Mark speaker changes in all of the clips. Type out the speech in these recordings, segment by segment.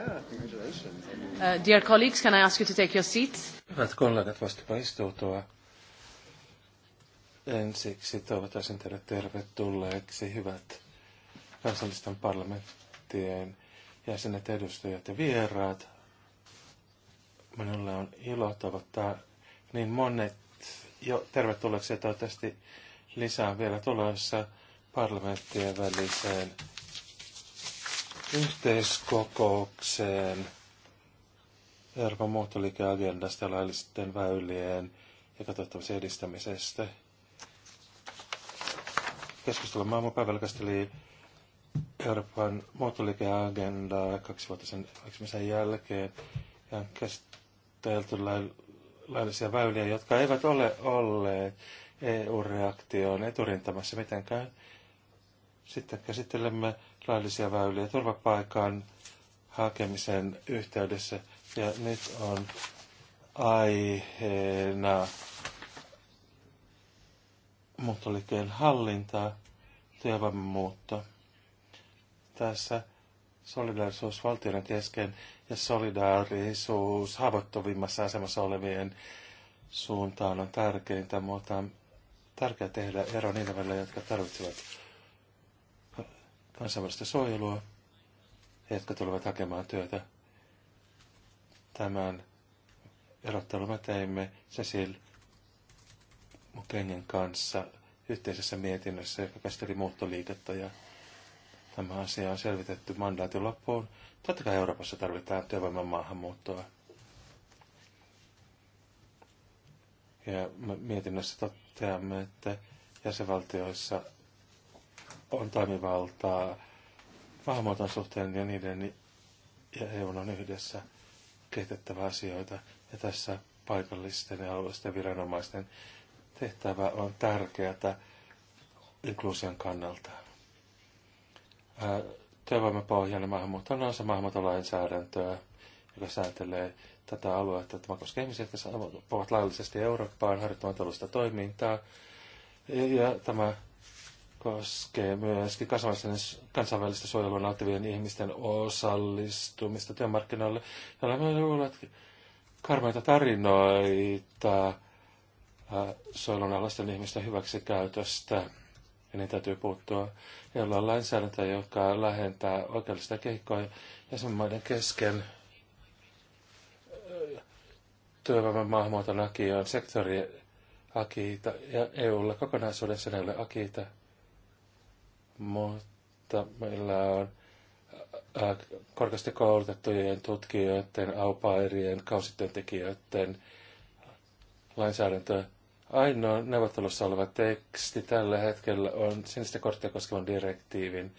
Speaker 1: congratulations. Uh, dear colleagues, can I ask you to take your seats?
Speaker 2: Hyvät kollegat, vastapa istuutua. Ensiksi toivotaisin teille tervetulleeksi hyvät kansallisten parlamenttien jäsenet, edustajat ja vieraat. Minulle on ilo tavoittaa niin monet jo tervetulleeksi ja toivottavasti lisää vielä tulossa parlamenttien väliseen yhteiskokoukseen Euroopan muuttoliikeagendasta ja laillisten väylien ja toteuttamisen edistämisestä. Keskustelu maailmanpäivällä käsitteli Euroopan muuttoliikeagendaa kaksi vuotta sen hyväksymisen jälkeen ja on käsitelty laillisia väyliä, jotka eivät ole olleet EU-reaktioon eturintamassa mitenkään sitten käsittelemme laillisia väyliä turvapaikan hakemisen yhteydessä. Ja nyt on aiheena muuttoliikkeen hallintaa, työvoimamuutto. Tässä solidaarisuus valtioiden kesken ja solidaarisuus haavoittuvimmassa asemassa olevien suuntaan on tärkeintä, mutta on tärkeää tehdä ero niiden välillä, jotka tarvitsevat kansainvälistä suojelua, jotka tulevat hakemaan työtä. Tämän erottelun me teimme Cecil Mukengen kanssa yhteisessä mietinnössä, joka käsitteli muuttoliikettä ja tämä asia on selvitetty mandaatin loppuun. Totta kai Euroopassa tarvitaan työvoiman maahanmuuttoa. Ja mietinnössä toteamme, että jäsenvaltioissa on toimivaltaa vahvoitan suhteen ja niiden ja EU:n on yhdessä kehitettävä asioita. Ja tässä paikallisten ja alueellisten viranomaisten tehtävä on tärkeää inkluusion kannalta. Työvoimapohjainen maahanmuutto on osa maahanmuuttolainsäädäntöä, joka säätelee tätä aluetta. Tämä koskee ihmisiä, jotka ovat laillisesti Eurooppaan harjoittamaan toimintaa. Ja tämä koskee myöskin kansainvälistä suojelua nauttivien ihmisten osallistumista työmarkkinoille. Ja olemme ollut karmeita tarinoita suojelun alaisten ihmisten hyväksikäytöstä. Ja niin täytyy puuttua. Heillä on lainsäädäntö, joka lähentää oikeudellista kehikkoa jäsenmaiden kesken työvoiman maahanmuuton akiin sektori akiita ja EUlla kokonaisuudessaan ei ole akiita mutta meillä on äh, äh, korkeasti koulutettujen tutkijoiden, aupairien, kausityöntekijöiden lainsäädäntö. Ainoa neuvottelussa oleva teksti tällä hetkellä on sinistä korttia koskevan direktiivin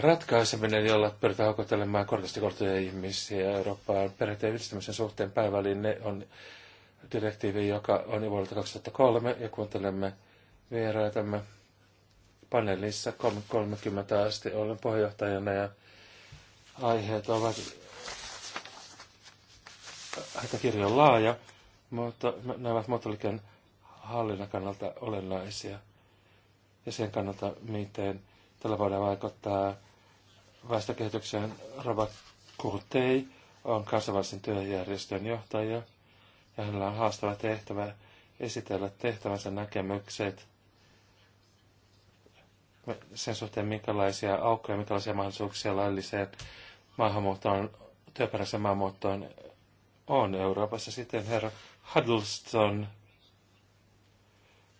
Speaker 2: ratkaiseminen, jolla pyritään houkuttelemaan korkeasti koulutettuja ihmisiä Eurooppaan perheiden yhdistämisen suhteen pääväline on direktiivi, joka on jo vuodelta 2003 ja kuuntelemme vieraitamme paneelissa 30 asti olen puheenjohtajana ja aiheet ovat aika kirjan laaja, mutta ne ovat moottorilikeen hallinnan kannalta olennaisia ja sen kannalta, miten tällä voidaan vaikuttaa väestökehitykseen. Robert Kurtei on kansainvälisen työjärjestön johtaja ja hänellä on haastava tehtävä esitellä tehtävänsä näkemykset – sen suhteen, minkälaisia aukkoja, minkälaisia mahdollisuuksia lailliseen maahanmuuttoon, työperäiseen maahanmuuttoon on Euroopassa. Sitten herra Huddleston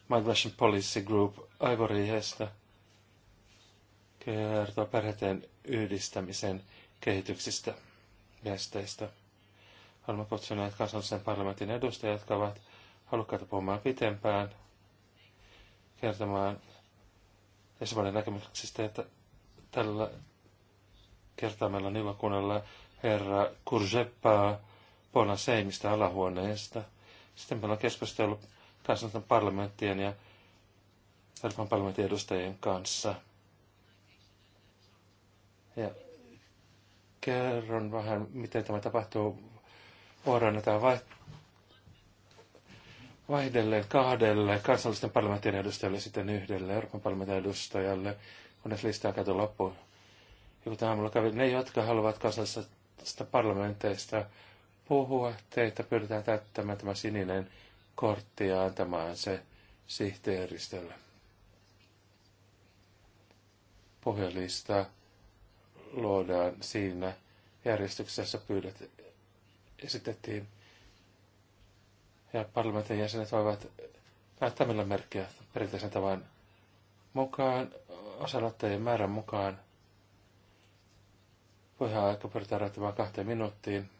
Speaker 2: Migration Policy Group Aivoriihestä kertoo perheiden yhdistämisen kehityksistä viesteistä. kutsua näitä kansallisen parlamentin edustajia, jotka ovat halukkaita puhumaan pitempään, kertomaan Esimerkiksi näkemyksistä, että tällä kertaa meillä on ilo herra Kurzeppa Pona Seimistä alahuoneesta. Sitten meillä on keskustellut kansallisten parlamenttien ja Euroopan parlamentin edustajien kanssa. Ja kerron vähän, miten tämä tapahtuu vuoroina. Tämä vaihdelleen kahdelle kansallisten parlamentin edustajalle, sitten yhdelle Euroopan parlamentin edustajalle, kunnes listaa kato loppuun. Joku aamulla kävi, ne jotka haluavat kansallisista parlamenteista puhua, teitä pyydetään täyttämään tämä sininen kortti ja antamaan se sihteeristölle. Puhelista luodaan siinä järjestyksessä pyydät esitettiin ja parlamentin jäsenet voivat näyttämällä merkkiä perinteisen tavan mukaan, osanottajien määrän mukaan. Voidaan aika pyritään rajoittamaan kahteen minuuttiin.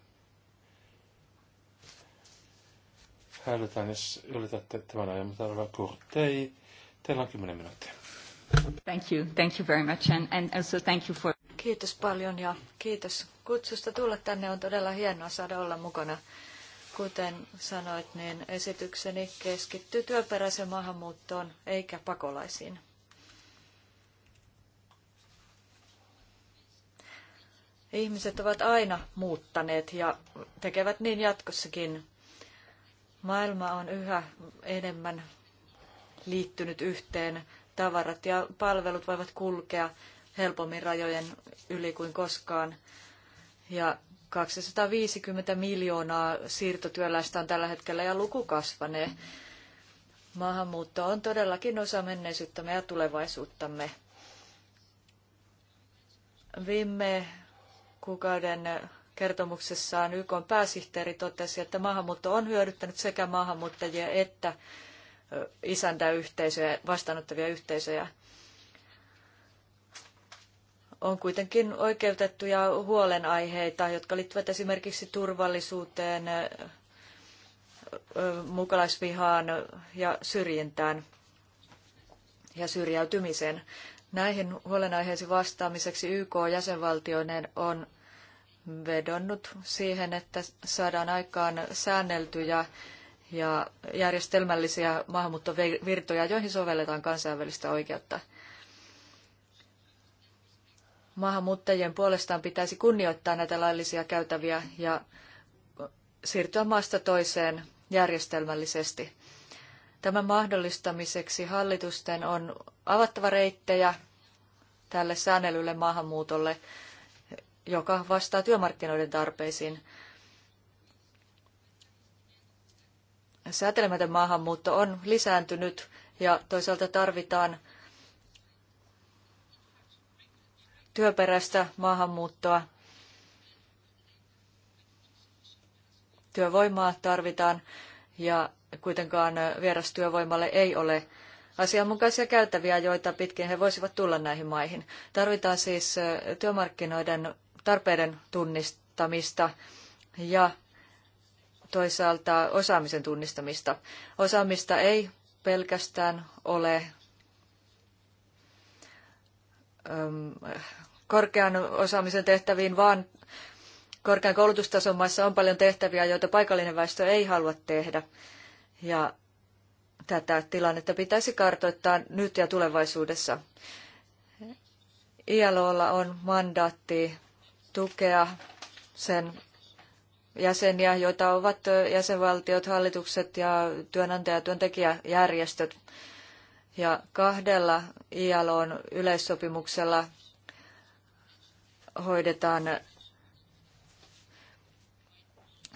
Speaker 2: Häilytään, jos ylitätte tämän ajan, mutta oleva kurtei. Teillä on 10 minuuttia.
Speaker 3: Thank you. Thank you very much. And, and also thank you for... Kiitos paljon ja kiitos kutsusta tulla tänne. On todella hienoa saada olla mukana Kuten sanoit, niin esitykseni keskittyy työperäiseen maahanmuuttoon eikä pakolaisiin. Ihmiset ovat aina muuttaneet ja tekevät niin jatkossakin. Maailma on yhä enemmän liittynyt yhteen. Tavarat ja palvelut voivat kulkea helpommin rajojen yli kuin koskaan. Ja 250 miljoonaa siirtotyöläistä on tällä hetkellä ja luku kasvanee. Maahanmuutto on todellakin osa menneisyyttämme ja tulevaisuuttamme. Viime kuukauden kertomuksessaan YK pääsihteeri totesi, että maahanmuutto on hyödyttänyt sekä maahanmuuttajia että isäntäyhteisöjä, vastaanottavia yhteisöjä on kuitenkin oikeutettuja huolenaiheita, jotka liittyvät esimerkiksi turvallisuuteen, mukalaisvihaan ja syrjintään ja syrjäytymiseen. Näihin huolenaiheisiin vastaamiseksi YK-jäsenvaltioiden on vedonnut siihen, että saadaan aikaan säänneltyjä ja järjestelmällisiä maahanmuuttovirtoja, joihin sovelletaan kansainvälistä oikeutta – Maahanmuuttajien puolestaan pitäisi kunnioittaa näitä laillisia käytäviä ja siirtyä maasta toiseen järjestelmällisesti. Tämän mahdollistamiseksi hallitusten on avattava reittejä tälle säännellylle maahanmuutolle, joka vastaa työmarkkinoiden tarpeisiin. Säätelemätön maahanmuutto on lisääntynyt ja toisaalta tarvitaan työperäistä maahanmuuttoa. Työvoimaa tarvitaan ja kuitenkaan vierastyövoimalle ei ole asianmukaisia käytäviä, joita pitkin he voisivat tulla näihin maihin. Tarvitaan siis työmarkkinoiden tarpeiden tunnistamista ja toisaalta osaamisen tunnistamista. Osaamista ei pelkästään ole korkean osaamisen tehtäviin, vaan korkean koulutustason maissa on paljon tehtäviä, joita paikallinen väestö ei halua tehdä. Ja tätä tilannetta pitäisi kartoittaa nyt ja tulevaisuudessa. ILOlla on mandaatti tukea sen jäseniä, joita ovat jäsenvaltiot, hallitukset ja työnantaja- ja työntekijäjärjestöt. Ja kahdella ILOn yleissopimuksella hoidetaan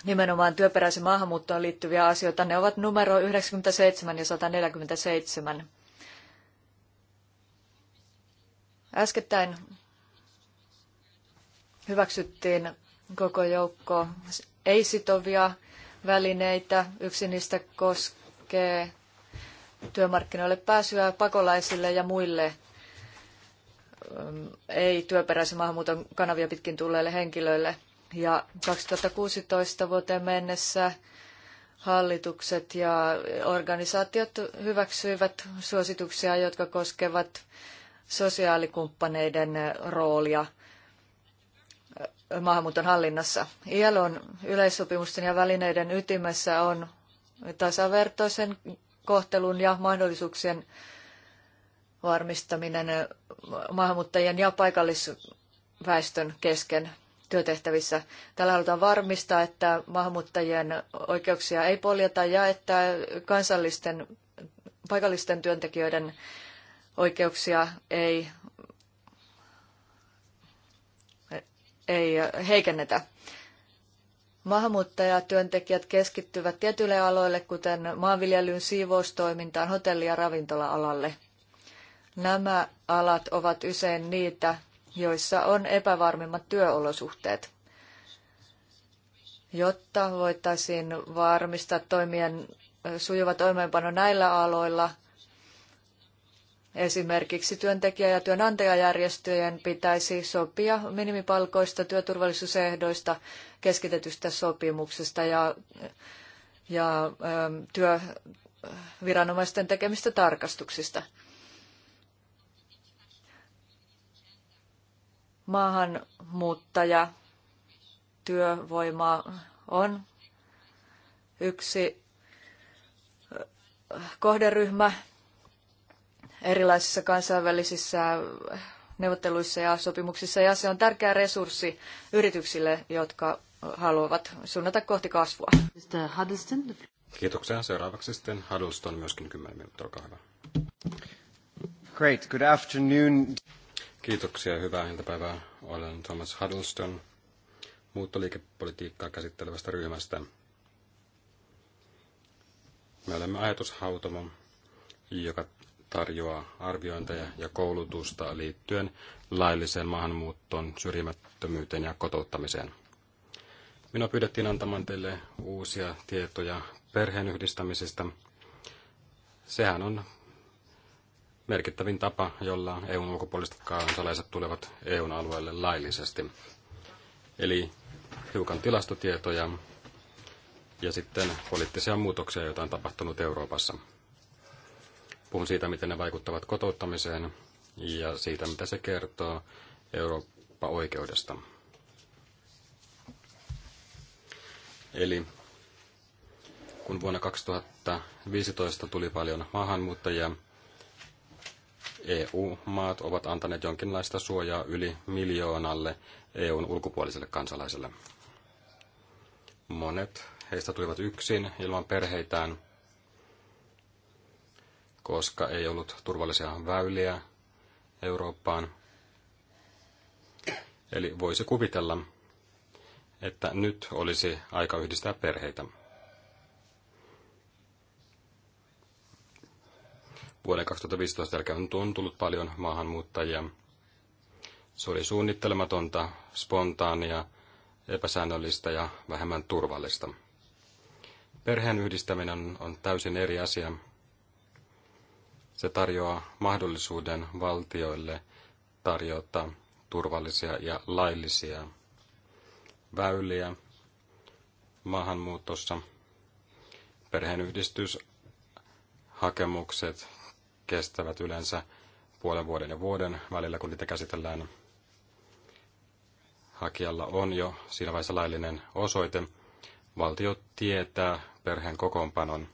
Speaker 3: nimenomaan työperäisen maahanmuuttoon liittyviä asioita. Ne ovat numero 97 ja 147. Äskettäin hyväksyttiin koko joukko ei-sitovia välineitä. Yksi niistä koskee työmarkkinoille pääsyä pakolaisille ja muille Ähm, ei työperäisen maahanmuuton kanavia pitkin tulleille henkilöille. Ja 2016 vuoteen mennessä hallitukset ja organisaatiot hyväksyivät suosituksia, jotka koskevat sosiaalikumppaneiden roolia äh, maahanmuuton hallinnassa. ILOn yleissopimusten ja välineiden ytimessä on tasavertoisen kohtelun ja mahdollisuuksien varmistaminen maahanmuuttajien ja paikallisväestön kesken työtehtävissä. Tällä halutaan varmistaa, että maahanmuuttajien oikeuksia ei poljeta ja että kansallisten paikallisten työntekijöiden oikeuksia ei, ei heikennetä. Maahanmuuttajatyöntekijät keskittyvät tietyille aloille, kuten maanviljelyyn, siivoustoimintaan, hotelli- ja ravintola-alalle – Nämä alat ovat usein niitä, joissa on epävarmimmat työolosuhteet. Jotta voitaisiin varmistaa toimien sujuva toimeenpano näillä aloilla, esimerkiksi työntekijä- ja työnantajajärjestöjen pitäisi sopia minimipalkoista, työturvallisuusehdoista, keskitetystä sopimuksesta ja, ja työviranomaisten tekemistä tarkastuksista. maahanmuuttaja työvoima on yksi kohderyhmä erilaisissa kansainvälisissä neuvotteluissa ja sopimuksissa, ja se on tärkeä resurssi yrityksille, jotka haluavat suunnata kohti kasvua.
Speaker 1: Kiitoksia. Seuraavaksi sitten Huddleston myöskin 10 minuuttia, olkaa hyvä. Great, good afternoon. Kiitoksia ja hyvää iltapäivää. Olen Thomas Huddleston muuttoliikepolitiikkaa käsittelevästä ryhmästä. Me olemme ajatushautomo, joka tarjoaa arviointeja ja koulutusta liittyen lailliseen maahanmuuttoon, syrjimättömyyteen ja kotouttamiseen. Minua pyydettiin antamaan teille uusia tietoja perheenyhdistämisestä. Sehän on merkittävin tapa, jolla EUn ulkopuoliset kansalaiset tulevat EUn alueelle laillisesti. Eli hiukan tilastotietoja ja sitten poliittisia muutoksia, joita on tapahtunut Euroopassa. Puhun siitä, miten ne vaikuttavat kotouttamiseen ja siitä, mitä se kertoo Eurooppa-oikeudesta. Eli kun vuonna 2015 tuli paljon maahanmuuttajia, EU-maat ovat antaneet jonkinlaista suojaa yli miljoonalle EUn ulkopuoliselle kansalaiselle. Monet heistä tulivat yksin ilman perheitään, koska ei ollut turvallisia väyliä Eurooppaan. Eli voisi kuvitella, että nyt olisi aika yhdistää perheitä. vuoden 2015 jälkeen on tullut paljon maahanmuuttajia. Se oli suunnittelematonta, spontaania, epäsäännöllistä ja vähemmän turvallista. Perheen yhdistäminen on täysin eri asia. Se tarjoaa mahdollisuuden valtioille tarjota turvallisia ja laillisia väyliä maahanmuutossa. Perheenyhdistyshakemukset kestävät yleensä puolen vuoden ja vuoden välillä, kun niitä käsitellään. Hakijalla on jo siinä vaiheessa laillinen osoite. Valtio tietää perheen kokoonpanon.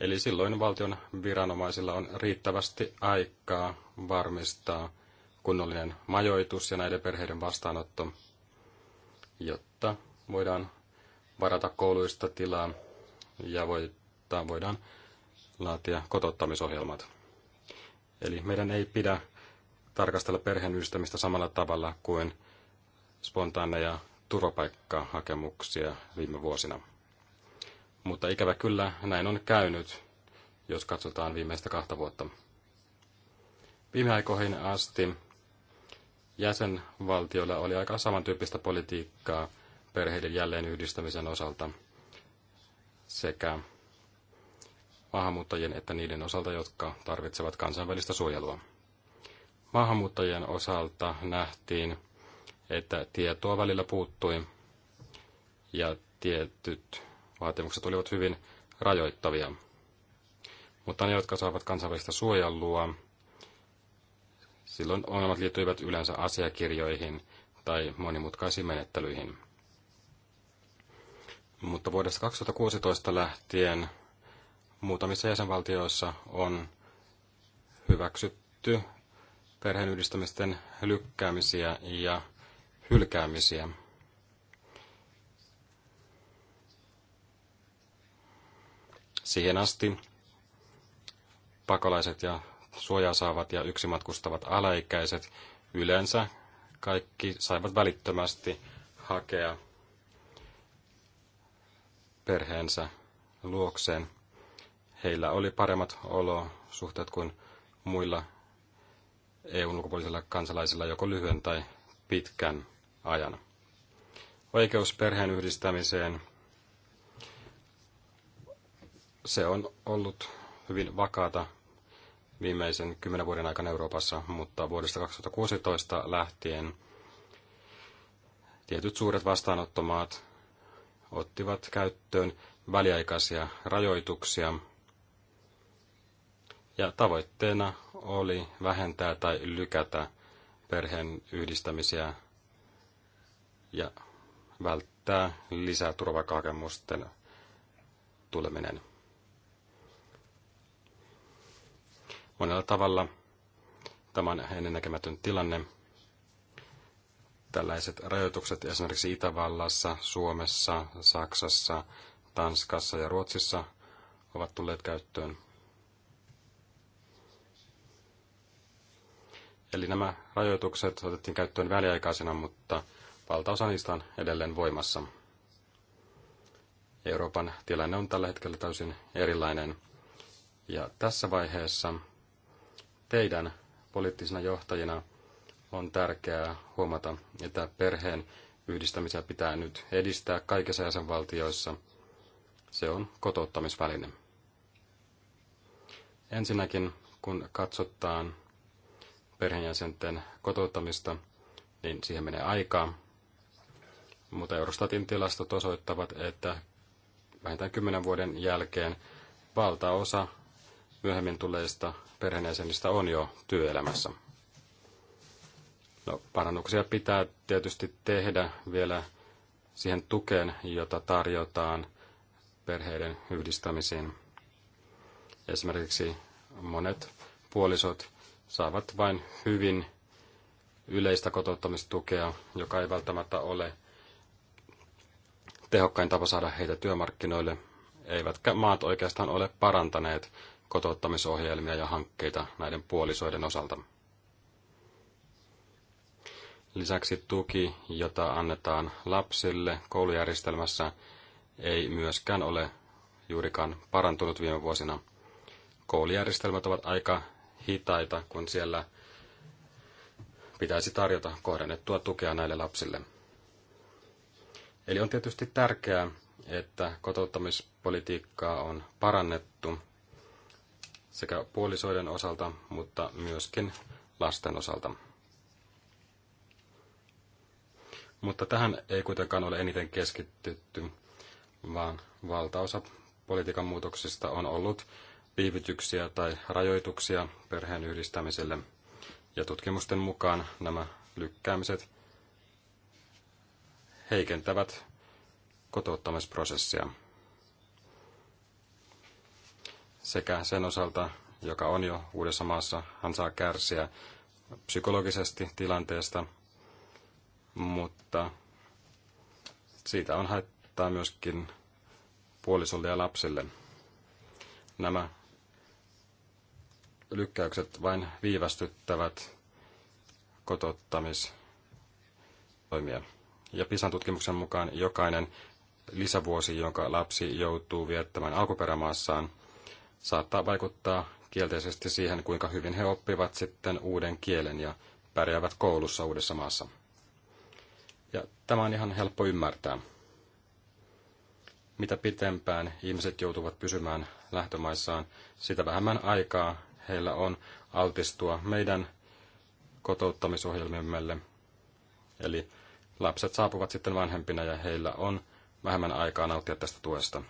Speaker 1: Eli silloin valtion viranomaisilla on riittävästi aikaa varmistaa kunnollinen majoitus ja näiden perheiden vastaanotto, jotta voidaan varata kouluista tilaa ja voidaan laatia kotouttamisohjelmat. Eli meidän ei pidä tarkastella perheenystämistä samalla tavalla kuin spontaaneja turvapaikkahakemuksia viime vuosina. Mutta ikävä kyllä näin on käynyt, jos katsotaan viimeistä kahta vuotta. Viime aikoihin asti jäsenvaltioilla oli aika samantyyppistä politiikkaa perheiden jälleen yhdistämisen osalta sekä maahanmuuttajien että niiden osalta, jotka tarvitsevat kansainvälistä suojelua. Maahanmuuttajien osalta nähtiin, että tietoa välillä puuttui ja tietyt vaatimukset olivat hyvin rajoittavia. Mutta ne, jotka saavat kansainvälistä suojelua, silloin ongelmat liittyivät yleensä asiakirjoihin tai monimutkaisiin menettelyihin. Mutta vuodesta 2016 lähtien Muutamissa jäsenvaltioissa on hyväksytty perheenyhdistämisten lykkäämisiä ja hylkäämisiä. Siihen asti pakolaiset ja suojaa saavat ja yksimatkustavat alaikäiset yleensä kaikki saivat välittömästi hakea perheensä luokseen heillä oli paremmat olosuhteet kuin muilla EUn ulkopuolisilla kansalaisilla joko lyhyen tai pitkän ajan. Oikeus perheen yhdistämiseen se on ollut hyvin vakaata viimeisen kymmenen vuoden aikana Euroopassa, mutta vuodesta 2016 lähtien tietyt suuret vastaanottomaat ottivat käyttöön väliaikaisia rajoituksia ja tavoitteena oli vähentää tai lykätä perheen yhdistämisiä ja välttää lisää turvapaikkahakemusten tuleminen. Monella tavalla tämä on ennennäkemätön tilanne. Tällaiset rajoitukset esimerkiksi Itävallassa, Suomessa, Saksassa, Tanskassa ja Ruotsissa ovat tulleet käyttöön. Eli nämä rajoitukset otettiin käyttöön väliaikaisena, mutta valtaosa niistä on edelleen voimassa. Euroopan tilanne on tällä hetkellä täysin erilainen. Ja tässä vaiheessa teidän poliittisina johtajina on tärkeää huomata, että perheen yhdistämisiä pitää nyt edistää kaikissa jäsenvaltioissa. Se on kotouttamisväline. Ensinnäkin, kun katsotaan perheenjäsenten kotouttamista, niin siihen menee aikaa. Mutta Eurostatin tilastot osoittavat, että vähintään kymmenen vuoden jälkeen valtaosa myöhemmin tulleista perheenjäsenistä on jo työelämässä. No, parannuksia pitää tietysti tehdä vielä siihen tukeen, jota tarjotaan perheiden yhdistämisiin. Esimerkiksi monet puolisot saavat vain hyvin yleistä kotouttamistukea, joka ei välttämättä ole tehokkain tapa saada heitä työmarkkinoille, eivätkä maat oikeastaan ole parantaneet kotouttamisohjelmia ja hankkeita näiden puolisoiden osalta. Lisäksi tuki, jota annetaan lapsille koulujärjestelmässä, ei myöskään ole juurikaan parantunut viime vuosina. Koulujärjestelmät ovat aika hitaita, kun siellä pitäisi tarjota kohdennettua tukea näille lapsille. Eli on tietysti tärkeää, että kotouttamispolitiikkaa on parannettu sekä puolisoiden osalta, mutta myöskin lasten osalta. Mutta tähän ei kuitenkaan ole eniten keskittytty, vaan valtaosa politiikan muutoksista on ollut viivytyksiä tai rajoituksia perheen yhdistämiselle. Ja tutkimusten mukaan nämä lykkäämiset heikentävät kotouttamisprosessia sekä sen osalta, joka on jo uudessa maassa, hän saa kärsiä psykologisesti tilanteesta, mutta siitä on haittaa myöskin puolisolle ja lapsille. Nämä lykkäykset vain viivästyttävät kotottamistoimia. Ja PISAN tutkimuksen mukaan jokainen lisävuosi, jonka lapsi joutuu viettämään alkuperämaassaan, saattaa vaikuttaa kielteisesti siihen, kuinka hyvin he oppivat sitten uuden kielen ja pärjäävät koulussa uudessa maassa. Ja tämä on ihan helppo ymmärtää. Mitä pitempään ihmiset joutuvat pysymään lähtömaissaan, sitä vähemmän aikaa heillä on altistua meidän kotouttamisohjelmimmelle. Eli lapset saapuvat sitten vanhempina ja heillä on vähemmän aikaa nauttia tästä tuesta.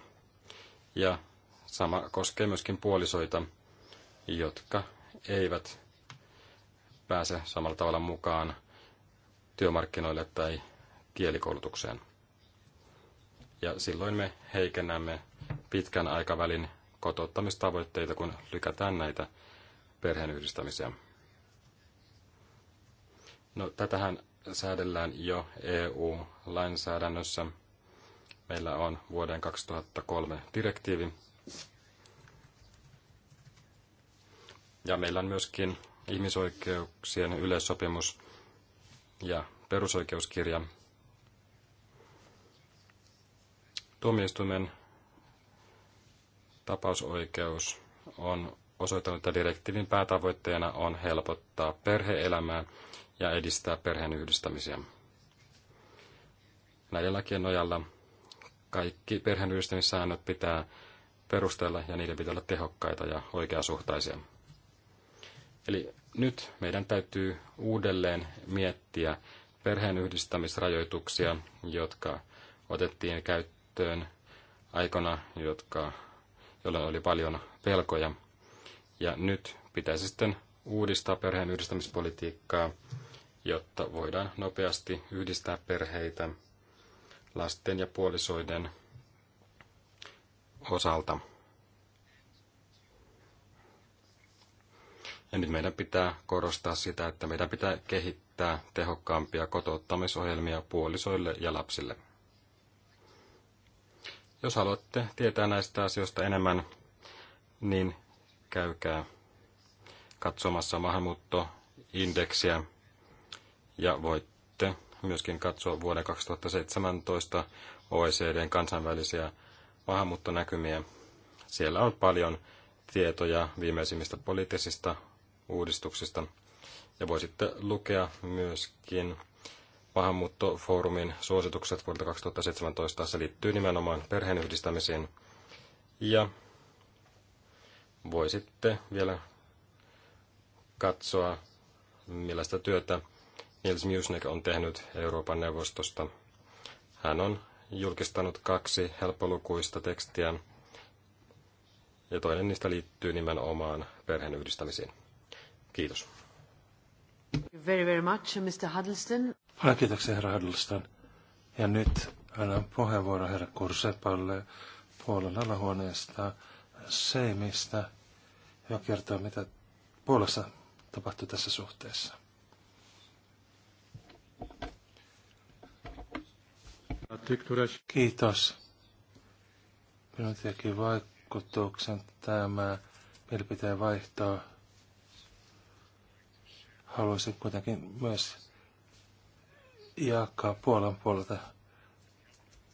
Speaker 1: Ja sama koskee myöskin puolisoita, jotka eivät pääse samalla tavalla mukaan työmarkkinoille tai kielikoulutukseen. Ja silloin me heikennämme pitkän aikavälin kotouttamistavoitteita, kun lykätään näitä perheenyhdistämisiä. No, tätähän säädellään jo EU-lainsäädännössä. Meillä on vuoden 2003 direktiivi. Ja meillä on myöskin ihmisoikeuksien yleissopimus ja perusoikeuskirja. Tuomioistuimen tapausoikeus on osoittanut, että direktiivin päätavoitteena on helpottaa perheelämää ja edistää perheen yhdistämisiä. Näiden lakien nojalla kaikki perheenyhdistämissäännöt pitää perustella ja niiden pitää olla tehokkaita ja oikeasuhtaisia. Eli nyt meidän täytyy uudelleen miettiä perheenyhdistämisrajoituksia, jotka otettiin käyttöön aikana, jotka, jolloin oli paljon pelkoja. Ja nyt pitäisi sitten uudistaa perheen yhdistämispolitiikkaa, jotta voidaan nopeasti yhdistää perheitä lasten ja puolisoiden osalta. Ja nyt meidän pitää korostaa sitä, että meidän pitää kehittää tehokkaampia kotouttamisohjelmia puolisoille ja lapsille. Jos haluatte tietää näistä asioista enemmän, niin käykää katsomassa maahanmuuttoindeksiä ja voitte myöskin katsoa vuoden 2017 OECDn kansainvälisiä maahanmuuttonäkymiä. Siellä on paljon tietoja viimeisimmistä poliittisista uudistuksista. Ja voisitte lukea myöskin maahanmuuttofoorumin suositukset vuodelta 2017. Se liittyy nimenomaan perheenyhdistämiseen. Ja voisitte vielä katsoa, millaista työtä Nils Musnik on tehnyt Euroopan neuvostosta. Hän on julkistanut kaksi helppolukuista tekstiä, ja toinen niistä liittyy
Speaker 2: nimenomaan perheen yhdistämisiin. Kiitos. Very, very much,
Speaker 3: Mr. Huddleston.
Speaker 2: Paljon kiitoksia, herra Huddleston. Ja nyt annan puheenvuoron herra Kursepalle puolella alahuoneesta Seimistä, joka kertoo, mitä Puolassa tapahtui tässä suhteessa. Kiitos. Minun teki vaikutuksen tämä mielipiteen vaihto. Haluaisin kuitenkin myös jakaa Puolan puolelta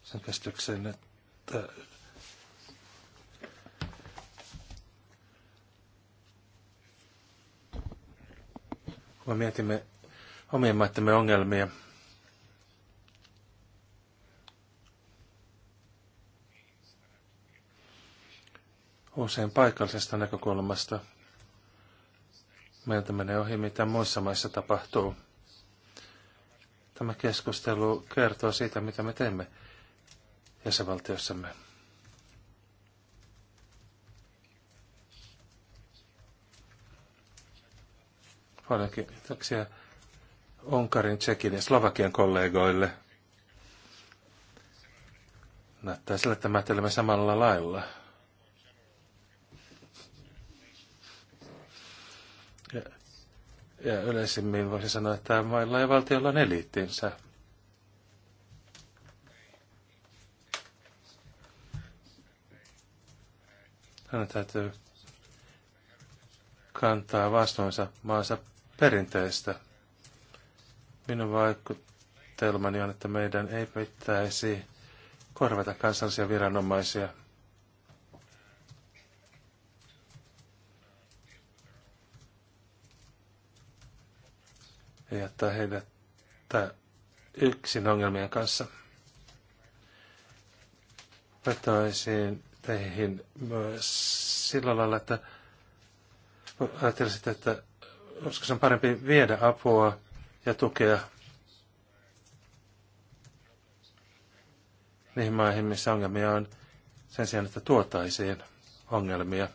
Speaker 2: sen käsityksen, että kun me mietimme omien maittemme ongelmia, usein paikallisesta näkökulmasta. Meiltä menee ohi, mitä muissa maissa tapahtuu. Tämä keskustelu kertoo siitä, mitä me teemme jäsenvaltiossamme. Paljon kiitoksia Unkarin, Tsekin ja Slovakian kollegoille. Näyttää sillä, että mätelemme samalla lailla. Ja, ja yleisimmin voisi sanoa, että mailla ja valtiolla on eliittinsä. Hän täytyy kantaa vastuunsa maansa perinteistä. Minun vaikutelmani on, että meidän ei pitäisi korvata kansallisia viranomaisia. Ja jättää heidät yksin ongelmien kanssa. Vetoisin teihin myös sillä lailla, että ajattelisitte, että koska se on parempi viedä apua ja tukea niihin maihin, missä ongelmia on, sen sijaan, että tuotaisiin ongelmia,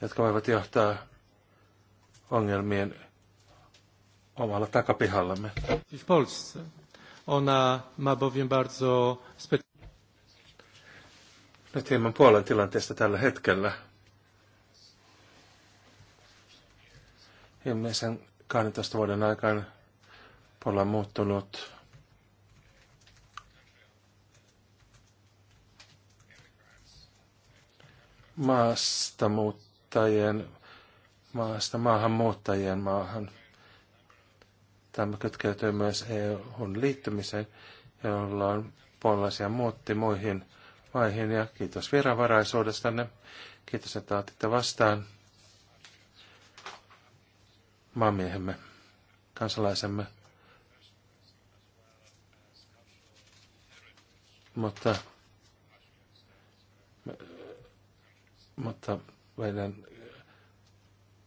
Speaker 2: jotka voivat johtaa ongelmien omalla takapihallamme. Ona ma bowiem bardzo Nyt hieman Puolan tilanteesta tällä hetkellä. Viimeisen 12 vuoden aikana puolella muuttunut. maasta muuttajien, maasta muuttajien maahan. Tämä kytkeytyy myös EUn liittymiseen, jolla on puolalaisia muutti muihin maihin. Ja kiitos vieraanvaraisuudestanne. Kiitos, että otitte vastaan maamiehemme, kansalaisemme. Mutta, mutta meidän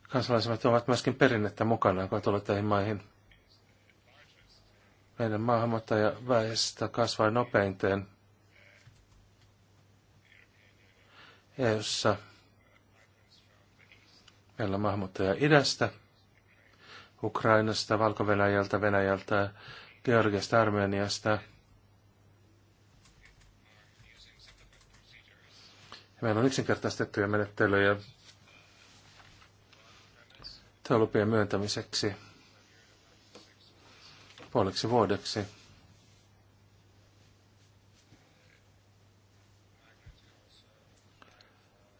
Speaker 2: kansalaisemme ovat myöskin perinnettä mukanaan, kun tulee näihin maihin. Meidän maahanmuuttajaväestö kasvaa nopeinteen EUssa. Meillä on maahanmuuttaja idästä, Ukrainasta, Valko-Venäjältä, Venäjältä, Georgiasta, Armeniasta. Meillä on yksinkertaistettuja menettelyjä työlupien myöntämiseksi puoleksi vuodeksi.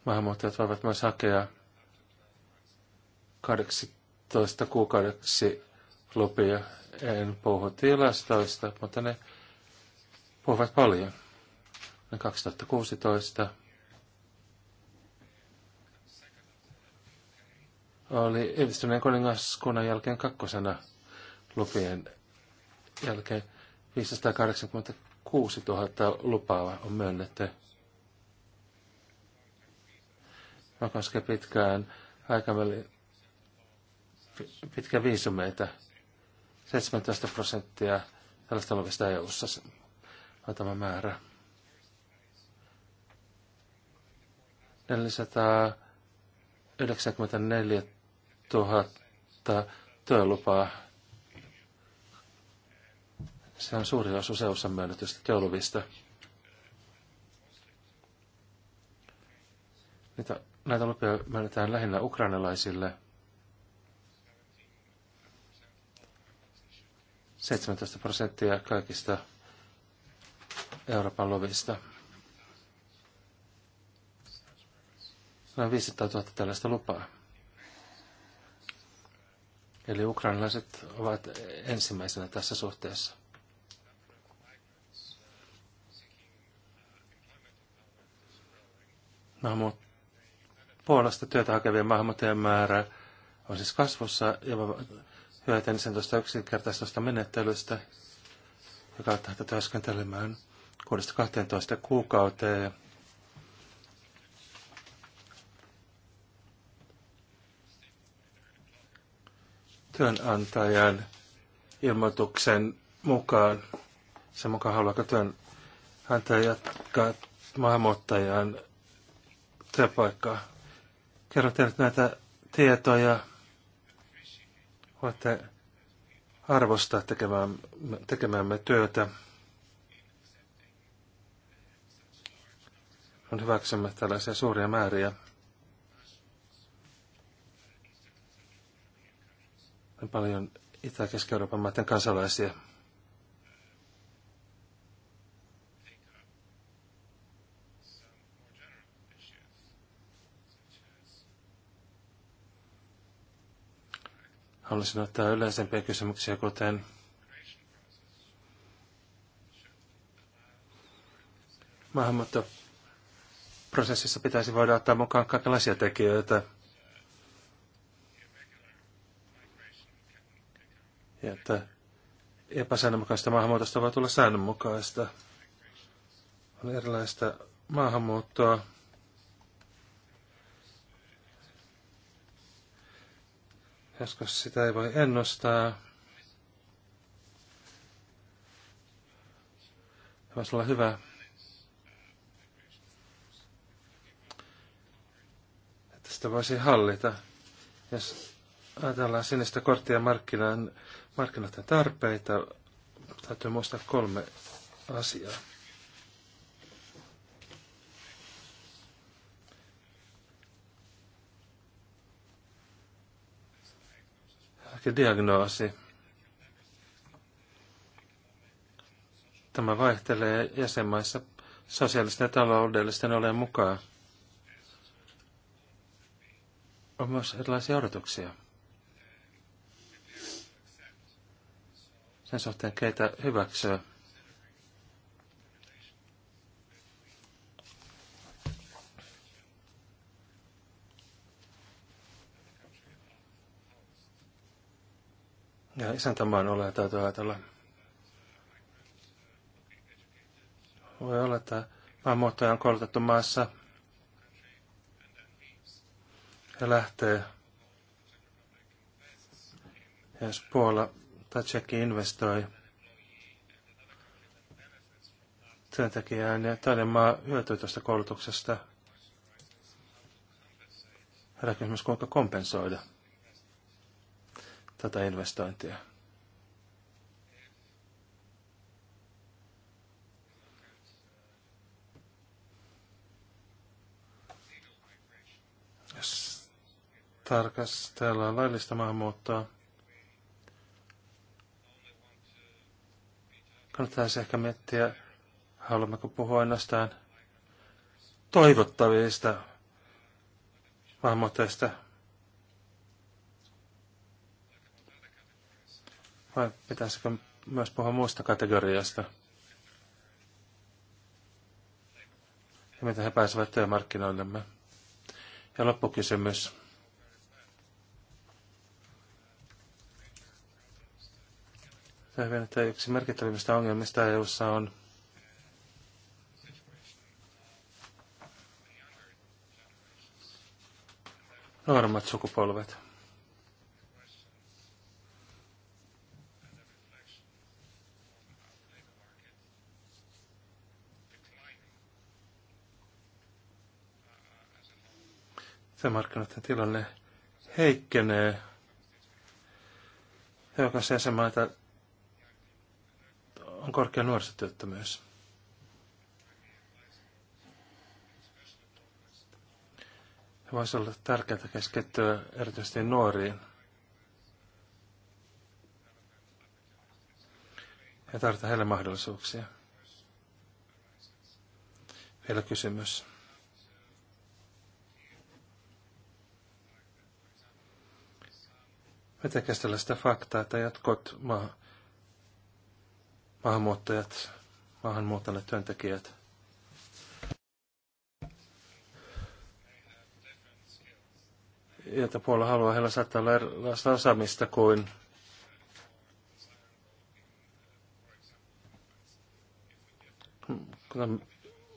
Speaker 2: Maahanmuuttajat voivat myös hakea kahdeksi 12 kuukaudeksi lupia. En puhu tilastoista, mutta ne puhuvat paljon. Ne 2016 oli edistyneen kuningaskunnan jälkeen kakkosena lupien jälkeen 586 000 lupaa on myönnetty. Mä koskee pitkään aikavälin pitkä viisumeita. 17 prosenttia tällaista olevista EU-ssa on tämä määrä. 494 000 työlupaa. Se on suuri osuus EU-ssa myönnetystä työluvista. Niitä, näitä lupia myönnetään lähinnä ukrainalaisille – 17 prosenttia kaikista Euroopan luvista. Noin 500 000 tällaista lupaa. Eli ukrainalaiset ovat ensimmäisenä tässä suhteessa. Maahanmuut... Puolasta työtä hakevien maahanmuuttajien määrä on siis kasvussa ja Hyvä sen tuosta yksinkertaisesta menettelystä, joka ottaa tätä työskentelemään 6-12 kuukauteen. Työnantajan ilmoituksen mukaan, sen mukaan haluaako työnantaja jatkaa maahanmuuttajan työpaikkaa. Kerro teille näitä tietoja voitte arvostaa tekemään, tekemämme työtä. On hyväksymme tällaisia suuria määriä. paljon Itä- Keski-Euroopan maiden kansalaisia. Haluaisin ottaa yleisempiä kysymyksiä, kuten maahanmuuttoprosessissa pitäisi voida ottaa mukaan kaikenlaisia tekijöitä. Ja että epäsäännönmukaista maahanmuutosta voi tulla säännönmukaista. On erilaista maahanmuuttoa. Joskus sitä ei voi ennustaa. Se voisi olla hyvä. Että sitä voisi hallita. Jos ajatellaan sinistä korttia markkinoiden tarpeita, täytyy muistaa kolme asiaa. Tarkka diagnoosi. Tämä vaihtelee jäsenmaissa sosiaalisten ja taloudellisten olen mukaan. On myös erilaisia odotuksia. Sen suhteen, keitä hyväksyä. Ja isäntämaan ole täytyy ajatella. Voi olla, että maanmuuttaja on koulutettu maassa. Ja lähtee. Ja jos Puola tai Tsekki investoi työntekijään niin toinen maa hyötyy tuosta koulutuksesta. Herra kysymys, kuinka kompensoida tätä investointia. Jos tarkastellaan laillista maahanmuuttoa, kannattaisi ehkä miettiä, haluammeko puhua ainoastaan toivottavista maahanmuuttajista Vai pitäisikö myös puhua muusta kategoriasta? Ja miten he pääsevät työmarkkinoillemme? Ja loppukysymys. Hyvin, että yksi merkittävimmistä ongelmista EU:ssa on nuoremmat sukupolvet. työmarkkinoiden tilanne heikkenee. Joukossa jäsenmaita on korkea nuorisotyöttömyys. Voisi olla tärkeää keskittyä erityisesti nuoriin. Ja tarvitaan heille mahdollisuuksia. Vielä kysymys. Miten käsitellä sitä faktaa, että jotkut ma- maahanmuuttajat, maahanmuuttaneet työntekijät, jota puolella haluaa, heillä saattaa olla erilaista osaamista kuin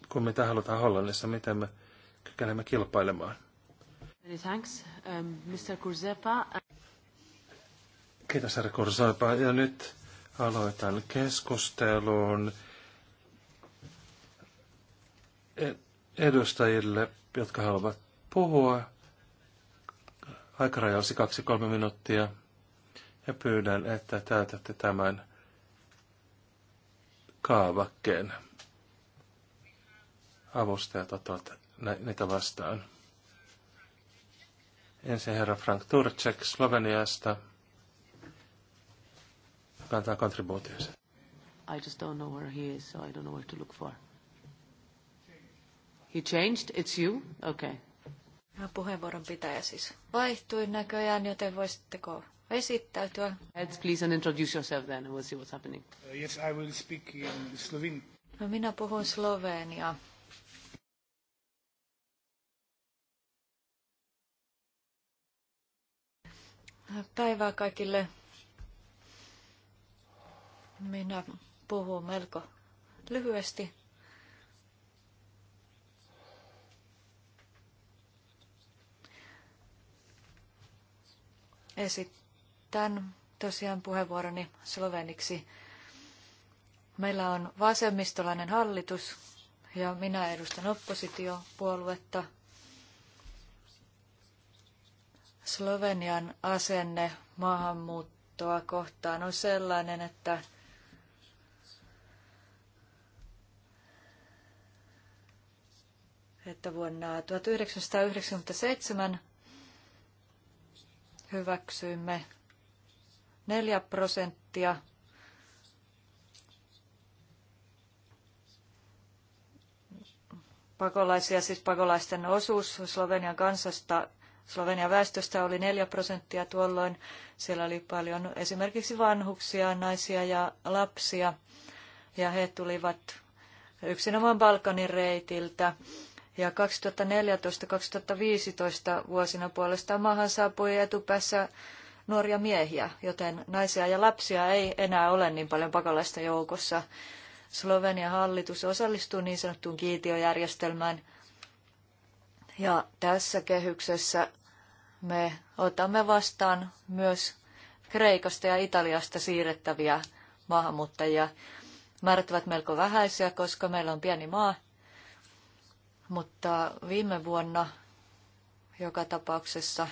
Speaker 2: kun mitä halutaan Hollannissa, miten me kykenemme kilpailemaan.
Speaker 3: Many thanks, um, Mr. Kurzepa.
Speaker 2: Kiitos, herra Kursaipa. Ja nyt aloitan keskustelun edustajille, jotka haluavat puhua. Aikaraja olisi kaksi kolme minuuttia ja pyydän, että täytätte tämän kaavakkeen. Avustajat ottavat niitä vastaan. Ensin herra Frank Turček Sloveniasta kantaa kontribuutionsa.
Speaker 3: I just don't know where he is, so I don't know where to look for. He changed? It's you? Okay. Ja puheenvuoron pitäjä siis vaihtui näköjään, joten voisitteko esittäytyä? Let's please, and introduce yourself then, and we'll see what's happening. Uh, yes, I will speak
Speaker 2: in Slovenia.
Speaker 3: No, minä puhun Slovenia. Päivää kaikille minä puhun melko lyhyesti. Esitän tosiaan puheenvuoroni sloveniksi. Meillä on vasemmistolainen hallitus ja minä edustan oppositiopuoluetta. Slovenian asenne maahanmuuttoa kohtaan on sellainen, että että vuonna 1997 hyväksyimme 4 prosenttia pakolaisia, siis pakolaisten osuus Slovenian kansasta, Slovenian väestöstä oli 4 prosenttia tuolloin. Siellä oli paljon esimerkiksi vanhuksia, naisia ja lapsia, ja he tulivat yksinomaan Balkanin reitiltä. Ja 2014-2015 vuosina puolestaan maahan saapui etupäässä nuoria miehiä, joten naisia ja lapsia ei enää ole niin paljon pakolaista joukossa. Slovenian hallitus osallistuu niin sanottuun kiitiojärjestelmään. Ja tässä kehyksessä me otamme vastaan myös Kreikasta ja Italiasta siirrettäviä maahanmuuttajia. Määrät ovat melko vähäisiä, koska meillä on pieni maa mutta viime vuonna joka tapauksessa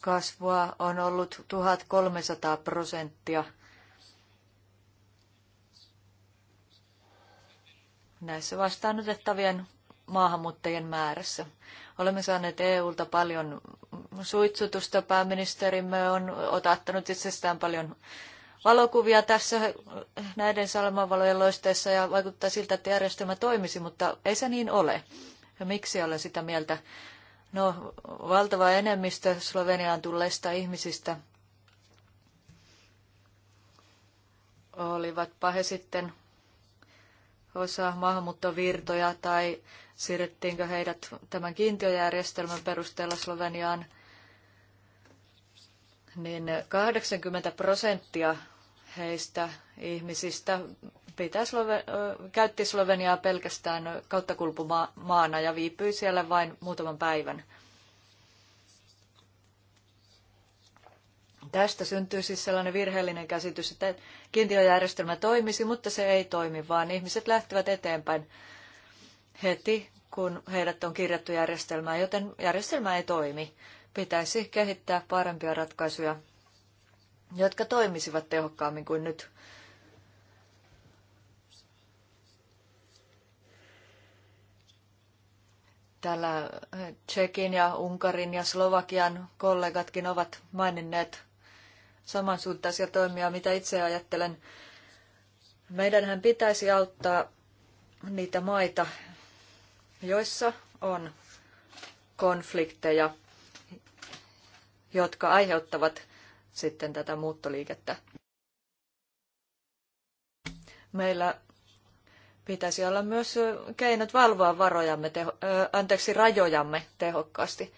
Speaker 3: kasvua on ollut 1300 prosenttia näissä vastaanotettavien maahanmuuttajien määrässä. Olemme saaneet EUlta paljon suitsutusta. Pääministerimme on otattanut itsestään paljon valokuvia tässä näiden salamavalojen loisteessa ja vaikuttaa siltä, että järjestelmä toimisi, mutta ei se niin ole. Ja miksi olen sitä mieltä? No, valtava enemmistö Sloveniaan tulleista ihmisistä olivat pahe sitten osa maahanmuuttovirtoja tai siirrettiinkö heidät tämän kiintiöjärjestelmän perusteella Sloveniaan, niin 80 prosenttia heistä ihmisistä pitää Sloven, käytti Sloveniaa pelkästään kauttakulkumaana ja viipyi siellä vain muutaman päivän. Tästä syntyy siis sellainen virheellinen käsitys, että kiintiöjärjestelmä toimisi, mutta se ei toimi, vaan ihmiset lähtevät eteenpäin heti, kun heidät on kirjattu järjestelmään, joten järjestelmä ei toimi. Pitäisi kehittää parempia ratkaisuja jotka toimisivat tehokkaammin kuin nyt. Täällä Tsekin ja Unkarin ja Slovakian kollegatkin ovat maininneet samansuuntaisia toimia, mitä itse ajattelen. Meidänhän pitäisi auttaa niitä maita, joissa on konflikteja, jotka aiheuttavat sitten tätä muuttoliikettä. Meillä pitäisi olla myös keinot valvoa varojamme, teho, anteeksi, rajojamme tehokkaasti.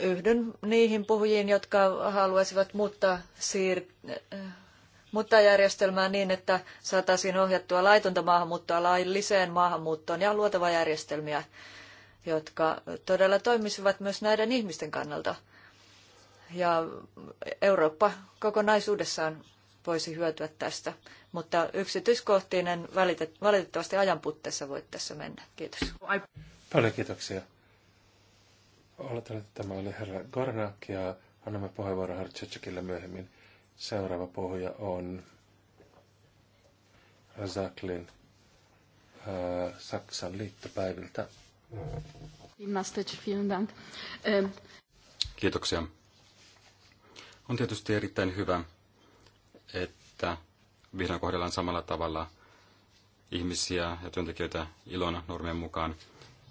Speaker 3: Yhdyn niihin puhujiin, jotka haluaisivat muuttaa, siir- muuttaa järjestelmää niin, että saataisiin ohjattua laitonta maahanmuuttoa lailliseen maahanmuuttoon ja luotava järjestelmiä jotka todella toimisivat myös näiden ihmisten kannalta. Ja Eurooppa kokonaisuudessaan voisi hyötyä tästä, mutta yksityiskohtiin en valitettavasti ajan puutteessa voi tässä mennä. Kiitos.
Speaker 2: Paljon kiitoksia. Oletan, että tämä oli herra Gornak ja annamme puheenvuoron herra Tsetsukille myöhemmin. Seuraava pohja on Razaklin äh, Saksan liittopäiviltä.
Speaker 3: Ähm,
Speaker 2: Kiitoksia.
Speaker 1: On tietysti erittäin hyvä, että vihdoin kohdellaan samalla tavalla ihmisiä ja työntekijöitä ilon normien mukaan.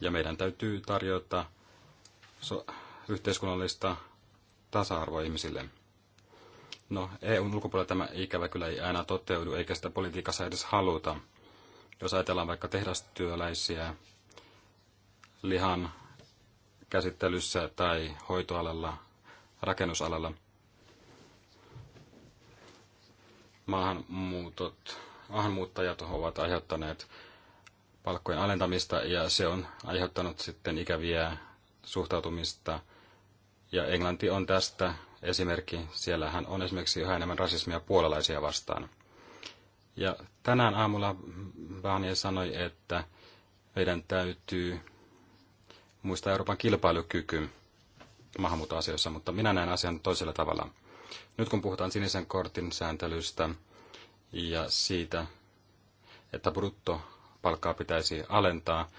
Speaker 1: Ja meidän täytyy tarjota yhteiskunnallista tasa-arvoa ihmisille. No, EUn ulkopuolella tämä ikävä kyllä ei aina toteudu, eikä sitä politiikassa edes haluta. Jos ajatellaan vaikka tehdastyöläisiä, lihan käsittelyssä tai hoitoalalla, rakennusalalla. Maahanmuutot, maahanmuuttajat ovat aiheuttaneet palkkojen alentamista ja se on aiheuttanut sitten ikäviä suhtautumista. Ja Englanti on tästä esimerkki. Siellähän on esimerkiksi yhä enemmän rasismia puolalaisia vastaan. Ja tänään aamulla Vahanie sanoi, että meidän täytyy muistaa Euroopan kilpailukyky maahanmuuttoasioissa, mutta minä näen asian toisella tavalla. Nyt kun puhutaan sinisen kortin sääntelystä ja siitä, että bruttopalkkaa pitäisi alentaa,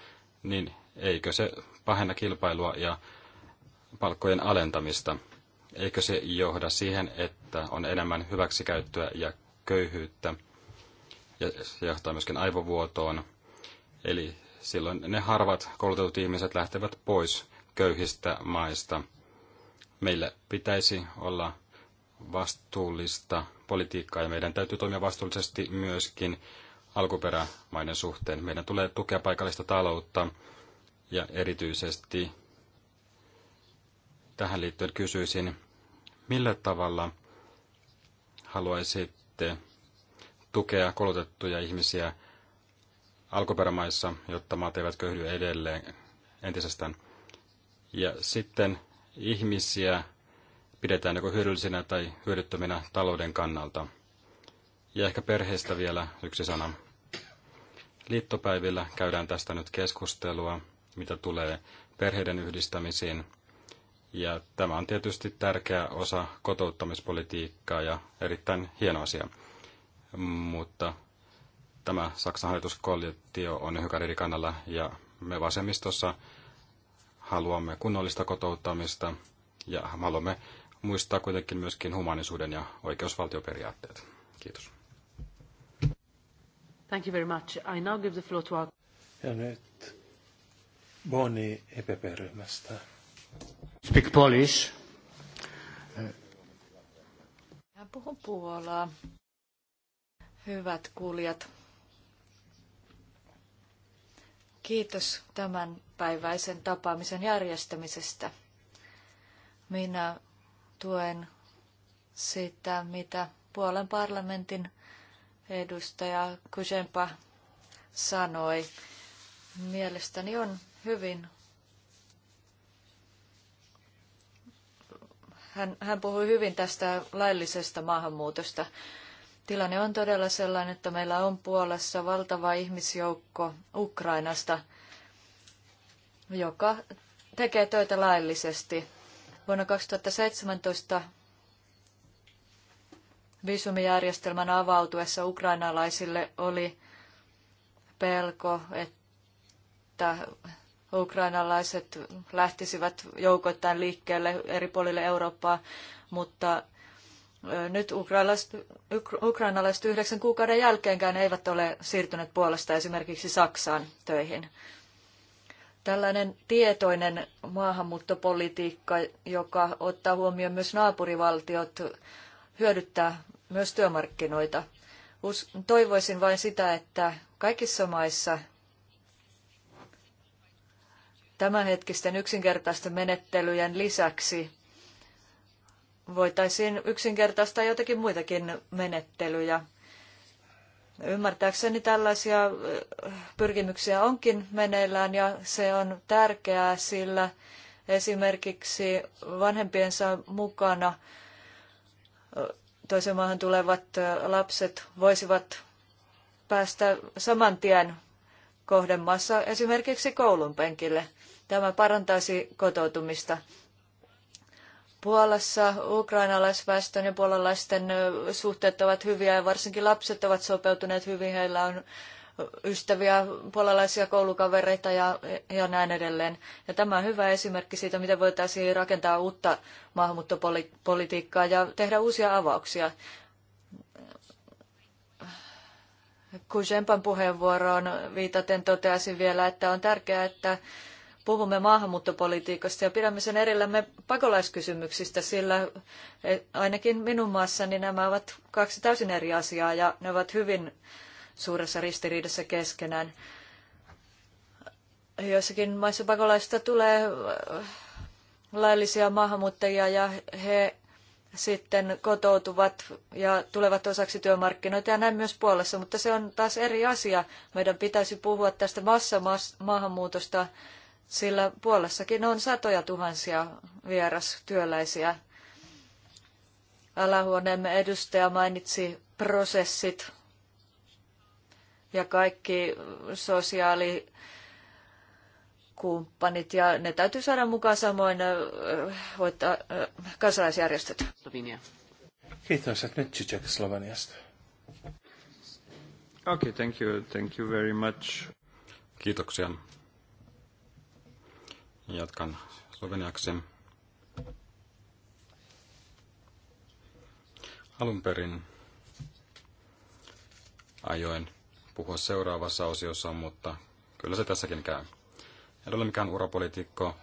Speaker 1: niin eikö se pahenna kilpailua ja palkkojen alentamista? Eikö se johda siihen, että on enemmän hyväksikäyttöä ja köyhyyttä ja se johtaa myöskin aivovuotoon? Eli silloin ne harvat koulutetut ihmiset lähtevät pois köyhistä maista. Meillä pitäisi olla vastuullista politiikkaa ja meidän täytyy toimia vastuullisesti myöskin alkuperämaiden suhteen. Meidän tulee tukea paikallista taloutta ja erityisesti tähän liittyen kysyisin, millä tavalla haluaisitte tukea koulutettuja ihmisiä alkuperämaissa, jotta maat eivät köyhdy edelleen entisestään. Ja sitten ihmisiä pidetään joko hyödyllisinä tai hyödyttöminä talouden kannalta. Ja ehkä perheestä vielä yksi sana. Liittopäivillä käydään tästä nyt keskustelua, mitä tulee perheiden yhdistämisiin. Ja tämä on tietysti tärkeä osa kotouttamispolitiikkaa ja erittäin hieno asia. Mutta tämä Saksan hallituskoalitio on kannalla ja me vasemmistossa haluamme kunnollista kotouttamista ja haluamme muistaa kuitenkin myöskin humanisuuden ja oikeusvaltioperiaatteet. Kiitos.
Speaker 2: Thank you very much. I now give the floor to our... Ja nyt Boni EPP-ryhmästä. Speak Polish.
Speaker 3: Puhun puolaa. Hyvät kuulijat, Kiitos tämän päiväisen tapaamisen järjestämisestä. Minä tuen sitä, mitä Puolen parlamentin edustaja Kujenpa sanoi. Mielestäni on hyvin. Hän, hän puhui hyvin tästä laillisesta maahanmuutosta. Tilanne on todella sellainen, että meillä on Puolassa valtava ihmisjoukko Ukrainasta, joka tekee töitä laillisesti. Vuonna 2017 viisumijärjestelmän avautuessa ukrainalaisille oli pelko, että ukrainalaiset lähtisivät joukoittain liikkeelle eri puolille Eurooppaa, mutta nyt ukrainalaiset, ukrainalaiset yhdeksän kuukauden jälkeenkään eivät ole siirtyneet puolesta esimerkiksi Saksaan töihin. Tällainen tietoinen maahanmuuttopolitiikka, joka ottaa huomioon myös naapurivaltiot, hyödyttää myös työmarkkinoita. Toivoisin vain sitä, että kaikissa maissa tämänhetkisten yksinkertaisten menettelyjen lisäksi voitaisiin yksinkertaistaa jotakin muitakin menettelyjä. Ymmärtääkseni tällaisia äh, pyrkimyksiä onkin meneillään ja se on tärkeää, sillä esimerkiksi vanhempiensa mukana äh, toisen maahan tulevat äh, lapset voisivat päästä saman tien kohdemaassa esimerkiksi koulun penkille. Tämä parantaisi kotoutumista. Puolassa ukrainalaisväestön ja puolalaisten suhteet ovat hyviä ja varsinkin lapset ovat sopeutuneet hyvin. Heillä on ystäviä, puolalaisia koulukavereita ja, ja näin edelleen. Ja tämä on hyvä esimerkki siitä, miten voitaisiin rakentaa uutta maahanmuuttopolitiikkaa ja tehdä uusia avauksia. Kusempan puheenvuoroon viitaten toteaisin vielä, että on tärkeää, että puhumme maahanmuuttopolitiikasta ja pidämme sen erillämme pakolaiskysymyksistä, sillä e, ainakin minun maassani nämä ovat kaksi täysin eri asiaa ja ne ovat hyvin suuressa ristiriidassa keskenään. Joissakin maissa pakolaista tulee e, laillisia maahanmuuttajia ja he sitten kotoutuvat ja tulevat osaksi työmarkkinoita ja näin myös Puolassa, mutta se on taas eri asia. Meidän pitäisi puhua tästä massamaahanmuutosta maahanmuutosta sillä Puolassakin on satoja tuhansia vierastyöläisiä. Alahuoneemme edustaja mainitsi prosessit ja kaikki sosiaali kumppanit ja ne täytyy saada mukaan samoin voittaa kansalaisjärjestöt. Slovenia.
Speaker 2: Kiitos, että nyt Czech Sloveniasta. Okay,
Speaker 1: thank you, thank you very much. Kiitoksia. Jatkan sloveniaksi. Alun perin ajoin puhua seuraavassa osiossa, mutta kyllä se tässäkin käy. En ole mikään urapolitiikko,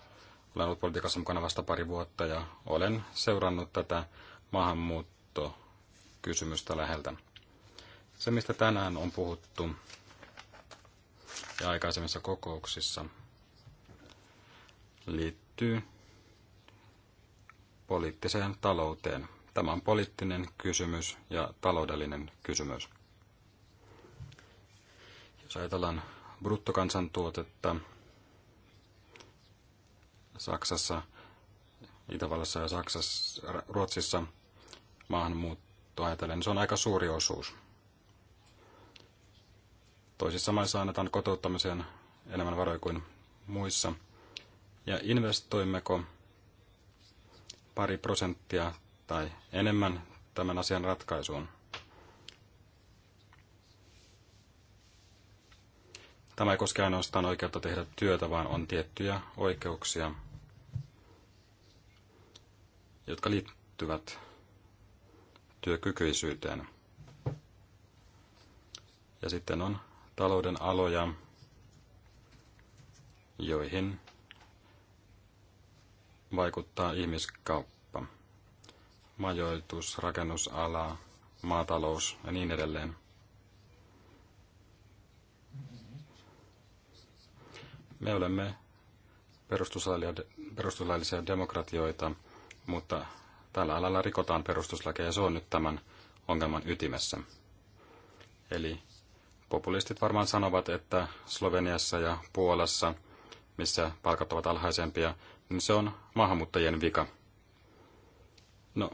Speaker 1: olen ollut politiikassa mukana vasta pari vuotta ja olen seurannut tätä maahanmuuttokysymystä läheltä. Se, mistä tänään on puhuttu ja aikaisemmissa kokouksissa, liittyy poliittiseen talouteen. Tämä on poliittinen kysymys ja taloudellinen kysymys. Jos ajatellaan bruttokansantuotetta Saksassa, Itävallassa ja Saksassa, Ruotsissa maahanmuutto ajatellen, niin se on aika suuri osuus. Toisissa maissa annetaan kotouttamiseen enemmän varoja kuin muissa – ja investoimmeko pari prosenttia tai enemmän tämän asian ratkaisuun. Tämä ei koske ainoastaan oikeutta tehdä työtä, vaan on tiettyjä oikeuksia, jotka liittyvät työkykyisyyteen. Ja sitten on talouden aloja, joihin vaikuttaa ihmiskauppa, majoitus, rakennusala, maatalous ja niin edelleen. Me olemme perustuslaillisia demokratioita, mutta tällä alalla rikotaan perustuslakeja ja se on nyt tämän ongelman ytimessä. Eli populistit varmaan sanovat, että Sloveniassa ja Puolassa, missä palkat ovat alhaisempia, niin se on maahanmuuttajien vika. No,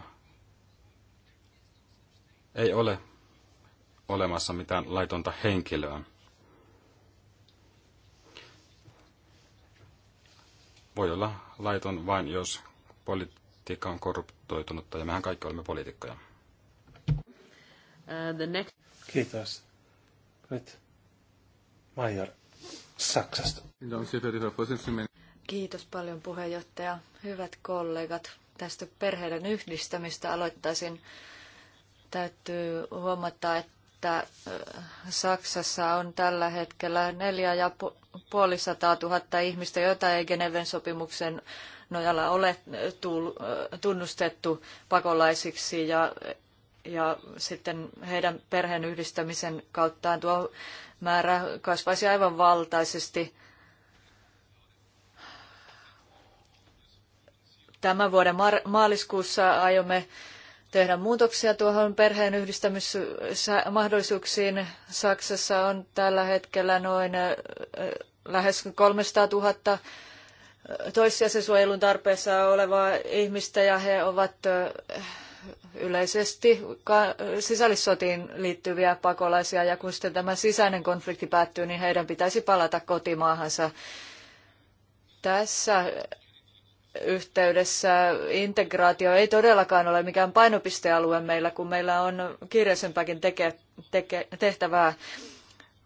Speaker 1: ei ole olemassa mitään laitonta henkilöä. Voi olla laiton vain, jos politiikka on korruptoitunutta, ja mehän kaikki olemme
Speaker 2: poliitikkoja.
Speaker 3: Uh, next...
Speaker 2: Kiitos. Nyt Major Saksasta.
Speaker 3: Kiitos paljon puheenjohtaja. Hyvät kollegat, tästä perheiden yhdistämistä aloittaisin. Täytyy huomata, että Saksassa on tällä hetkellä neljä ja tuhatta ihmistä, joita ei Geneven sopimuksen nojalla ole tunnustettu pakolaisiksi ja, ja sitten heidän perheen yhdistämisen kauttaan tuo määrä kasvaisi aivan valtaisesti – Tämän vuoden maaliskuussa aiomme tehdä muutoksia tuohon perheen yhdistämismahdollisuuksiin. Saksassa on tällä hetkellä noin lähes 300 000 toissijaisen suojelun tarpeessa olevaa ihmistä ja he ovat yleisesti sisällissotiin liittyviä pakolaisia ja kun sitten tämä sisäinen konflikti päättyy, niin heidän pitäisi palata kotimaahansa. Tässä yhteydessä integraatio ei todellakaan ole mikään painopistealue meillä, kun meillä on kiireisempääkin teke, teke, tehtävää.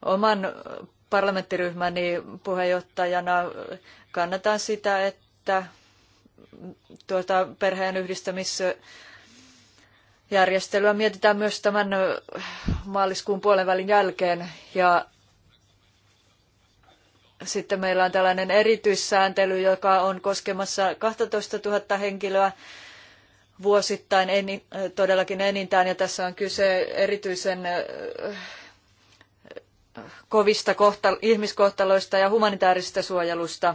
Speaker 3: Oman parlamenttiryhmäni puheenjohtajana kannatan sitä, että tuota perheen yhdistämisjärjestelyä mietitään myös tämän maaliskuun puolenvälin jälkeen ja sitten meillä on tällainen erityissääntely, joka on koskemassa 12 000 henkilöä vuosittain, en, todellakin enintään, ja tässä on kyse erityisen kovista kohta, ihmiskohtaloista ja humanitaarista suojelusta.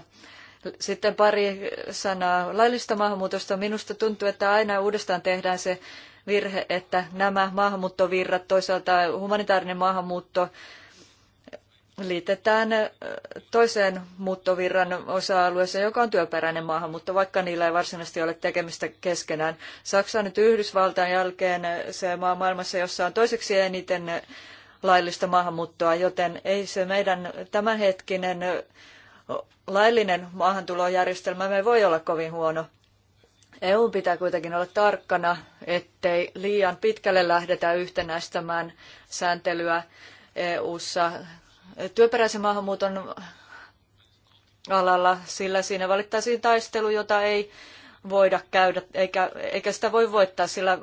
Speaker 3: Sitten pari sanaa laillista maahanmuutosta. Minusta tuntuu, että aina uudestaan tehdään se virhe, että nämä maahanmuuttovirrat, toisaalta humanitaarinen maahanmuutto liitetään toiseen muuttovirran osa-alueeseen, joka on työperäinen maahanmuutto, vaikka niillä ei varsinaisesti ole tekemistä keskenään. Saksa on nyt Yhdysvaltain jälkeen se maa maailmassa, jossa on toiseksi eniten laillista maahanmuuttoa, joten ei se meidän tämänhetkinen laillinen maahantulojärjestelmämme voi olla kovin huono. EU pitää kuitenkin olla tarkkana, ettei liian pitkälle lähdetä yhtenäistämään sääntelyä EU-ssa työperäisen maahanmuuton alalla, sillä siinä valittaisiin taistelu, jota ei voida käydä, eikä, eikä sitä voi voittaa, sillä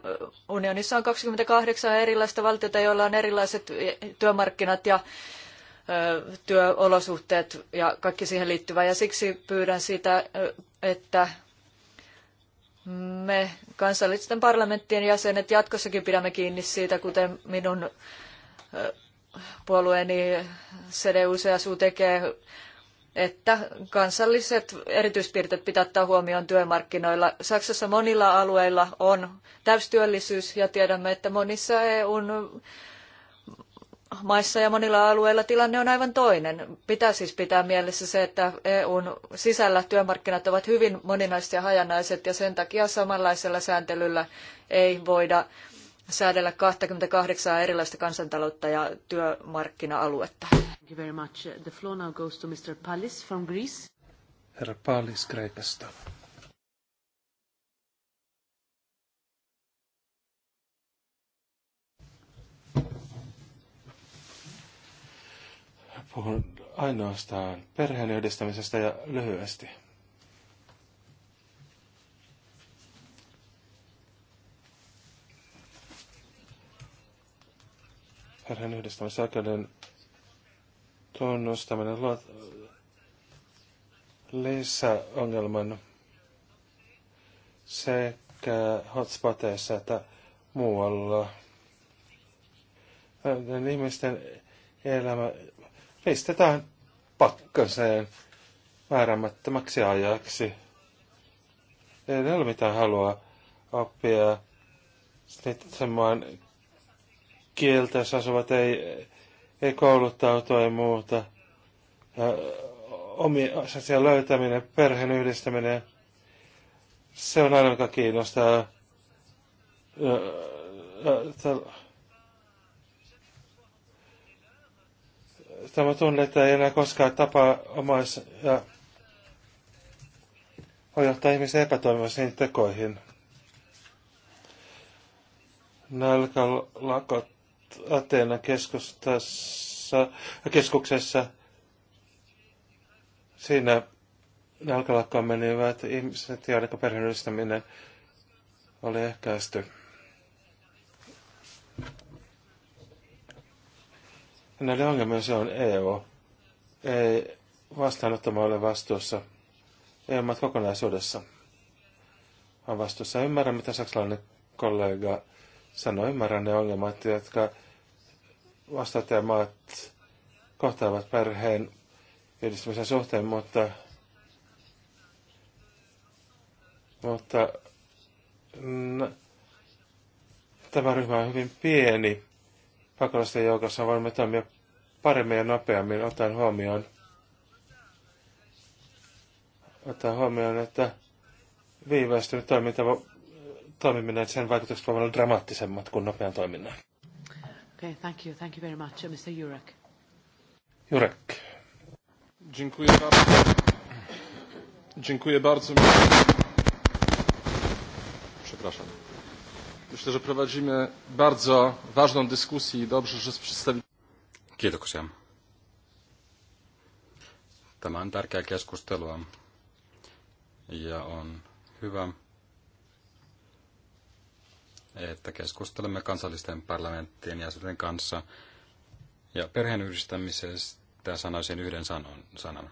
Speaker 3: unionissa on 28 erilaista valtiota, joilla on erilaiset työmarkkinat ja työolosuhteet ja kaikki siihen liittyvä. Ja siksi pyydän sitä, että me kansallisten parlamenttien jäsenet jatkossakin pidämme kiinni siitä, kuten minun puolueeni CDU-CSU tekee, että kansalliset erityispiirteet pitää ottaa huomioon työmarkkinoilla. Saksassa monilla alueilla on täystyöllisyys ja tiedämme, että monissa EUn maissa ja monilla alueilla tilanne on aivan toinen. Pitää siis pitää mielessä se, että EUn sisällä työmarkkinat ovat hyvin moninaiset ja hajanaiset ja sen takia samanlaisella sääntelyllä ei voida säädellä 28 erilaista kansantaloutta ja työmarkkina-aluetta. Thank you very much. The floor now goes to Mr. Pallis from Greece.
Speaker 2: Herra Pallis Kreikasta. Puhun ainoastaan perheen yhdistämisestä ja lyhyesti. Herran on tunnustaminen luo lisäongelman sekä hotspoteissa että muualla. Näiden ihmisten elämä pistetään pakkaseen määrämättömäksi ajaksi. Ei ole mitään halua oppia sitten semmoinen kieltä asuvat ei, ei kouluttautua ja muuta. Omien löytäminen, perheen yhdistäminen, se on aina joka kiinnostaa. Tämä tunne, että ei enää koskaan tapaa omais ja voi johtaa ihmisen epätoivoisiin tekoihin. lakot Ateenan keskustassa, keskuksessa. Siinä jalkalakkoon menivät ihmiset ja ainakaan perheenyhdistäminen oli ehkäisty. Näille ongelmia se on EU. Ei vastaanottama ole vastuussa. EU-mat kokonaisuudessa on vastuussa. Ymmärrän, mitä saksalainen kollega sanoi, ymmärrän ne ongelmat, jotka vastaajamaat kohtaavat perheen yhdistymisen suhteen, mutta, mutta n, mm, tämä ryhmä on hyvin pieni. Pakolaisten joukossa voimme toimia paremmin ja nopeammin ottaen huomioon, ottaen huomioon että viivästynyt toiminta toimiminen, että sen vaikutukset voivat olla dramaattisemmat kuin nopean toiminnan. Okay, thank you. Thank you very much, uh, Mr. Jurek. Jurek. Dziękuję bardzo. Dziękuję bardzo. Przepraszam. Myślę, że prowadzimy bardzo ważną dyskusję i dobrze, że z przedstawicielami. Kiitoksia.
Speaker 1: Tämä on tärkeä keskustelua ja on hyvä, että keskustelemme kansallisten parlamenttien jäsenten kanssa ja perheenyhdistämisestä sanoisin yhden sanon, sanan.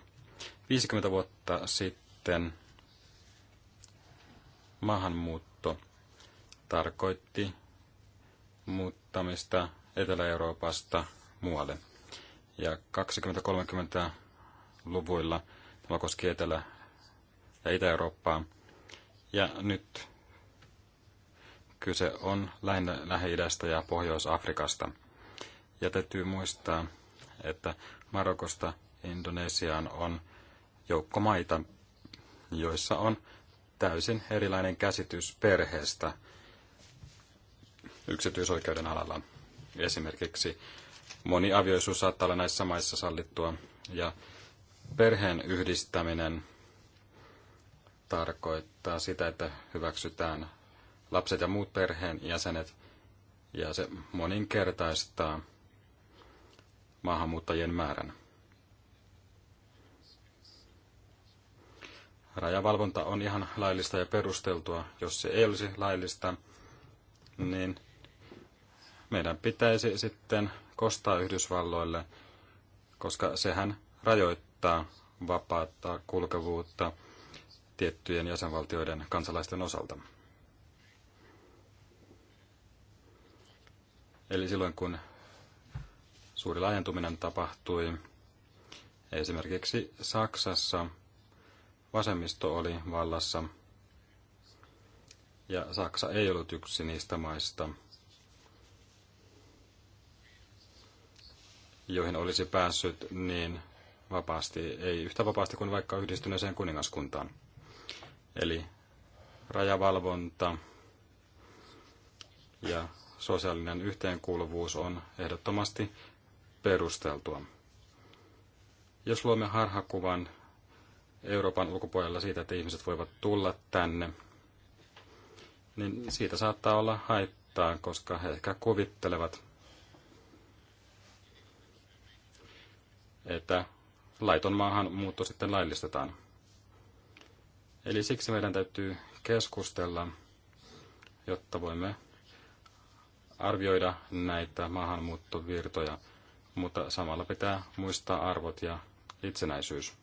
Speaker 1: 50 vuotta sitten maahanmuutto tarkoitti muuttamista Etelä-Euroopasta muualle. Ja 20-30-luvuilla tämä koski Etelä- ja Itä-Eurooppaa. Ja nyt Kyse on Lähi-idästä ja Pohjois-Afrikasta. Ja täytyy muistaa, että Marokosta Indonesiaan on joukko maita, joissa on täysin erilainen käsitys perheestä yksityisoikeuden alalla. Esimerkiksi avioisuus saattaa olla näissä maissa sallittua ja perheen yhdistäminen tarkoittaa sitä, että hyväksytään lapset ja muut perheen jäsenet ja se moninkertaistaa maahanmuuttajien määrän. Rajavalvonta on ihan laillista ja perusteltua. Jos se ei olisi laillista, niin meidän pitäisi sitten kostaa Yhdysvalloille, koska sehän rajoittaa vapaata kulkevuutta tiettyjen jäsenvaltioiden kansalaisten osalta. Eli silloin kun suuri laajentuminen tapahtui, esimerkiksi Saksassa vasemmisto oli vallassa, ja Saksa ei ollut yksi niistä maista, joihin olisi päässyt niin vapaasti, ei yhtä vapaasti kuin vaikka yhdistyneeseen kuningaskuntaan. Eli rajavalvonta ja sosiaalinen yhteenkuuluvuus on ehdottomasti perusteltua. Jos luomme harhakuvan Euroopan ulkopuolella siitä, että ihmiset voivat tulla tänne, niin siitä saattaa olla haittaa, koska he ehkä kuvittelevat, että laiton muutto sitten laillistetaan. Eli siksi meidän täytyy keskustella, jotta voimme arvioida näitä maahanmuuttovirtoja, mutta samalla pitää muistaa arvot ja itsenäisyys.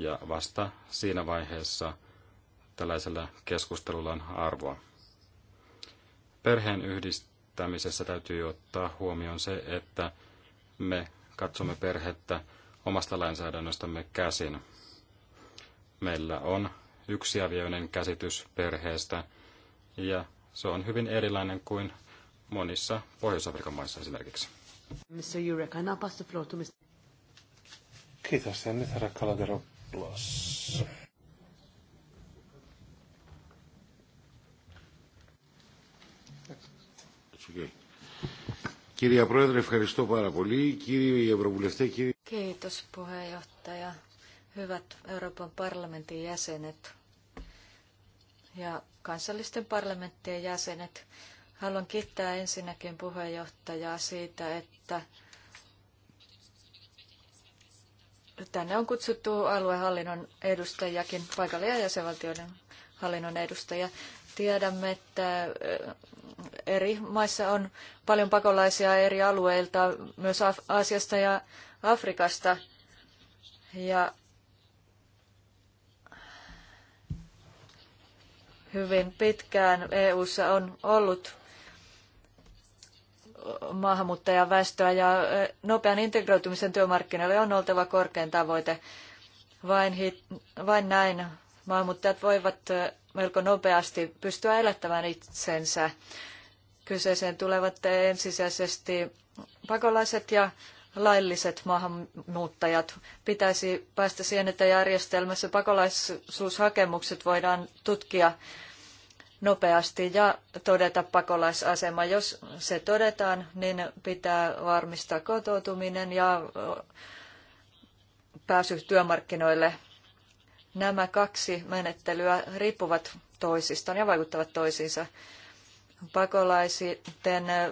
Speaker 1: Ja vasta siinä vaiheessa tällaisella keskustelulla on arvoa. Perheen yhdistämisessä täytyy ottaa huomioon se, että me katsomme perhettä omasta lainsäädännöstämme käsin. Meillä on yksiavioinen käsitys perheestä ja se on hyvin erilainen kuin monissa Pohjois-Afrikan maissa esimerkiksi.
Speaker 3: Mr. Jurek, I now pass the floor to Mr.
Speaker 2: Kiitos ja nyt herra Kalageropoulos. Kirja Πρόεδρε, ευχαριστώ πάρα πολύ. Ευρωβουλευτέ,
Speaker 3: Kiitos puheenjohtaja. Hyvät Euroopan parlamentin jäsenet, ja kansallisten parlamenttien jäsenet. Haluan kiittää ensinnäkin puheenjohtajaa siitä, että tänne on kutsuttu aluehallinnon edustajakin, paikalle ja jäsenvaltioiden hallinnon edustajia. Tiedämme, että eh, eri maissa on paljon pakolaisia eri alueilta, myös Aasiasta ja Afrikasta. Ja hyvin pitkään EU:ssa on ollut maahanmuuttajaväestöä ja nopean integroitumisen työmarkkinoille on oltava korkein tavoite. Vain, vain näin maahanmuuttajat voivat melko nopeasti pystyä elättämään itsensä. Kyseeseen tulevat ensisijaisesti pakolaiset ja lailliset maahanmuuttajat. Pitäisi päästä siihen, että järjestelmässä pakolaisuushakemukset voidaan tutkia nopeasti ja todeta pakolaisasema. Jos se todetaan, niin pitää varmistaa kotoutuminen ja pääsy työmarkkinoille. Nämä kaksi menettelyä riippuvat toisistaan ja vaikuttavat toisiinsa. Pakolaisten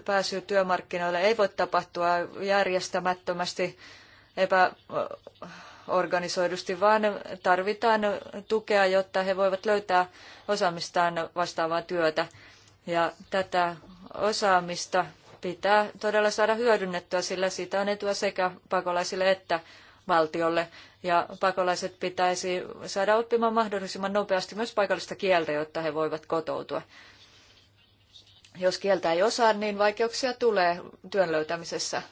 Speaker 3: pääsy työmarkkinoille ei voi tapahtua järjestämättömästi epä organisoidusti, vaan tarvitaan tukea, jotta he voivat löytää osaamistaan vastaavaa työtä. Ja tätä osaamista pitää todella saada hyödynnettyä, sillä siitä on etua sekä pakolaisille että valtiolle. Ja pakolaiset pitäisi saada oppimaan mahdollisimman nopeasti myös paikallista kieltä, jotta he voivat kotoutua. Jos kieltä ei osaa, niin vaikeuksia tulee työn löytämisessä.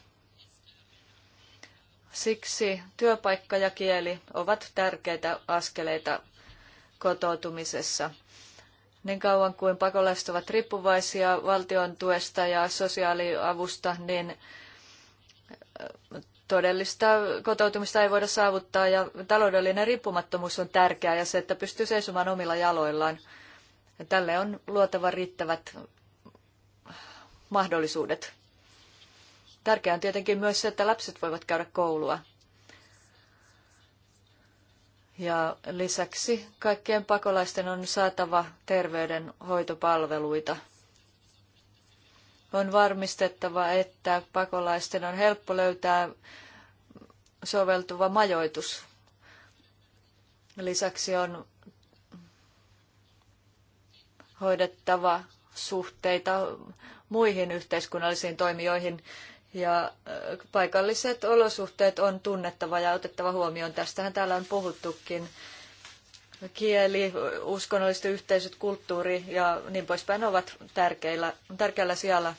Speaker 3: Siksi työpaikka ja kieli ovat tärkeitä askeleita kotoutumisessa. Niin kauan kuin pakolaiset ovat riippuvaisia valtion tuesta ja sosiaaliavusta, niin äh, todellista kotoutumista ei voida saavuttaa ja taloudellinen riippumattomuus on tärkeää ja se, että pystyy seisomaan omilla jaloillaan. Ja tälle on luotava riittävät mahdollisuudet. Tärkeää on tietenkin myös se, että lapset voivat käydä koulua. Ja lisäksi kaikkien pakolaisten on saatava terveydenhoitopalveluita. On varmistettava, että pakolaisten on helppo löytää soveltuva majoitus. Lisäksi on hoidettava suhteita muihin yhteiskunnallisiin toimijoihin, ja äh, paikalliset olosuhteet on tunnettava ja otettava huomioon. Tästähän täällä on puhuttukin. Kieli, uskonnolliset yhteisöt, kulttuuri ja niin poispäin ovat tärkeillä, tärkeällä sijalla.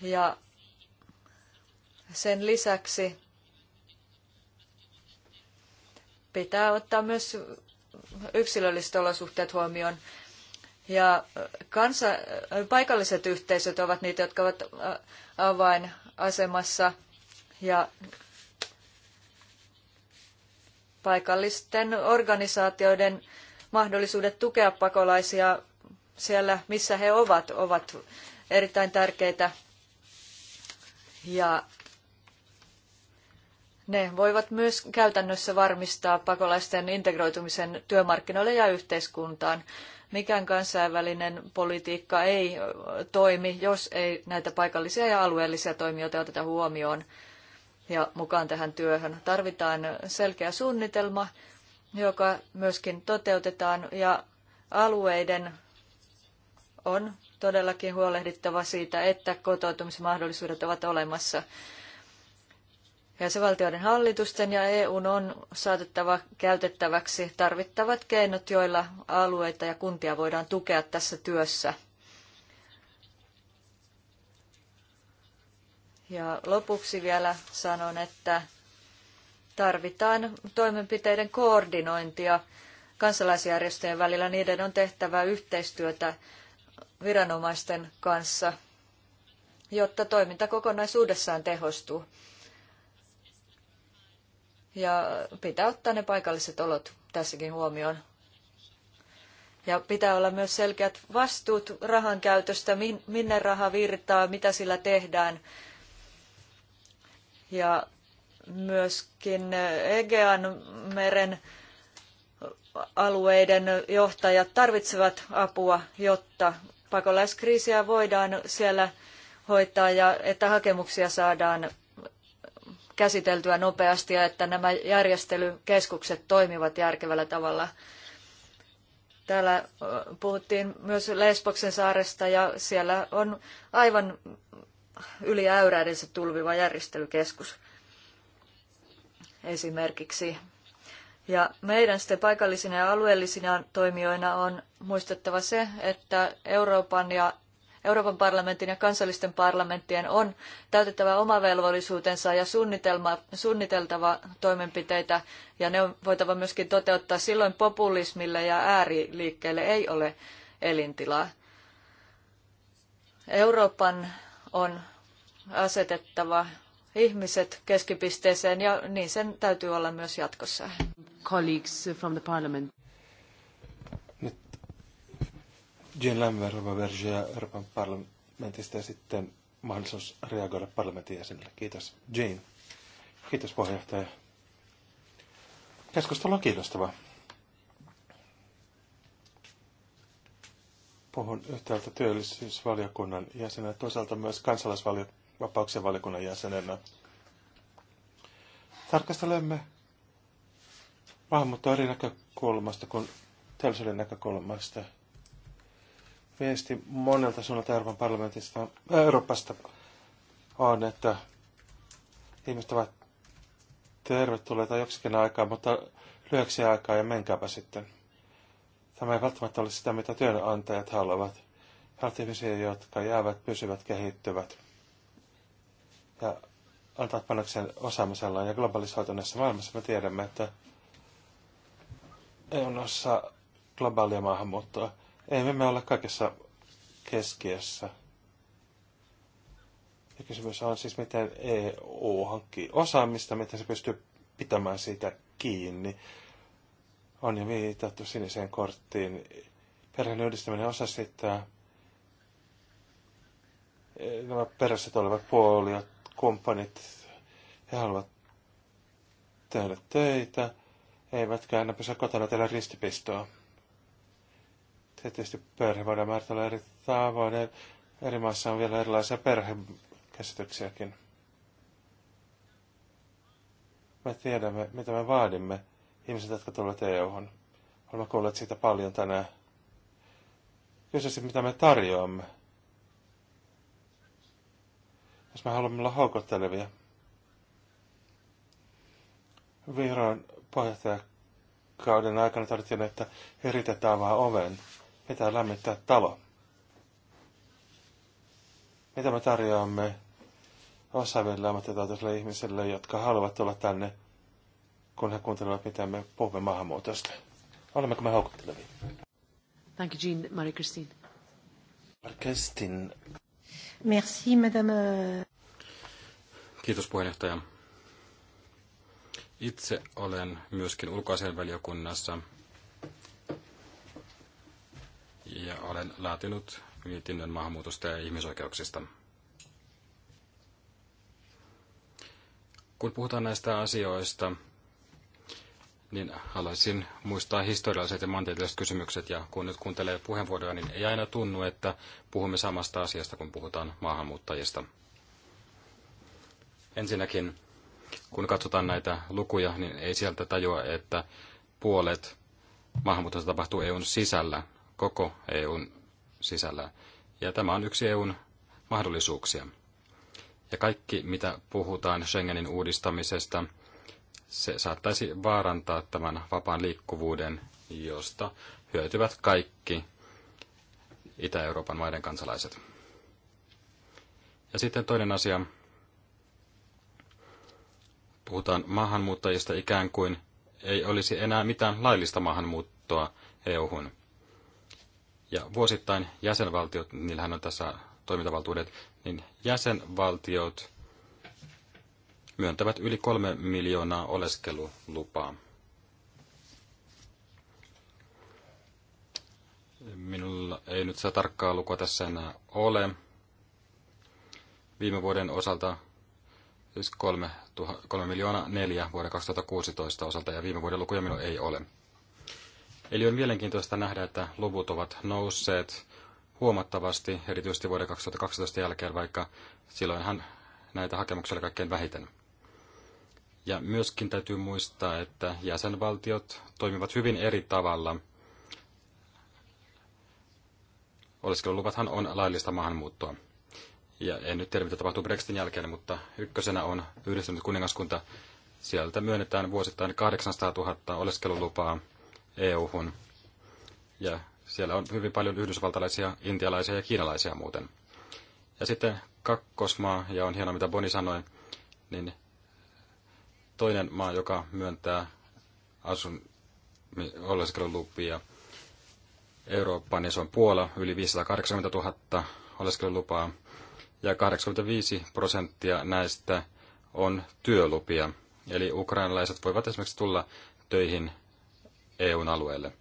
Speaker 3: Ja sen lisäksi pitää ottaa myös yksilölliset olosuhteet huomioon. Ja kansa, paikalliset yhteisöt ovat niitä, jotka ovat äh, avain asemassa ja paikallisten organisaatioiden mahdollisuudet tukea pakolaisia siellä, missä he ovat, ovat erittäin tärkeitä. Ja ne voivat myös käytännössä varmistaa pakolaisten integroitumisen työmarkkinoille ja yhteiskuntaan. Mikään kansainvälinen politiikka ei toimi, jos ei näitä paikallisia ja alueellisia toimijoita oteta huomioon ja mukaan tähän työhön. Tarvitaan selkeä suunnitelma, joka myöskin toteutetaan ja alueiden on todellakin huolehdittava siitä, että kotoutumismahdollisuudet ovat olemassa. Jäsenvaltioiden hallitusten ja EUn on saatettava käytettäväksi tarvittavat keinot, joilla alueita ja kuntia voidaan tukea tässä työssä. Ja lopuksi vielä sanon, että tarvitaan toimenpiteiden koordinointia kansalaisjärjestöjen välillä. Niiden on tehtävä yhteistyötä viranomaisten kanssa, jotta toiminta kokonaisuudessaan tehostuu. Ja pitää ottaa ne paikalliset olot tässäkin huomioon. Ja pitää olla myös selkeät vastuut rahan käytöstä, minne raha virtaa, mitä sillä tehdään. Ja myöskin Egean meren alueiden johtajat tarvitsevat apua, jotta pakolaiskriisiä voidaan siellä hoitaa ja että hakemuksia saadaan käsiteltyä nopeasti ja että nämä järjestelykeskukset toimivat järkevällä tavalla. Täällä puhuttiin myös Lesboksen saaresta ja siellä on aivan yli äyräidensä tulviva järjestelykeskus esimerkiksi. Ja meidän sitten paikallisina ja alueellisina toimijoina on muistettava se, että Euroopan ja Euroopan parlamentin ja kansallisten parlamenttien on täytettävä oma velvollisuutensa ja suunniteltava toimenpiteitä, ja ne on voitava myöskin toteuttaa. Silloin populismille ja ääriliikkeille ei ole elintilaa. Euroopan on asetettava ihmiset keskipisteeseen ja niin sen täytyy olla myös jatkossa.
Speaker 2: Colleagues from the parliament. Jean Lambert, Rova Vergia Euroopan parlamentista ja sitten mahdollisuus reagoida parlamentin jäsenille. Kiitos. Jane. Kiitos puheenjohtaja. Keskustelu on kiinnostava. Puhun yhtäältä työllisyysvaliokunnan jäsenenä, toisaalta myös kansalaisvapauksien valiokunnan jäsenenä. Tarkastelemme maahanmuuttoa eri näkökulmasta kuin teollisuuden näkökulmasta – viesti monelta suunnalta Euroopan parlamentista, äh, Euroopasta on, että ihmiset ovat tervetulleita joksikin aikaa, mutta lyöksi aikaa ja menkääpä sitten. Tämä ei välttämättä ole sitä, mitä työnantajat haluavat. Haluat ihmisiä, jotka jäävät, pysyvät, kehittyvät ja antavat panoksen osaamisellaan. Ja globalisoituneessa maailmassa me tiedämme, että ei on osa globaalia maahanmuuttoa. Emme me ole kaikessa keskiössä. Ja kysymys on siis, miten EU hankkii osaamista, miten se pystyy pitämään siitä kiinni. On jo viitattu siniseen korttiin. Perheen yhdistäminen osa sitä. E, nämä perässä olevat puolijat, kumppanit, he haluavat tehdä töitä, eivätkä aina pysyä kotona tehdä ristipistoa. Tietysti perhe voidaan määritellä eri tavoin. Eri maissa on vielä erilaisia perhekäsityksiäkin. Me tiedämme, mitä me vaadimme ihmiset, jotka tulevat EU-hun. Olemme kuulleet siitä paljon tänään. Kysyisi, mitä me tarjoamme. Jos me haluamme olla houkuttelevia. Vihreän puheenjohtajakauden aikana tarvittiin, että yritetään vaan oven. Mitä lämmittää talo. Mitä me tarjoamme osaaville ammattitaitoisille ihmisille, jotka haluavat tulla tänne, kun he kuuntelevat, mitä me puhumme maahanmuutosta? Olemmeko me houkuttelevia? Thank you, Jean. Marie-Christine. Marie-Christine. Merci, madame. Kiitos puheenjohtaja.
Speaker 1: Itse olen myöskin ulkoasianvaliokunnassa ja olen laatinut mietinnön maahanmuutosta ja ihmisoikeuksista. Kun puhutaan näistä asioista, niin haluaisin muistaa historialliset ja maantieteelliset kysymykset. Ja kun nyt kuuntelee puheenvuoroja, niin ei aina tunnu, että puhumme samasta asiasta, kun puhutaan maahanmuuttajista. Ensinnäkin, kun katsotaan näitä lukuja, niin ei sieltä tajua, että puolet maahanmuutosta tapahtuu EUn sisällä koko EUn sisällä. Ja tämä on yksi EUn mahdollisuuksia. Ja kaikki, mitä puhutaan Schengenin uudistamisesta, se saattaisi vaarantaa tämän vapaan liikkuvuuden, josta hyötyvät kaikki Itä-Euroopan maiden kansalaiset. Ja sitten toinen asia. Puhutaan maahanmuuttajista ikään kuin ei olisi enää mitään laillista maahanmuuttoa EU-hun. Ja vuosittain jäsenvaltiot, niillähän on tässä toimintavaltuudet, niin jäsenvaltiot myöntävät yli kolme miljoonaa oleskelulupaa. Minulla ei nyt sitä tarkkaa lukua tässä enää ole. Viime vuoden osalta siis 3, 3 miljoonaa neljä vuoden 2016 osalta ja viime vuoden lukuja minulla ei ole. Eli on mielenkiintoista nähdä, että luvut ovat nousseet huomattavasti, erityisesti vuoden 2012 jälkeen, vaikka silloinhan näitä hakemuksia oli kaikkein vähiten. Ja myöskin täytyy muistaa, että jäsenvaltiot toimivat hyvin eri tavalla. Oleskeluluvathan on laillista maahanmuuttoa. Ja en nyt tiedä, mitä tapahtuu Brexitin jälkeen, mutta ykkösenä on yhdistynyt kuningaskunta. Sieltä myönnetään vuosittain 800 000 oleskelulupaa EU-hun. Ja siellä on hyvin paljon yhdysvaltalaisia, intialaisia ja kiinalaisia muuten. Ja sitten kakkosmaa, ja on hienoa mitä Boni sanoi, niin toinen maa, joka myöntää asun oleskelulupia Eurooppaan, niin se on Puola, yli 580 000 oleskelulupaa, ja 85 prosenttia näistä on työlupia. Eli ukrainalaiset voivat esimerkiksi tulla töihin EUn alueelle.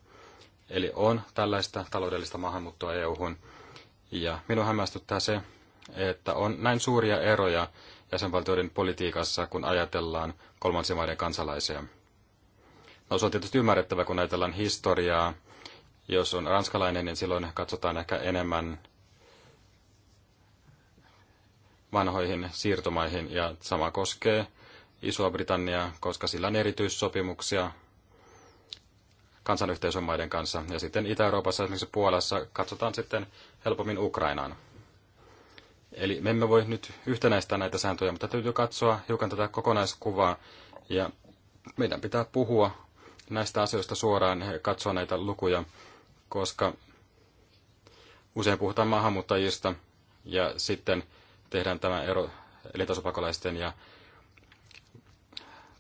Speaker 1: Eli on tällaista taloudellista maahanmuuttoa EUhun. Ja minua hämmästyttää se, että on näin suuria eroja jäsenvaltioiden politiikassa, kun ajatellaan kolmansien maiden kansalaisia. No se on tietysti ymmärrettävä, kun ajatellaan historiaa. Jos on ranskalainen, niin silloin katsotaan ehkä enemmän vanhoihin siirtomaihin, ja sama koskee Isoa-Britanniaa, koska sillä on erityissopimuksia kansanyhteisön maiden kanssa. Ja sitten Itä-Euroopassa, esimerkiksi Puolassa, katsotaan sitten helpommin Ukrainaan. Eli me emme voi nyt yhtenäistää näitä sääntöjä, mutta täytyy katsoa hiukan tätä kokonaiskuvaa. Ja meidän pitää puhua näistä asioista suoraan ja katsoa näitä lukuja, koska usein puhutaan maahanmuuttajista ja sitten tehdään tämä ero elintasopakolaisten ja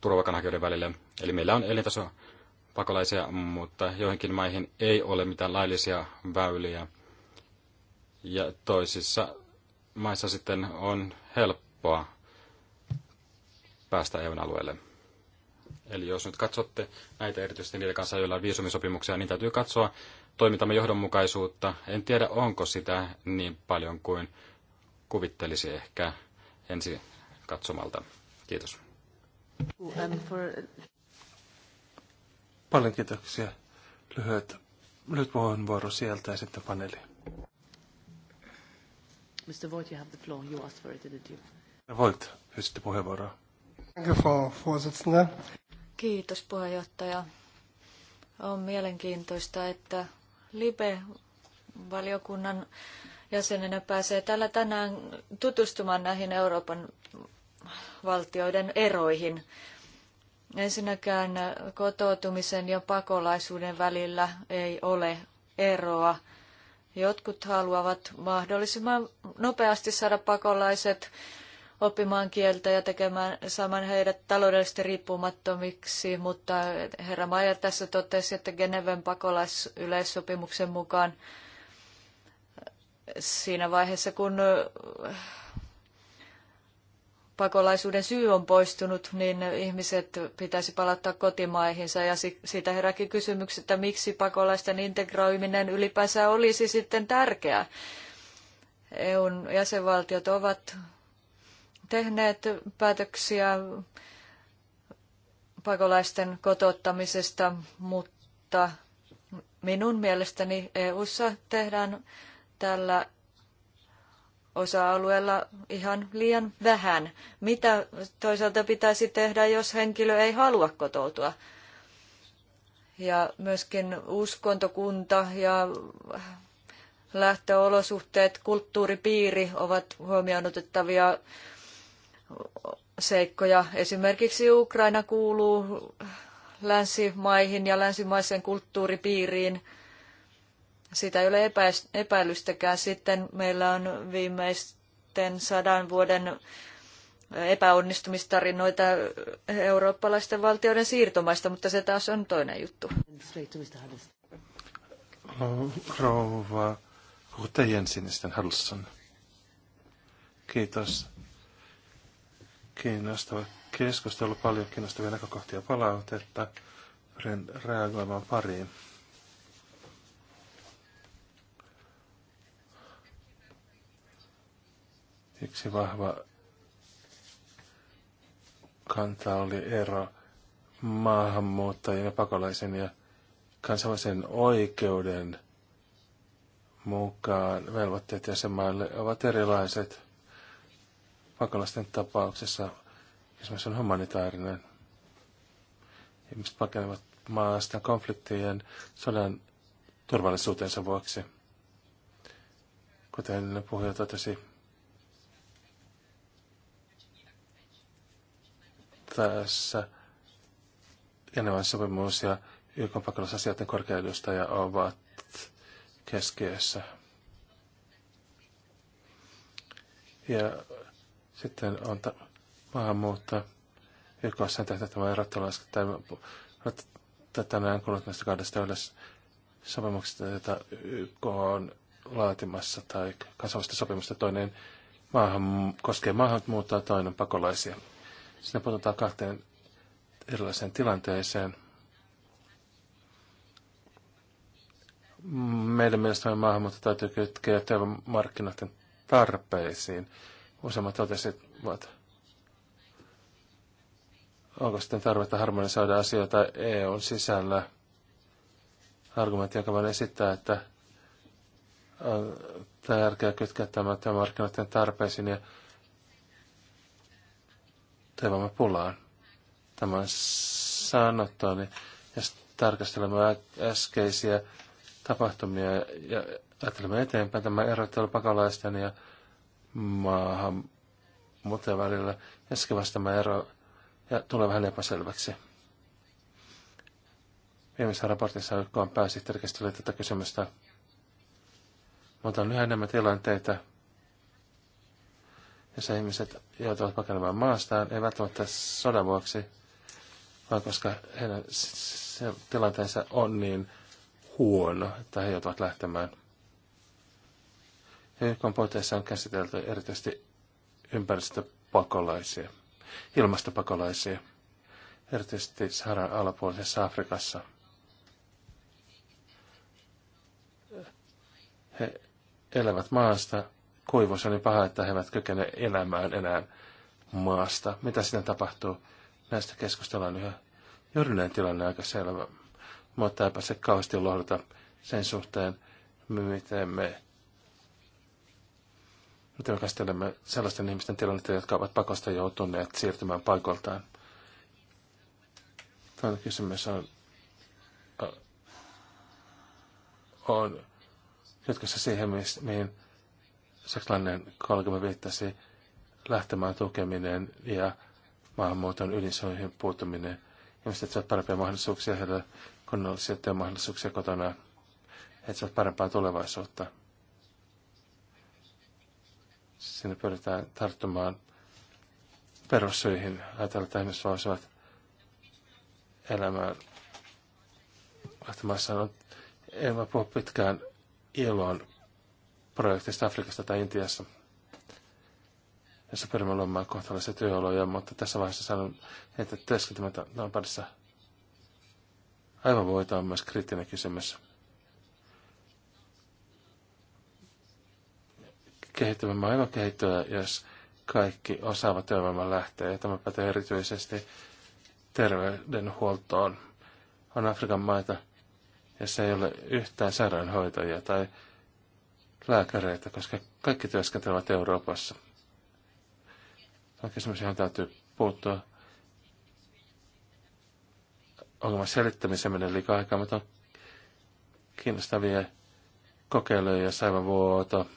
Speaker 1: turvapaikanhakijoiden välille. Eli meillä on elintaso pakolaisia, mutta joihinkin maihin ei ole mitään laillisia väyliä. Ja toisissa maissa sitten on helppoa päästä EUn alueelle. Eli jos nyt katsotte näitä erityisesti niiden kanssa, joilla on viisumisopimuksia, niin täytyy katsoa toimintamme johdonmukaisuutta. En tiedä, onko sitä niin paljon kuin kuvittelisi ehkä ensi katsomalta. Kiitos.
Speaker 2: Um, Paljon kiitoksia. Lyhyet, lyhyt puheenvuoro sieltä ja sitten paneeli.
Speaker 3: Mr. Voigt, you have the floor. You asked for it, didn't you?
Speaker 2: Voigt, pyysitte puheenvuoroa.
Speaker 3: Kiitos puheenjohtaja. On mielenkiintoista, että LIBE-valiokunnan jäsenenä pääsee täällä tänään tutustumaan näihin Euroopan valtioiden eroihin. Ensinnäkään kotoutumisen ja pakolaisuuden välillä ei ole eroa. Jotkut haluavat mahdollisimman nopeasti saada pakolaiset oppimaan kieltä ja tekemään, saamaan heidät taloudellisesti riippumattomiksi, mutta herra Mayer tässä totesi, että Geneven pakolaisyleissopimuksen mukaan siinä vaiheessa, kun pakolaisuuden syy on poistunut, niin ihmiset pitäisi palauttaa kotimaihinsa. Ja siitä herääkin kysymys, että miksi pakolaisten integroiminen ylipäänsä olisi sitten tärkeää. EUn jäsenvaltiot ovat tehneet päätöksiä pakolaisten kotouttamisesta, mutta minun mielestäni EUssa tehdään tällä osa-alueella ihan liian vähän. Mitä toisaalta pitäisi tehdä, jos henkilö ei halua kotoutua? Ja myöskin uskontokunta ja lähtöolosuhteet, kulttuuripiiri ovat huomioon otettavia seikkoja. Esimerkiksi Ukraina kuuluu länsimaihin ja länsimaisen kulttuuripiiriin – sitä ei ole epäilystäkään. Sitten meillä on viimeisten sadan vuoden epäonnistumistarinoita eurooppalaisten valtioiden siirtomaista, mutta se taas on toinen juttu.
Speaker 2: Rouva huttajensinisten Jensinisten Halsson. Kiitos. Kiinnostava keskustelu, paljon kiinnostavia näkökohtia palautetta. Pyrin reagoimaan pariin. Yksi vahva kanta oli ero maahanmuuttajien ja pakolaisen ja kansainvälisen oikeuden mukaan velvoitteet jäsenmaille ovat erilaiset. Pakolaisten tapauksessa esimerkiksi on humanitaarinen. Ihmiset pakenevat maasta konfliktien sodan turvallisuutensa vuoksi. Kuten puhuja totesi, tässä ovat sopimus ja YK pakolaisasioiden korkeudustaja ovat keskiössä. Ja sitten on ta- maahanmuutta. YKssa on tehty tämä erottolaiska tai tänään näistä kahdesta yleensä sopimuksista, joita YK on laatimassa tai kansainvälistä sopimusta. Toinen maahan, koskee maahanmuuttoa, toinen pakolaisia. Siinä puututaan kahteen erilaiseen tilanteeseen. Meidän mielestämme maahanmuutto täytyy kytkeä työmarkkinoiden tarpeisiin. Useimmat totesivat, onko sitten tarvetta harmonisoida asioita EUn sisällä. Argumentti, jonka voin esittää, että on tärkeää kytkeä tämä työmarkkinoiden tarpeisiin ja pulaan Tämä on niin Jos tarkastelemme äskeisiä tapahtumia ja ajattelemme eteenpäin tämä erottelu pakolaisten ja maahan muuten välillä. Äsken tämä ero ja tulee vähän epäselväksi. Viimeisessä raportissa YK on pääsihteeri tätä kysymystä. Mutta on yhä enemmän tilanteita, jossa ihmiset joutuvat pakenemaan maastaan, ei välttämättä sodan vuoksi, vaan koska heidän se tilanteensa on niin huono, että he joutuvat lähtemään. Ja YK puitteissa on käsitelty erityisesti ympäristöpakolaisia, ilmastopakolaisia, erityisesti Saharan alapuolisessa Afrikassa. He elävät maasta, Koivossa on niin paha, että he eivät kykene elämään enää maasta. Mitä siinä tapahtuu? Näistä keskustellaan yhä. Jorinen tilanne aika selvä, mutta eipä se kauheasti lohduta sen suhteen, miten me, miten me käsittelemme sellaisten ihmisten tilannetta, jotka ovat pakosta joutuneet siirtymään paikoltaan. Tämä kysymys on, on jatkossa siihen, mihin saksalainen kollegamme viittasi lähtemään tukeminen ja maahanmuuton ydinsoihin puuttuminen. Ihmiset saavat parempia mahdollisuuksia, heillä kunnollisia työmahdollisuuksia kotona, he saavat parempaa tulevaisuutta. Sinne pyritään tarttumaan perussyihin. Ajatellaan, että ihmiset voisivat elämään lähtemässä. En mä puhu pitkään ilon projekteista Afrikasta tai Intiassa, jossa pyrimme luomaan kohtalaisia työoloja, mutta tässä vaiheessa sanon, että työskentelmätä Lampardissa parissa aivan voita on myös kriittinen kysymys. Kehittymämme aivan kehittyä, jos kaikki osaava työvoima lähtee. Ja tämä pätee erityisesti terveydenhuoltoon. On Afrikan maita, jossa ei ole yhtään sairaanhoitajia tai lääkäreitä, koska kaikki työskentelevät Euroopassa. Oikeastaan täytyy puuttua ongelman selittämisen menee liikaa aikaa, mutta on kiinnostavia kokeiluja, vuoto,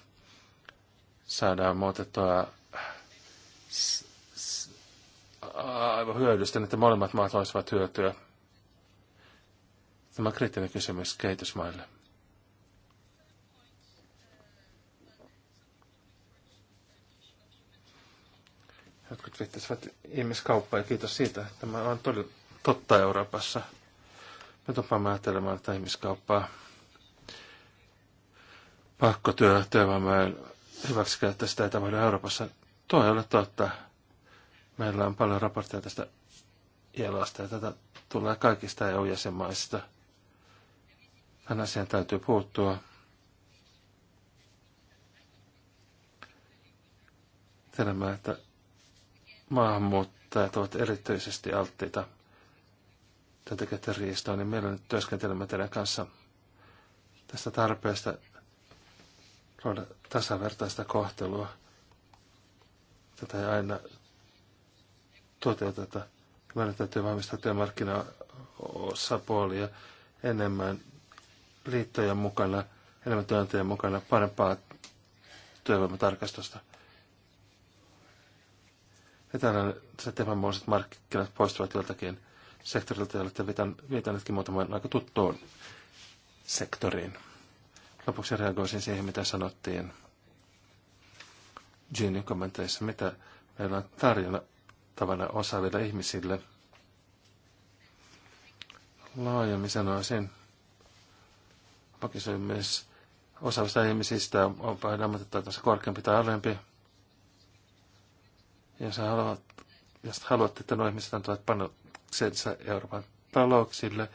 Speaker 2: saadaan muutettua aivan hyödyllistä, niin että molemmat maat voisivat hyötyä. Tämä on kriittinen kysymys kehitysmaille. Jotkut viittasivat ihmiskauppaa ja kiitos siitä. Tämä on todella totta Euroopassa. Me tapaamme ajattelemaan tätä ihmiskauppaa. Pakkotyö, työvoimaen hyväksikäyttö, sitä ei tapahdu Euroopassa. Tuo ei ole totta. Meillä on paljon raportteja tästä ilosta ja tätä tulee kaikista EU-jäsenmaista. Tämän asian täytyy puuttua. Tiedämme, että maahanmuuttajat ovat erityisesti alttiita työntekijöiden riistoon, niin meillä on nyt työskentelemme teidän kanssa tästä tarpeesta luoda tasavertaista kohtelua. Tätä ei aina toteuteta. Meidän täytyy vahvistaa työmarkkinaosapuolia enemmän liittojen mukana, enemmän työnantajien mukana, parempaa työvoimatarkastusta eteläiset epämuoiset markkinat poistuvat joltakin sektorilta, jolle vetän, vetänytkin muutaman aika tuttuun sektoriin. Lopuksi reagoisin siihen, mitä sanottiin Jeanin kommenteissa, mitä meillä on tarjolla tavana osaaville ihmisille. Laajemmin sanoisin, pakisoi myös osaavista ihmisistä, onpa heidän ammattitaitonsa korkeampi tai alempi. Jos, haluat, jos haluatte, että nuo ihmiset antavat panoksensa Euroopan talouksille,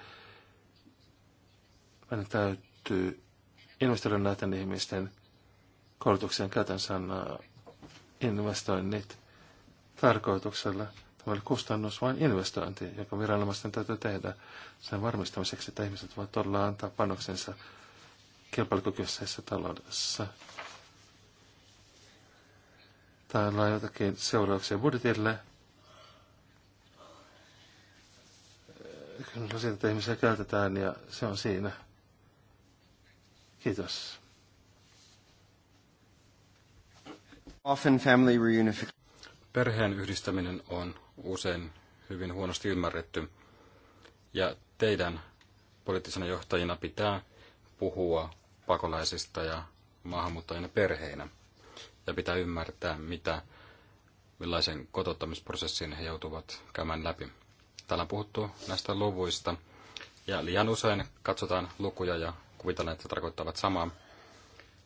Speaker 2: meidän täytyy investoida näiden ihmisten koulutukseen käytän sanaa investoinnit tarkoituksella. Tämä oli kustannus vain investointi, joka viranomaisten täytyy tehdä sen varmistamiseksi, että ihmiset voivat olla antaa panoksensa kilpailukykyisessä taloudessa. Täällä on jotakin seurauksia budjetille. Kyllä siitä, että ihmisiä käytetään ja se on siinä. Kiitos.
Speaker 1: Often family reunification. Perheen yhdistäminen on usein hyvin huonosti ymmärretty. Ja teidän poliittisena johtajina pitää puhua pakolaisista ja maahanmuuttajina perheinä ja pitää ymmärtää, mitä, millaisen kotouttamisprosessin he joutuvat käymään läpi. Täällä on puhuttu näistä luvuista, ja liian usein katsotaan lukuja ja kuvitellaan, että tarkoittavat samaa.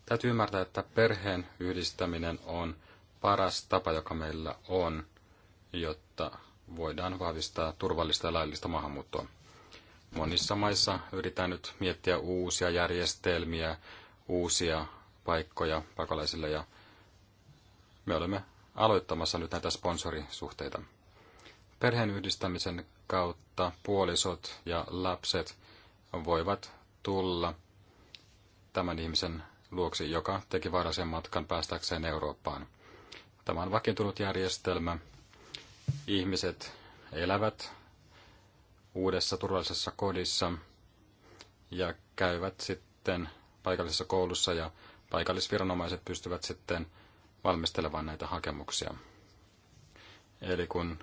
Speaker 1: Täytyy ymmärtää, että perheen yhdistäminen on paras tapa, joka meillä on, jotta voidaan vahvistaa turvallista ja laillista maahanmuuttoa. Monissa maissa yritetään nyt miettiä uusia järjestelmiä, uusia paikkoja pakolaisille ja me olemme aloittamassa nyt näitä sponsorisuhteita. yhdistämisen kautta puolisot ja lapset voivat tulla tämän ihmisen luoksi, joka teki vaarallisen matkan päästäkseen Eurooppaan. Tämä on vakiintunut järjestelmä. Ihmiset elävät uudessa turvallisessa kodissa ja käyvät sitten paikallisessa koulussa ja paikallisviranomaiset pystyvät sitten valmistelevan näitä hakemuksia. Eli kun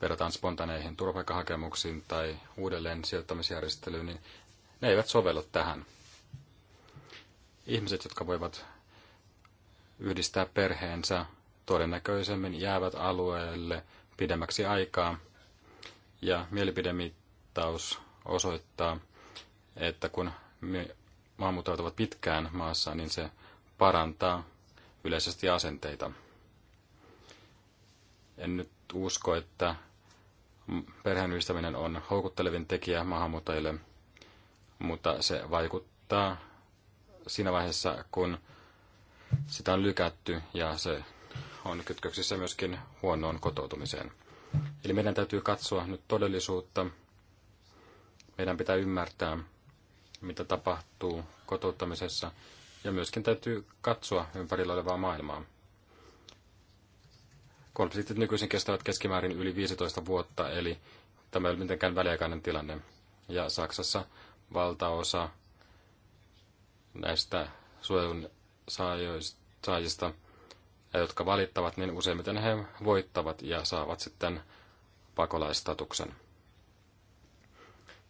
Speaker 1: verrataan spontaneihin turvapaikkahakemuksiin tai uudelleen sijoittamisjärjestelyyn, niin ne eivät sovellu tähän. Ihmiset, jotka voivat yhdistää perheensä, todennäköisemmin jäävät alueelle pidemmäksi aikaa, ja mielipidemittaus osoittaa, että kun maahanmuuttajat ovat pitkään maassa, niin se parantaa yleisesti asenteita. En nyt usko, että yhdistäminen on houkuttelevin tekijä maahanmuuttajille, mutta se vaikuttaa siinä vaiheessa, kun sitä on lykätty ja se on kytköksissä myöskin huonoon kotoutumiseen. Eli meidän täytyy katsoa nyt todellisuutta. Meidän pitää ymmärtää, mitä tapahtuu kotouttamisessa ja myöskin täytyy katsoa ympärillä olevaa maailmaa. Konfliktit nykyisin kestävät keskimäärin yli 15 vuotta, eli tämä ei ole mitenkään väliaikainen tilanne. Ja Saksassa valtaosa näistä suojelun saajista, jotka valittavat, niin useimmiten he voittavat ja saavat sitten pakolaistatuksen.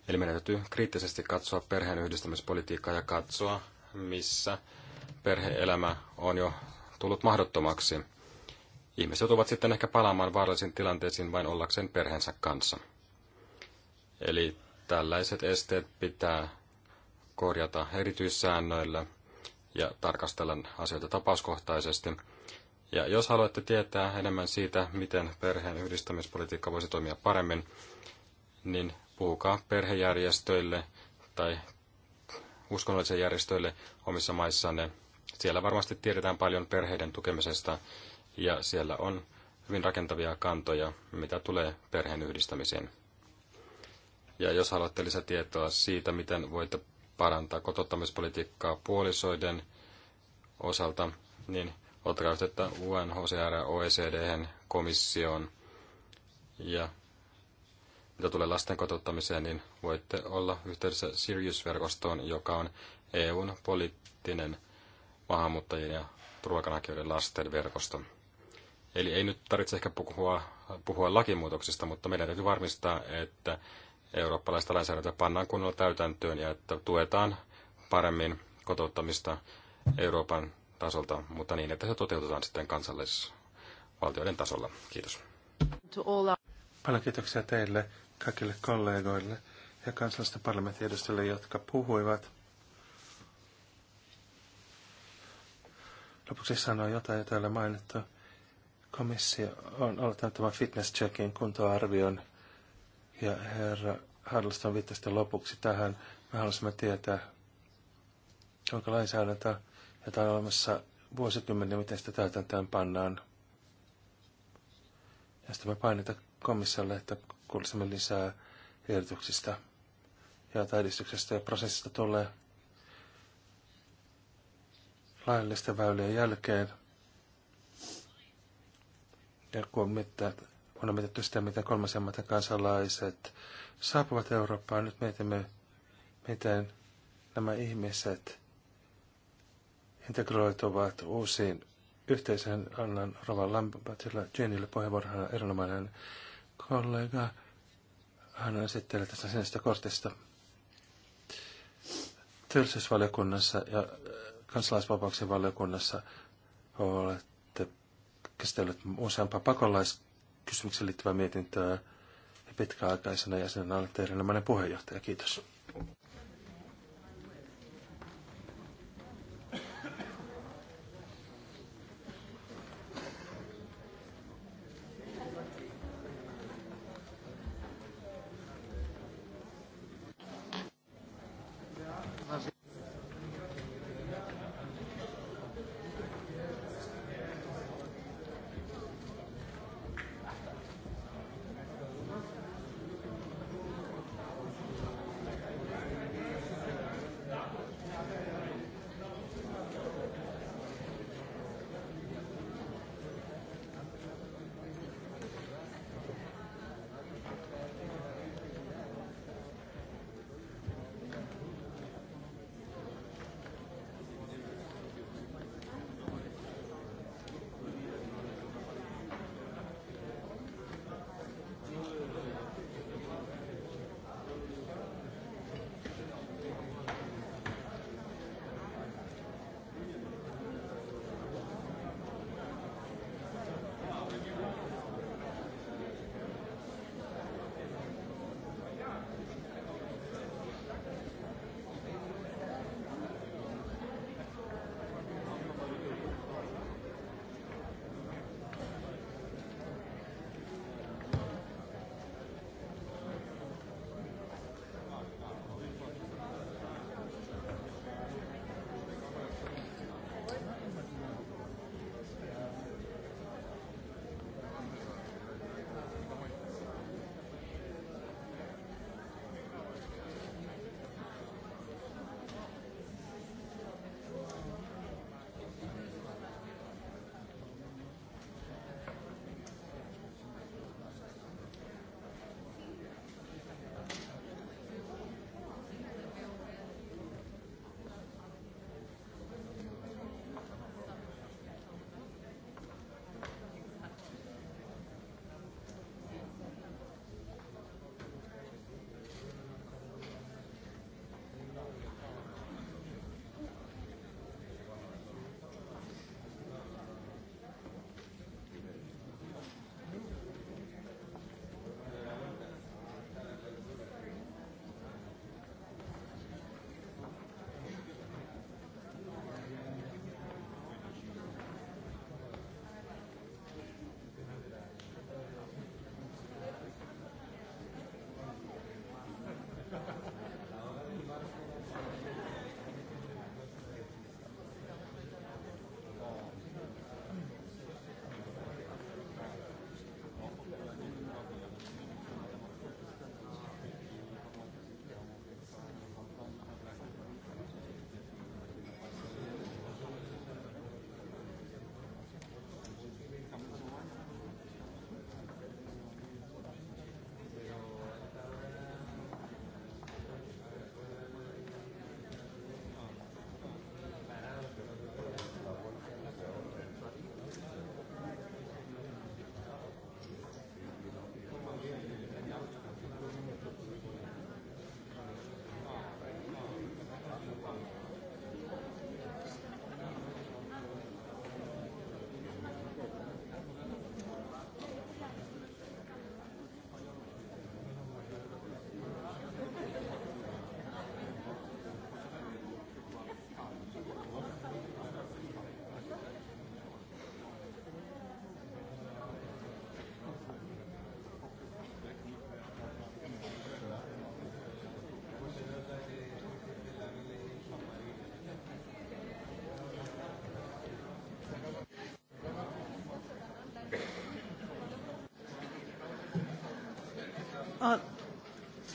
Speaker 1: Eli meidän täytyy kriittisesti katsoa perheen yhdistämispolitiikkaa ja katsoa, missä perheelämä on jo tullut mahdottomaksi. Ihmiset joutuvat sitten ehkä palaamaan vaarallisiin tilanteisiin vain ollakseen perheensä kanssa. Eli tällaiset esteet pitää korjata erityissäännöillä ja tarkastella asioita tapauskohtaisesti. Ja jos haluatte tietää enemmän siitä, miten perheen yhdistämispolitiikka voisi toimia paremmin, niin puhukaa perhejärjestöille tai uskonnollisille järjestöille omissa maissanne. Siellä varmasti tiedetään paljon perheiden tukemisesta ja siellä on hyvin rakentavia kantoja, mitä tulee perheen yhdistämiseen. Ja jos haluatte lisätietoa siitä, miten voitte parantaa kotouttamispolitiikkaa puolisoiden osalta, niin ottakaa yhteyttä UNHCR, OECD, komissioon ja mitä tulee lasten kotouttamiseen, niin voitte olla yhteydessä Sirius-verkostoon, joka on EUn poliittinen maahanmuuttajien ja turvapaikanhakijoiden lasten verkosto. Eli ei nyt tarvitse ehkä puhua, puhua lakimuutoksista, mutta meidän täytyy varmistaa, että eurooppalaista lainsäädäntöä pannaan kunnolla täytäntöön ja että tuetaan paremmin kotouttamista Euroopan tasolta, mutta niin, että se toteutetaan sitten kansallisvaltioiden tasolla. Kiitos.
Speaker 2: Paljon kiitoksia teille, kaikille kollegoille ja kansallisten parlamentin edustajille, jotka puhuivat. Lopuksi sanoin jotain, jota ei ole mainittu. Komissio on aloittanut tämän fitness checkin kuntoarvion ja herra Harlaston viittasi lopuksi tähän. Me haluaisimme tietää, onko lainsäädäntö, jota on olemassa vuosikymmeniä, miten sitä täytäntöön pannaan. Ja sitten me painetaan komissiolle, että kuulisimme lisää ehdotuksista ja edistyksestä ja prosessista tulee laillisten väylien jälkeen. Ja kun on mietitty sitä, miten kolmasemmat kansalaiset saapuvat Eurooppaan, nyt mietimme, miten nämä ihmiset integroituvat uusiin yhteisen Annan Rovan Lambertilla Jenille puheenvuorona erinomainen kollega. Hän on esittelee tästä sinistä kortista työllisyysvaliokunnassa ja äh, kansalaisvapauksien valiokunnassa olette käsitelleet useampaa pakolaiskysymykseen liittyvää mietintöä ja pitkäaikaisena jäsenenä olette erinomainen puheenjohtaja. Kiitos.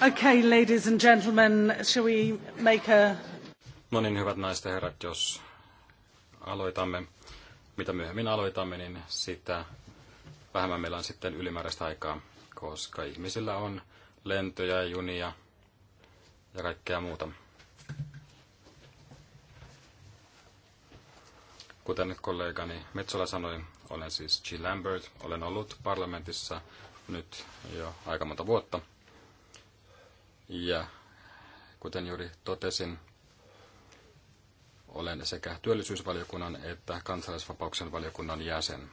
Speaker 2: Okay, ladies and gentlemen, shall we make a...
Speaker 1: No niin, hyvät naiset ja herrat, jos aloitamme, mitä myöhemmin aloitamme, niin sitä vähemmän meillä on sitten ylimääräistä aikaa, koska ihmisillä on lentoja, junia ja kaikkea muuta. Kuten kollegani Metsola sanoi, olen siis G. Lambert, olen ollut parlamentissa nyt jo aika monta vuotta – ja kuten juuri totesin, olen sekä työllisyysvaliokunnan että kansalaisvapauksen valiokunnan jäsen.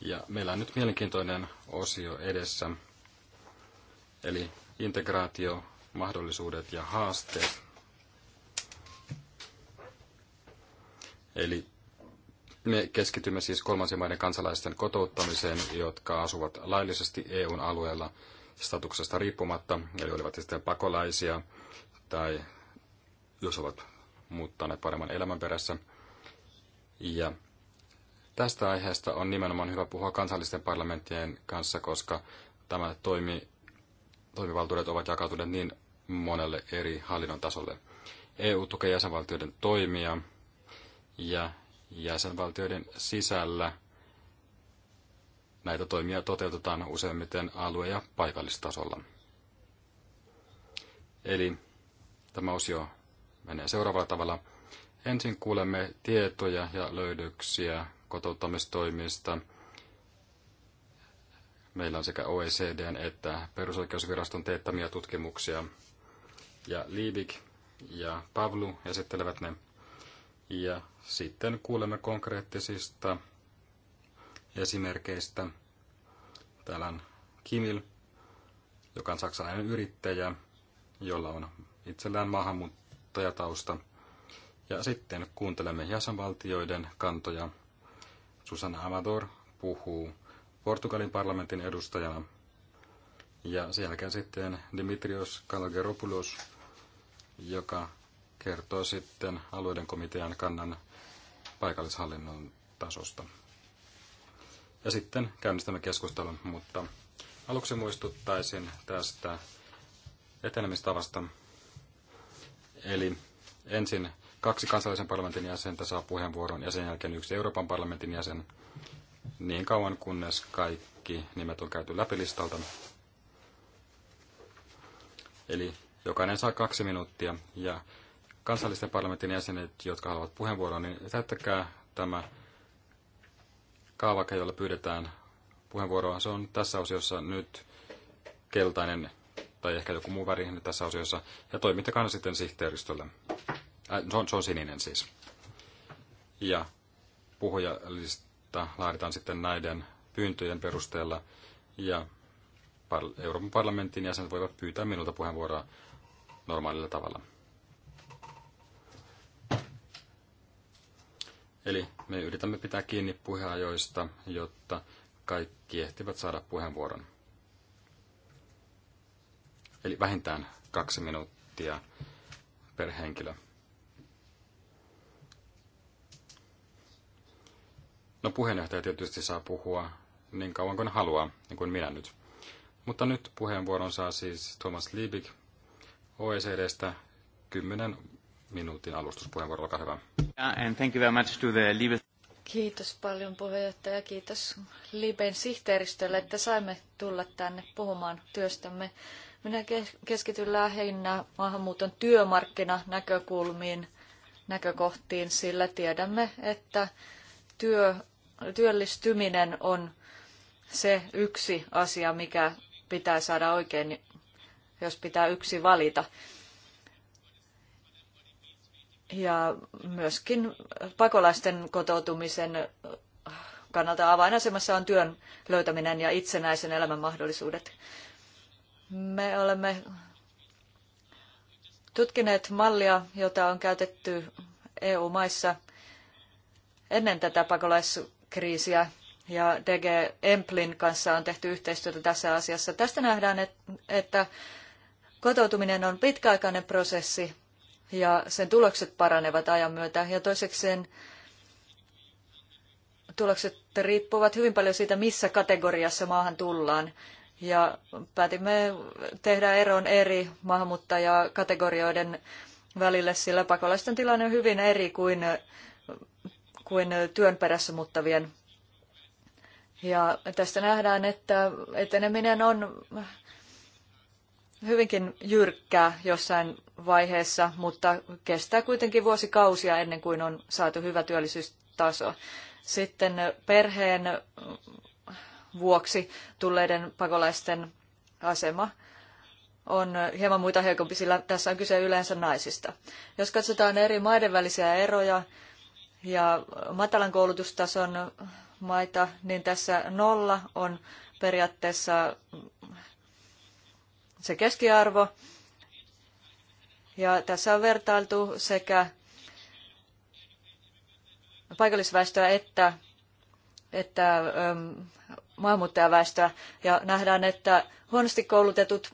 Speaker 1: Ja meillä on nyt mielenkiintoinen osio edessä, eli integraatio, mahdollisuudet ja haasteet. Eli me keskitymme siis kolmansien maiden kansalaisten kotouttamiseen, jotka asuvat laillisesti EUn alueella statuksesta riippumatta, eli olivat sitten pakolaisia tai jos ovat muuttaneet paremman elämän perässä. Ja tästä aiheesta on nimenomaan hyvä puhua kansallisten parlamenttien kanssa, koska tämä toimi, toimivaltuudet ovat jakautuneet niin monelle eri hallinnon tasolle. EU tukee jäsenvaltioiden toimia ja jäsenvaltioiden sisällä näitä toimia toteutetaan useimmiten alue- ja paikallistasolla. Eli tämä osio menee seuraavalla tavalla. Ensin kuulemme tietoja ja löydöksiä kotouttamistoimista. Meillä on sekä OECDn että perusoikeusviraston teettämiä tutkimuksia. Ja Liebig ja Pavlu esittelevät ne. Ja sitten kuulemme konkreettisista esimerkkeistä. Täällä on Kimil, joka on saksalainen yrittäjä, jolla on itsellään maahanmuuttajatausta. Ja sitten kuuntelemme jäsenvaltioiden kantoja. Susanna Amador puhuu Portugalin parlamentin edustajana. Ja sen jälkeen sitten Dimitrios Kalageropoulos, joka kertoo sitten alueiden komitean kannan paikallishallinnon tasosta. Ja sitten käynnistämme keskustelun, mutta aluksi muistuttaisin tästä etenemistavasta. Eli ensin kaksi kansallisen parlamentin jäsentä saa puheenvuoron ja sen jälkeen yksi Euroopan parlamentin jäsen niin kauan kunnes kaikki nimet on käyty läpi listalta. Eli jokainen saa kaksi minuuttia ja kansallisten parlamentin jäsenet, jotka haluavat puheenvuoroa, niin täyttäkää tämä kaavake, jolla pyydetään puheenvuoroa. Se on tässä osiossa nyt keltainen tai ehkä joku muu väri tässä osiossa. Ja toimittakaa ne sitten sihteeristölle. Äh, se, on, se on sininen siis. Ja puhujalista laaditaan sitten näiden pyyntöjen perusteella. Ja Euroopan parlamentin jäsenet voivat pyytää minulta puheenvuoroa normaalilla tavalla. Eli me yritämme pitää kiinni puheajoista, jotta kaikki ehtivät saada puheenvuoron. Eli vähintään kaksi minuuttia per henkilö. No puheenjohtaja tietysti saa puhua niin kauan kuin haluaa, niin kuin minä nyt. Mutta nyt puheenvuoron saa siis Thomas Liebig OECDstä kymmenen minuutin alustuspuheenvuoro, olkaa hyvä. And thank you very much to the Libe.
Speaker 3: Kiitos paljon puheenjohtaja, kiitos Liben sihteeristölle, että saimme tulla tänne puhumaan työstämme. Minä keskityn lähinnä maahanmuuton työmarkkinanäkökulmiin, näkökohtiin, sillä tiedämme, että työ, työllistyminen on se yksi asia, mikä pitää saada oikein, jos pitää yksi valita ja myöskin pakolaisten kotoutumisen kannalta avainasemassa on työn löytäminen ja itsenäisen elämän mahdollisuudet. Me olemme tutkineet mallia, jota on käytetty EU-maissa ennen tätä pakolaiskriisiä ja DG Emplin kanssa on tehty yhteistyötä tässä asiassa. Tästä nähdään, että kotoutuminen on pitkäaikainen prosessi ja sen tulokset paranevat ajan myötä. Ja toisekseen tulokset riippuvat hyvin paljon siitä, missä kategoriassa maahan tullaan. Ja päätimme tehdä eron eri maahanmuuttajakategorioiden välille, sillä pakolaisten tilanne on hyvin eri kuin, kuin työn perässä muuttavien. Ja tästä nähdään, että eteneminen on hyvinkin jyrkkää jossain vaiheessa, mutta kestää kuitenkin vuosikausia ennen kuin on saatu hyvä työllisyystaso. Sitten perheen vuoksi tulleiden pakolaisten asema on hieman muita heikompi, sillä tässä on kyse yleensä naisista. Jos katsotaan eri maiden välisiä eroja ja matalan koulutustason maita, niin tässä nolla on periaatteessa se keskiarvo. Ja tässä on vertailtu sekä paikallisväestöä että, että ähm, maahanmuuttajaväestöä. Ja nähdään, että huonosti koulutetut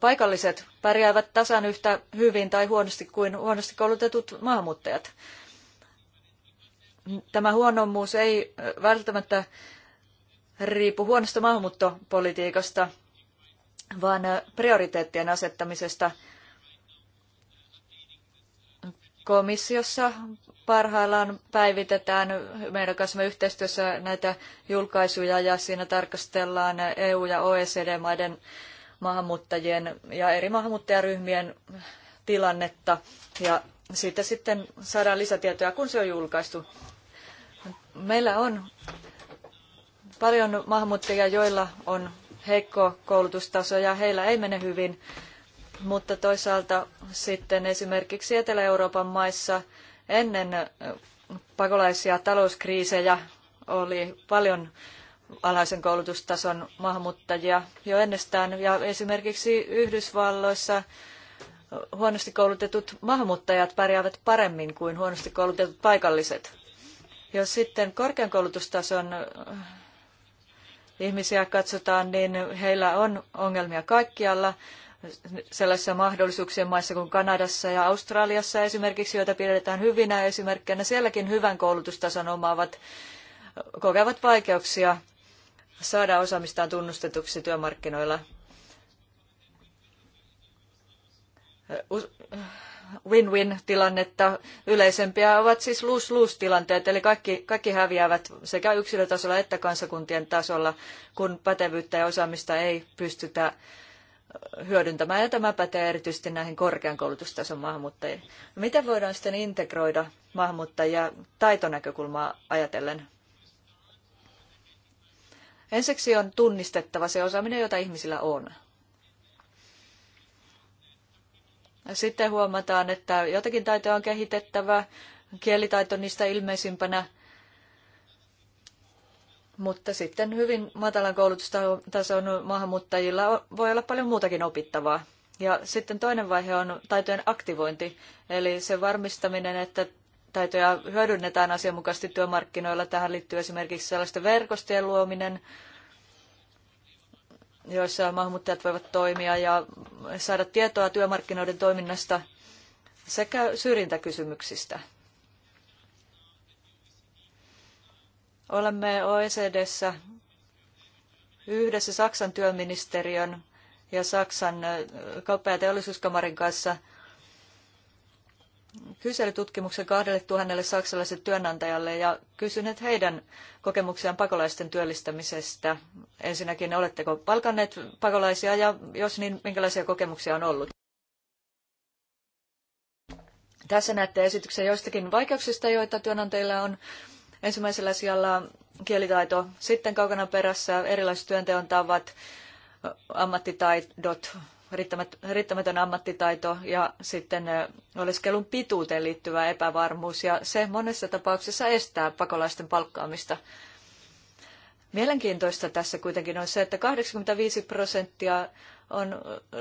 Speaker 3: paikalliset pärjäävät tasan yhtä hyvin tai huonosti kuin huonosti koulutetut maahanmuuttajat. Tämä huonommuus ei välttämättä riippu huonosta maahanmuuttopolitiikasta – vaan äh, prioriteettien asettamisesta komissiossa parhaillaan päivitetään meidän kanssamme yhteistyössä näitä julkaisuja ja siinä tarkastellaan EU- ja OECD-maiden maahanmuuttajien ja eri maahanmuuttajaryhmien tilannetta ja siitä sitten saadaan lisätietoja, kun se on julkaistu. Meillä on paljon maahanmuuttajia, joilla on heikko koulutustaso ja heillä ei mene hyvin, mutta toisaalta sitten esimerkiksi Etelä-Euroopan maissa ennen pakolaisia talouskriisejä oli paljon alhaisen koulutustason maahanmuuttajia jo ennestään. Ja esimerkiksi Yhdysvalloissa huonosti koulutetut maahanmuuttajat pärjäävät paremmin kuin huonosti koulutetut paikalliset. Jos sitten korkean koulutustason ihmisiä katsotaan, niin heillä on ongelmia kaikkialla sellaisissa mahdollisuuksien maissa kuin Kanadassa ja Australiassa esimerkiksi, joita pidetään hyvinä esimerkkeinä. Sielläkin hyvän koulutustason omaavat kokevat vaikeuksia saada osaamistaan tunnustetuksi työmarkkinoilla win-win-tilannetta. Yleisempiä ovat siis lose-lose-tilanteet, eli kaikki, kaikki häviävät sekä yksilötasolla että kansakuntien tasolla, kun pätevyyttä ja osaamista ei pystytä hyödyntämään, ja tämä pätee erityisesti näihin korkean koulutustason maahanmuuttajiin. Miten voidaan sitten integroida maahanmuuttajia taitonäkökulmaa ajatellen? Ensiksi on tunnistettava se osaaminen, jota ihmisillä on. Sitten huomataan, että jotakin taitoa on kehitettävä, kielitaito niistä ilmeisimpänä, mutta sitten hyvin matalan koulutustason maahanmuuttajilla voi olla paljon muutakin opittavaa. Ja sitten toinen vaihe on taitojen aktivointi, eli se varmistaminen, että taitoja hyödynnetään asianmukaisesti työmarkkinoilla. Tähän liittyy esimerkiksi sellaisten verkostojen luominen, joissa maahanmuuttajat voivat toimia ja saada tietoa työmarkkinoiden toiminnasta sekä syrjintäkysymyksistä. Olemme OECDssä yhdessä Saksan työministeriön ja Saksan kauppa- ja teollisuuskamarin kanssa – kyselytutkimuksen 2000 saksalaiselle työnantajalle ja kysyneet heidän kokemuksiaan pakolaisten työllistämisestä. Ensinnäkin, oletteko palkanneet pakolaisia ja jos niin, minkälaisia kokemuksia on ollut? Tässä näette esityksen joistakin vaikeuksista, joita työnantajilla on. Ensimmäisellä sijalla kielitaito, sitten kaukana perässä erilaiset työnteon tavat, ammattitaidot, riittämätön ammattitaito ja sitten oleskelun pituuteen liittyvä epävarmuus ja se monessa tapauksessa estää pakolaisten palkkaamista. Mielenkiintoista tässä kuitenkin on se, että 85 prosenttia on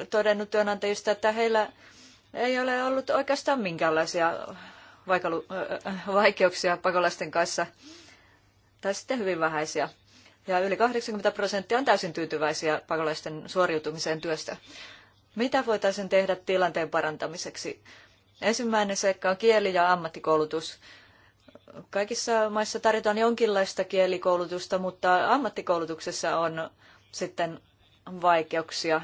Speaker 3: todennut työnantajista, että heillä ei ole ollut oikeastaan minkäänlaisia vaikeuksia pakolaisten kanssa tai sitten hyvin vähäisiä. Ja yli 80 prosenttia on täysin tyytyväisiä pakolaisten suoriutumiseen työstä. Mitä voitaisiin tehdä tilanteen parantamiseksi? Ensimmäinen seikka on kieli- ja ammattikoulutus. Kaikissa maissa tarjotaan jonkinlaista kielikoulutusta, mutta ammattikoulutuksessa on sitten vaikeuksia.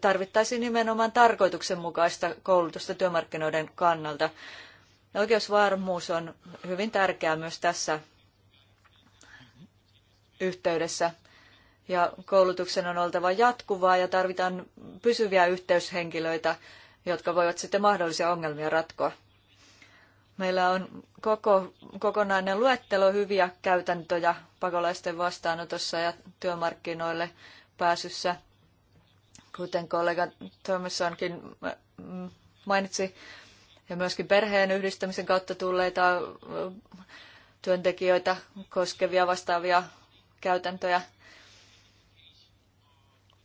Speaker 3: Tarvittaisiin nimenomaan tarkoituksenmukaista koulutusta työmarkkinoiden kannalta. Oikeusvarmuus on hyvin tärkeää myös tässä yhteydessä ja koulutuksen on oltava jatkuvaa ja tarvitaan pysyviä yhteyshenkilöitä, jotka voivat sitten mahdollisia ongelmia ratkoa. Meillä on koko, kokonainen luettelo hyviä käytäntöjä pakolaisten vastaanotossa ja työmarkkinoille pääsyssä. Kuten kollega Thomasonkin mainitsi, ja myöskin perheen yhdistämisen kautta tulleita työntekijöitä koskevia vastaavia käytäntöjä –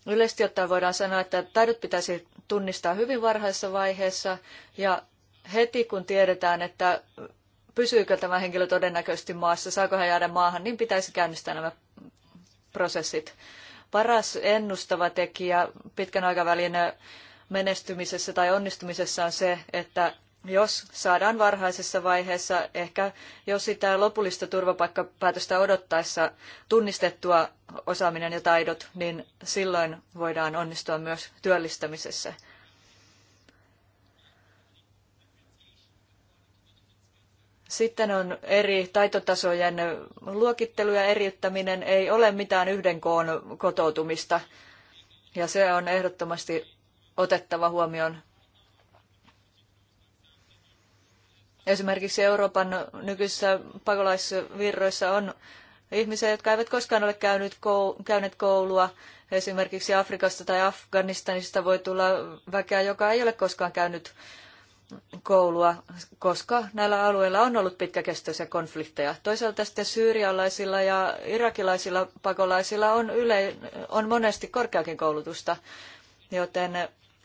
Speaker 3: Yleisesti ottaen voidaan sanoa, että taidot pitäisi tunnistaa hyvin varhaisessa vaiheessa ja heti kun tiedetään, että pysyykö tämä henkilö todennäköisesti maassa, saako hän jäädä maahan, niin pitäisi käynnistää nämä prosessit. Paras ennustava tekijä pitkän aikavälin menestymisessä tai onnistumisessa on se, että jos saadaan varhaisessa vaiheessa, ehkä jo sitä lopullista turvapaikkapäätöstä odottaessa tunnistettua osaaminen ja taidot, niin silloin voidaan onnistua myös työllistämisessä. Sitten on eri taitotasojen luokittelu ja eriyttäminen. Ei ole mitään yhden koon kotoutumista, ja se on ehdottomasti otettava huomioon Esimerkiksi Euroopan nykyisissä pakolaisvirroissa on ihmisiä, jotka eivät koskaan ole käynyt käyneet koulua. Esimerkiksi Afrikasta tai Afganistanista voi tulla väkeä, joka ei ole koskaan käynyt koulua, koska näillä alueilla on ollut pitkäkestoisia konflikteja. Toisaalta sitten syyrialaisilla ja irakilaisilla pakolaisilla on, yle, on monesti korkeakin koulutusta, joten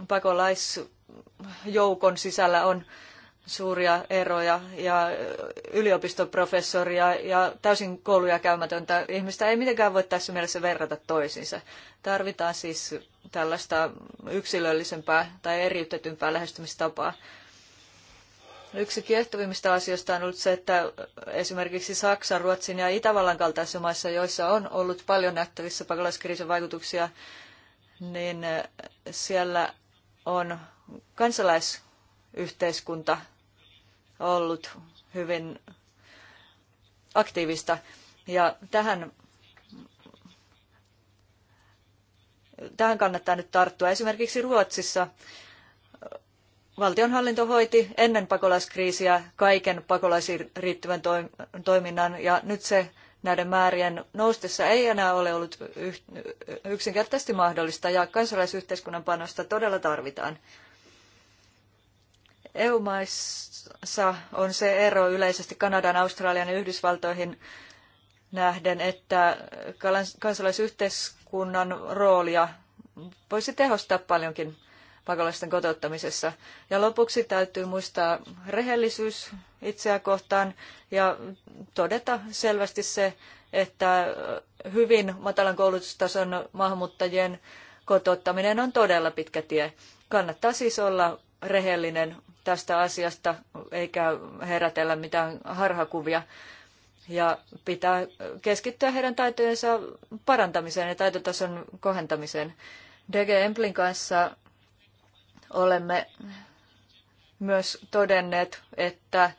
Speaker 3: pakolaisjoukon sisällä on suuria eroja ja yliopistoprofessoria ja täysin kouluja käymätöntä ihmistä ei mitenkään voi tässä mielessä verrata toisiinsa. Tarvitaan siis tällaista yksilöllisempää tai eriytetympää lähestymistapaa. Yksi kiehtovimmista asioista on ollut se, että esimerkiksi Saksan, Ruotsin ja Itävallan kaltaisissa maissa, joissa on ollut paljon nähtävissä pakolaiskriisin vaikutuksia, niin siellä on kansalais yhteiskunta ollut hyvin aktiivista. Ja tähän, tähän kannattaa nyt tarttua. Esimerkiksi Ruotsissa valtionhallinto hoiti ennen pakolaiskriisiä kaiken pakolaisiin riittyvän toiminnan ja nyt se näiden määrien noustessa ei enää ole ollut yksinkertaisesti mahdollista ja kansalaisyhteiskunnan panosta todella tarvitaan. EU-maissa on se ero yleisesti Kanadan, Australian ja Yhdysvaltoihin nähden, että kansalaisyhteiskunnan roolia voisi tehostaa paljonkin pakolaisten kotouttamisessa. Ja lopuksi täytyy muistaa rehellisyys itseä kohtaan ja todeta selvästi se, että hyvin matalan koulutustason maahanmuuttajien kotouttaminen on todella pitkä tie. Kannattaa siis olla rehellinen tästä asiasta eikä herätellä mitään harhakuvia. Ja pitää keskittyä heidän taitojensa parantamiseen ja taitotason kohentamiseen. DG Emplin kanssa olemme myös todenneet, että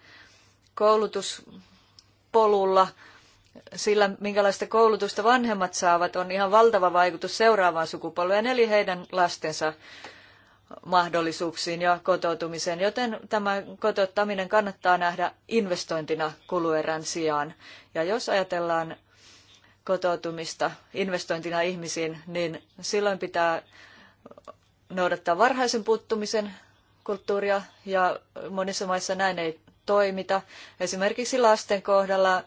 Speaker 3: koulutuspolulla sillä, minkälaista koulutusta vanhemmat saavat, on ihan valtava vaikutus seuraavaan sukupolveen, eli heidän lastensa mahdollisuuksiin ja kotoutumiseen, joten tämä kotouttaminen kannattaa nähdä investointina kuluerän sijaan. Ja jos ajatellaan kotoutumista investointina ihmisiin, niin silloin pitää noudattaa varhaisen puuttumisen kulttuuria ja monissa maissa näin ei toimita. Esimerkiksi lasten kohdalla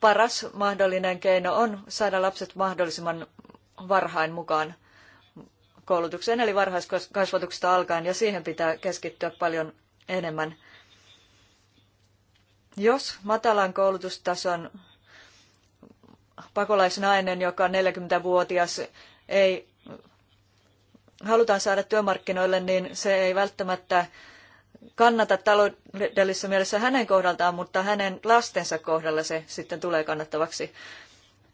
Speaker 3: paras mahdollinen keino on saada lapset mahdollisimman varhain mukaan koulutukseen, eli varhaiskasvatuksesta alkaen, ja siihen pitää keskittyä paljon enemmän. Jos matalan koulutustason pakolaisnainen, joka on 40-vuotias, ei halutaan saada työmarkkinoille, niin se ei välttämättä kannata taloudellisessa mielessä hänen kohdaltaan, mutta hänen lastensa kohdalla se sitten tulee kannattavaksi.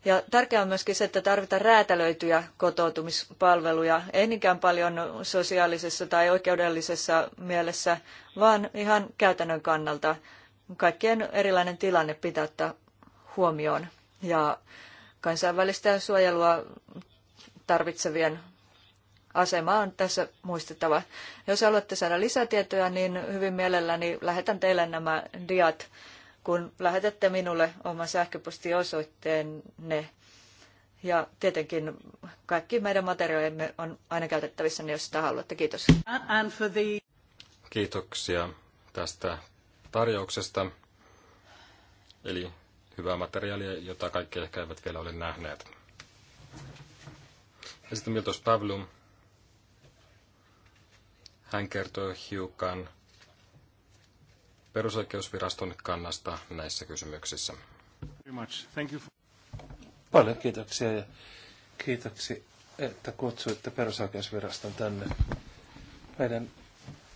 Speaker 3: Ja tärkeää on myöskin se, että tarvitaan räätälöityjä kotoutumispalveluja, ei niinkään paljon sosiaalisessa tai oikeudellisessa mielessä, vaan ihan käytännön kannalta. Kaikkien erilainen tilanne pitää ottaa huomioon ja kansainvälistä suojelua tarvitsevien asema on tässä muistettava. Jos haluatte saada lisätietoja, niin hyvin mielelläni lähetän teille nämä diat kun lähetätte minulle oman sähköpostiosoitteenne. Ja tietenkin kaikki meidän materiaalimme on aina käytettävissä, niin jos sitä haluatte. Kiitos.
Speaker 1: Kiitoksia tästä tarjouksesta. Eli hyvää materiaalia, jota kaikki ehkä eivät vielä ole nähneet. Ja sitten Miltos Pavlum. Hän kertoi hiukan perusoikeusviraston kannasta näissä kysymyksissä.
Speaker 2: Paljon kiitoksia ja kiitoksi, että kutsuitte perusoikeusviraston tänne. Meidän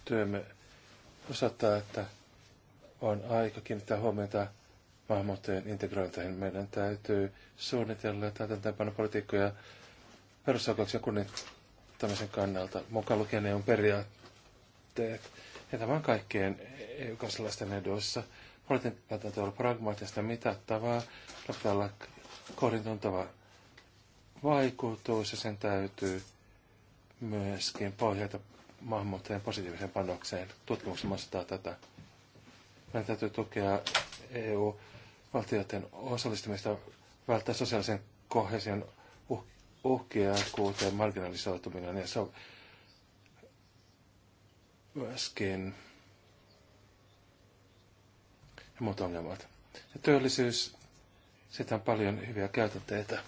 Speaker 2: työmme osoittaa, että on aika kiinnittää huomiota maahanmuuttajien integrointeihin. Meidän täytyy suunnitella ja täytäntöönpanna politiikkoja perusoikeuksien kunnittamisen kannalta, mukaan lukien on periaatteet ja tämän on kaikkien kansalaisten eduissa. Politiikan täytyy olla pragmaattista mitattavaa, pitää olla kohdintuntava vaikutus ja sen täytyy myöskin pohjata maahanmuuttajien positiiviseen panokseen. Tutkimukset vastaa tätä. Meidän täytyy tukea EU-valtioiden osallistumista välttää sosiaalisen kohesion uh-, uhkia, kuten marginalisoituminen ja so- myöskin ja muut ongelmat. Ja työllisyys, sitä on paljon hyviä käytänteitä.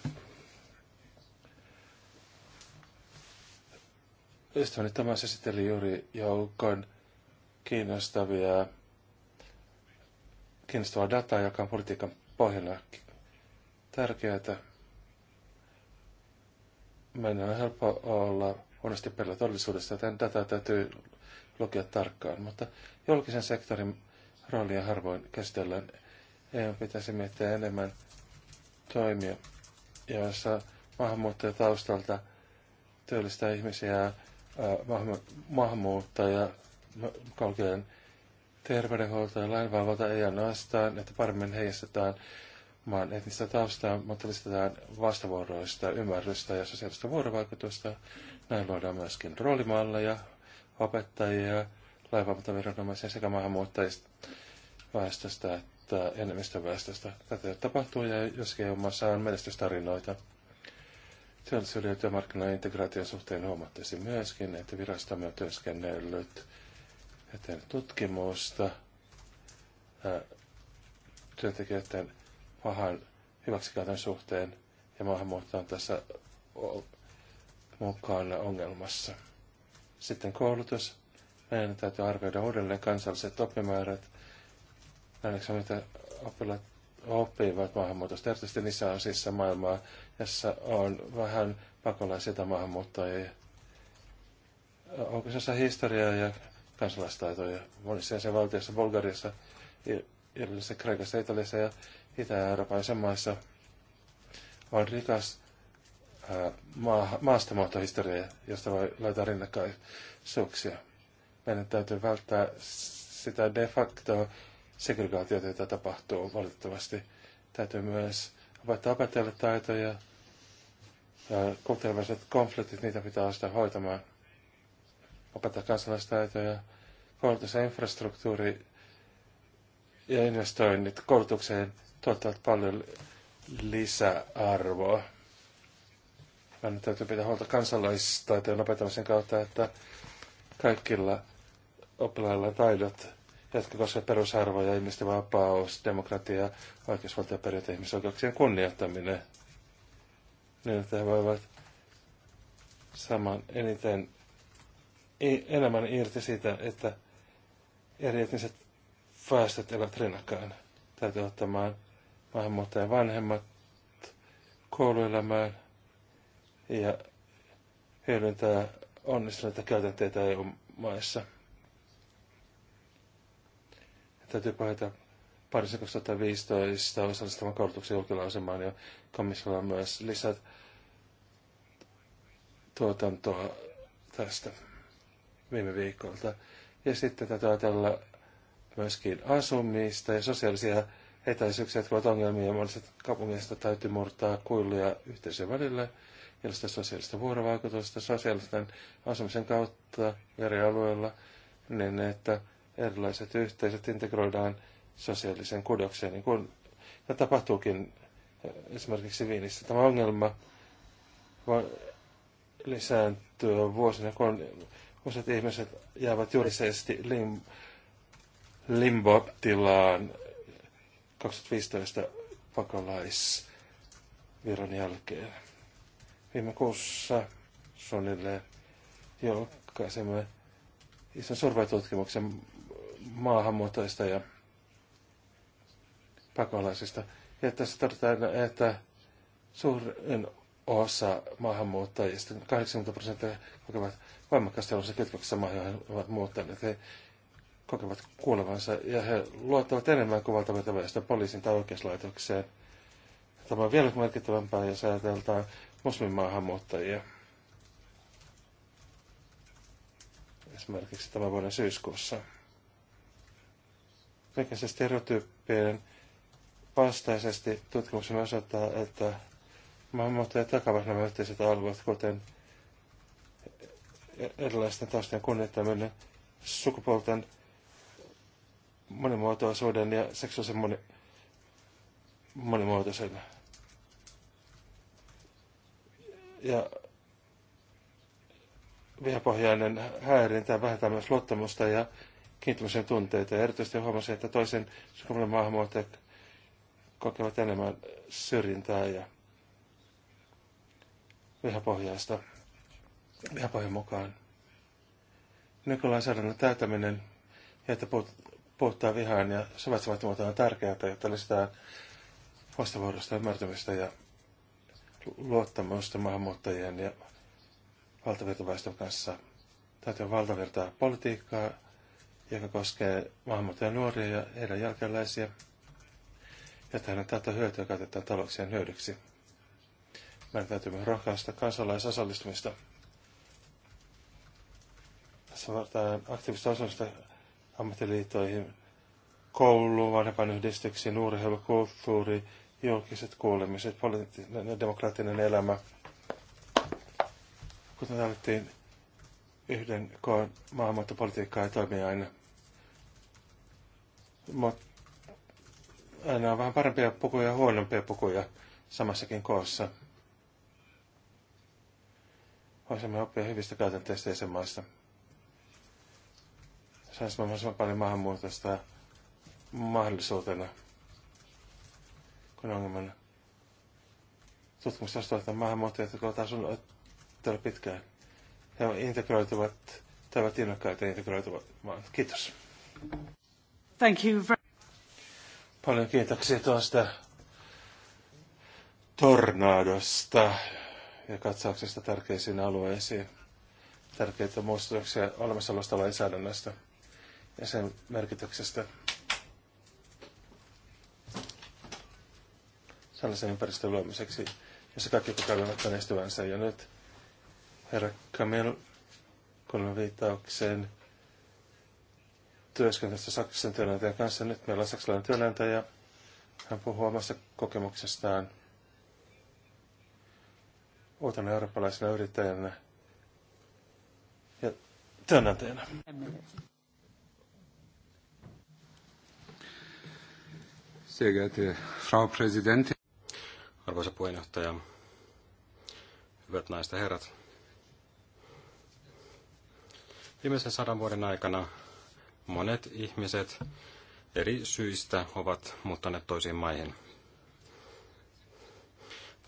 Speaker 2: Ystäväni Tomas esitteli juuri joukon kiinnostavia, kiinnostavaa dataa, joka on politiikan pohjana tärkeää. Meidän on helppo olla huonosti perillä todellisuudesta, joten dataa täytyy lukea tarkkaan, mutta julkisen sektorin roolia harvoin käsitellään. EU pitäisi miettiä enemmän toimia, joissa maahanmuuttaja taustalta työllistää ihmisiä maahanmuuttaja koulujen terveydenhuolto ja lainvalvonta ei ainoastaan, että paremmin heijastetaan maan etnistä taustaa, mutta lisätään vastavuoroista ymmärrystä ja sosiaalista vuorovaikutusta. Näin luodaan myöskin roolimalleja, opettajia, laivanvalvontaviranomaisia sekä maahanmuuttajista väestöstä että enemmistöväestöstä. Tätä tapahtuu ja joskin EU-maassa on menestystarinoita. Työllisyyden ja työmarkkinoiden integraation suhteen huomattaisiin myöskin, että virastamme on työskennellyt eteen tutkimusta ää, työntekijöiden pahan hyväksikäytön suhteen ja maahanmuutto on tässä mukana ongelmassa. Sitten koulutus. Meidän täytyy arvioida uudelleen kansalliset oppimäärät. Nähdäänkö mitä oppilaat oppivat maahanmuutosta, erityisesti niissä osissa maailmaa, jossa on vähän pakolaisia maahanmuuttajia. Onko se historiaa ja kansalaistaitoja monissa jäsenvaltioissa, Bulgariassa, Irlannissa, Kreikassa, Italiassa ja Itä-Euroopan maissa on rikas maa, maastamuottohistoriaa, josta voi löytää rinnakkaisuuksia. Meidän täytyy välttää sitä de facto segregaatiota, jota tapahtuu valitettavasti. Täytyy myös opettaa opettajille taitoja, kulttuuriväliset konfliktit, niitä pitää ostaa hoitamaan. Opettaa kansalaistaitoja, koulutus ja infrastruktuuri ja investoinnit koulutukseen tuottavat paljon lisäarvoa Aina täytyy pitää huolta kansalaistaitojen opetamisen kautta, että kaikilla oppilailla taidot, jotka koskevat perusarvoja, ihmisten vapaus, demokratia, periaate, ihmisoikeuksien kunnioittaminen, niin että he voivat saman eniten enemmän irti siitä, että eri etniset väestöt elävät rinnakkain. Täytyy ottamaan maahanmuuttajien vanhemmat kouluelämään, ja hyödyntää onnistuneita käytänteitä EU-maissa. täytyy pohjata parissa 2015 osallistavan koulutuksen julkilausemaan ja komissiolla on myös lisät tuotantoa tästä viime viikolta. Ja sitten tätä ajatella myöskin asumista ja sosiaalisia etäisyyksiä, jotka ovat ongelmia monista kaupungista täytyy murtaa kuiluja yhteisön välillä ilmaista sosiaalista vuorovaikutusta sosiaalisten asumisen kautta eri alueilla niin, että erilaiset yhteisöt integroidaan sosiaalisen kudokseen, niin kun, ja tapahtuukin esimerkiksi Viinissä. Tämä ongelma lisääntyy vuosina, kun useat ihmiset jäävät juridisesti lim, limbo-tilaan 2015 pakolaisviron jälkeen. Viime kuussa suunnilleen julkaisemme ison survetutkimuksen maahanmuuttajista ja pakolaisista. Ja tässä todetaan, että suurin osa maahanmuuttajista, 80 prosenttia kokevat voimakkaasti olevansa kytköksessä maahan, joihin ovat muuttaneet. He kokevat kuolevansa ja he luottavat enemmän kuvaltavirtaväestöä poliisin tai oikeuslaitokseen. Tämä on vielä merkittävämpää, jos ajatellaan muslimimaahanmuuttajia. Esimerkiksi tämän vuoden syyskuussa. Kaiken se stereotyyppien vastaisesti tutkimuksen osoittaa, että maahanmuuttajat jakavat nämä yhteiset alueet, kuten erilaisten taustien kunnioittaminen, sukupuolten monimuotoisuuden ja seksuaalisen moni, monimuotoisen ja vihapohjainen häirintä vähentää myös luottamusta ja kiintymisen tunteita. Ja erityisesti huomasin, että toisen sukupuolen maahanmuuttajat kokevat enemmän syrjintää ja vihapohjaista vihapohjan mukaan. Nykylainsäädännön täytäminen ja että puuttaa vihaan ja suvaitsemattomuuteen on tärkeää, jotta lisätään vastavuorosta ymmärtämistä ja luottamusta maahanmuuttajien ja valtavirtaväestön kanssa. Täytyy valtavirtaa politiikkaa, joka koskee maahanmuuttajia nuoria ja heidän jälkeläisiä. Ja tähän tätä hyötyä käytetään talouksien hyödyksi. Meidän täytyy myös rohkaista kansalaisosallistumista. Tässä vaaditaan aktiivista osallistumista ammattiliittoihin, kouluun, vanhempainyhdistyksiin, urheilu, julkiset kuulemiset, poliittinen ja demokraattinen elämä. Kuten tarvittiin yhden koon maahanmuuttopolitiikkaa ei toimi aina. Mut aina on vähän parempia pukuja ja huonompia pukuja samassakin koossa. Voisimme oppia hyvistä käytänteistä jäsenmaista. Saisimme mahdollisimman paljon maahanmuutosta mahdollisuutena on ongelmana. Tutkimukset osoittavat, että maahanmuuttajat, jotka ovat asuneet täällä pitkään, he integroituvat, tai ovat innokkaita integroituvat. Kiitos. Thank you very... Paljon kiitoksia tuosta tornadosta ja katsauksesta tärkeisiin alueisiin. Tärkeitä muistutuksia olemassaolosta lainsäädännöstä ja sen merkityksestä. tällaisen ympäristön luomiseksi, jossa kaikki kokevat menestyvänsä. Ja nyt herra Kamil, kun viittaukseen työskentelystä Saksan työnantajan kanssa, nyt meillä on saksalainen työnantaja, hän puhuu omasta kokemuksestaan uutena eurooppalaisena yrittäjänä ja työnantajana.
Speaker 1: Sehr geehrte Frau Präsidentin, Arvoisa puheenjohtaja, hyvät naiset ja herrat. Viimeisen sadan vuoden aikana monet ihmiset eri syistä ovat muuttaneet toisiin maihin.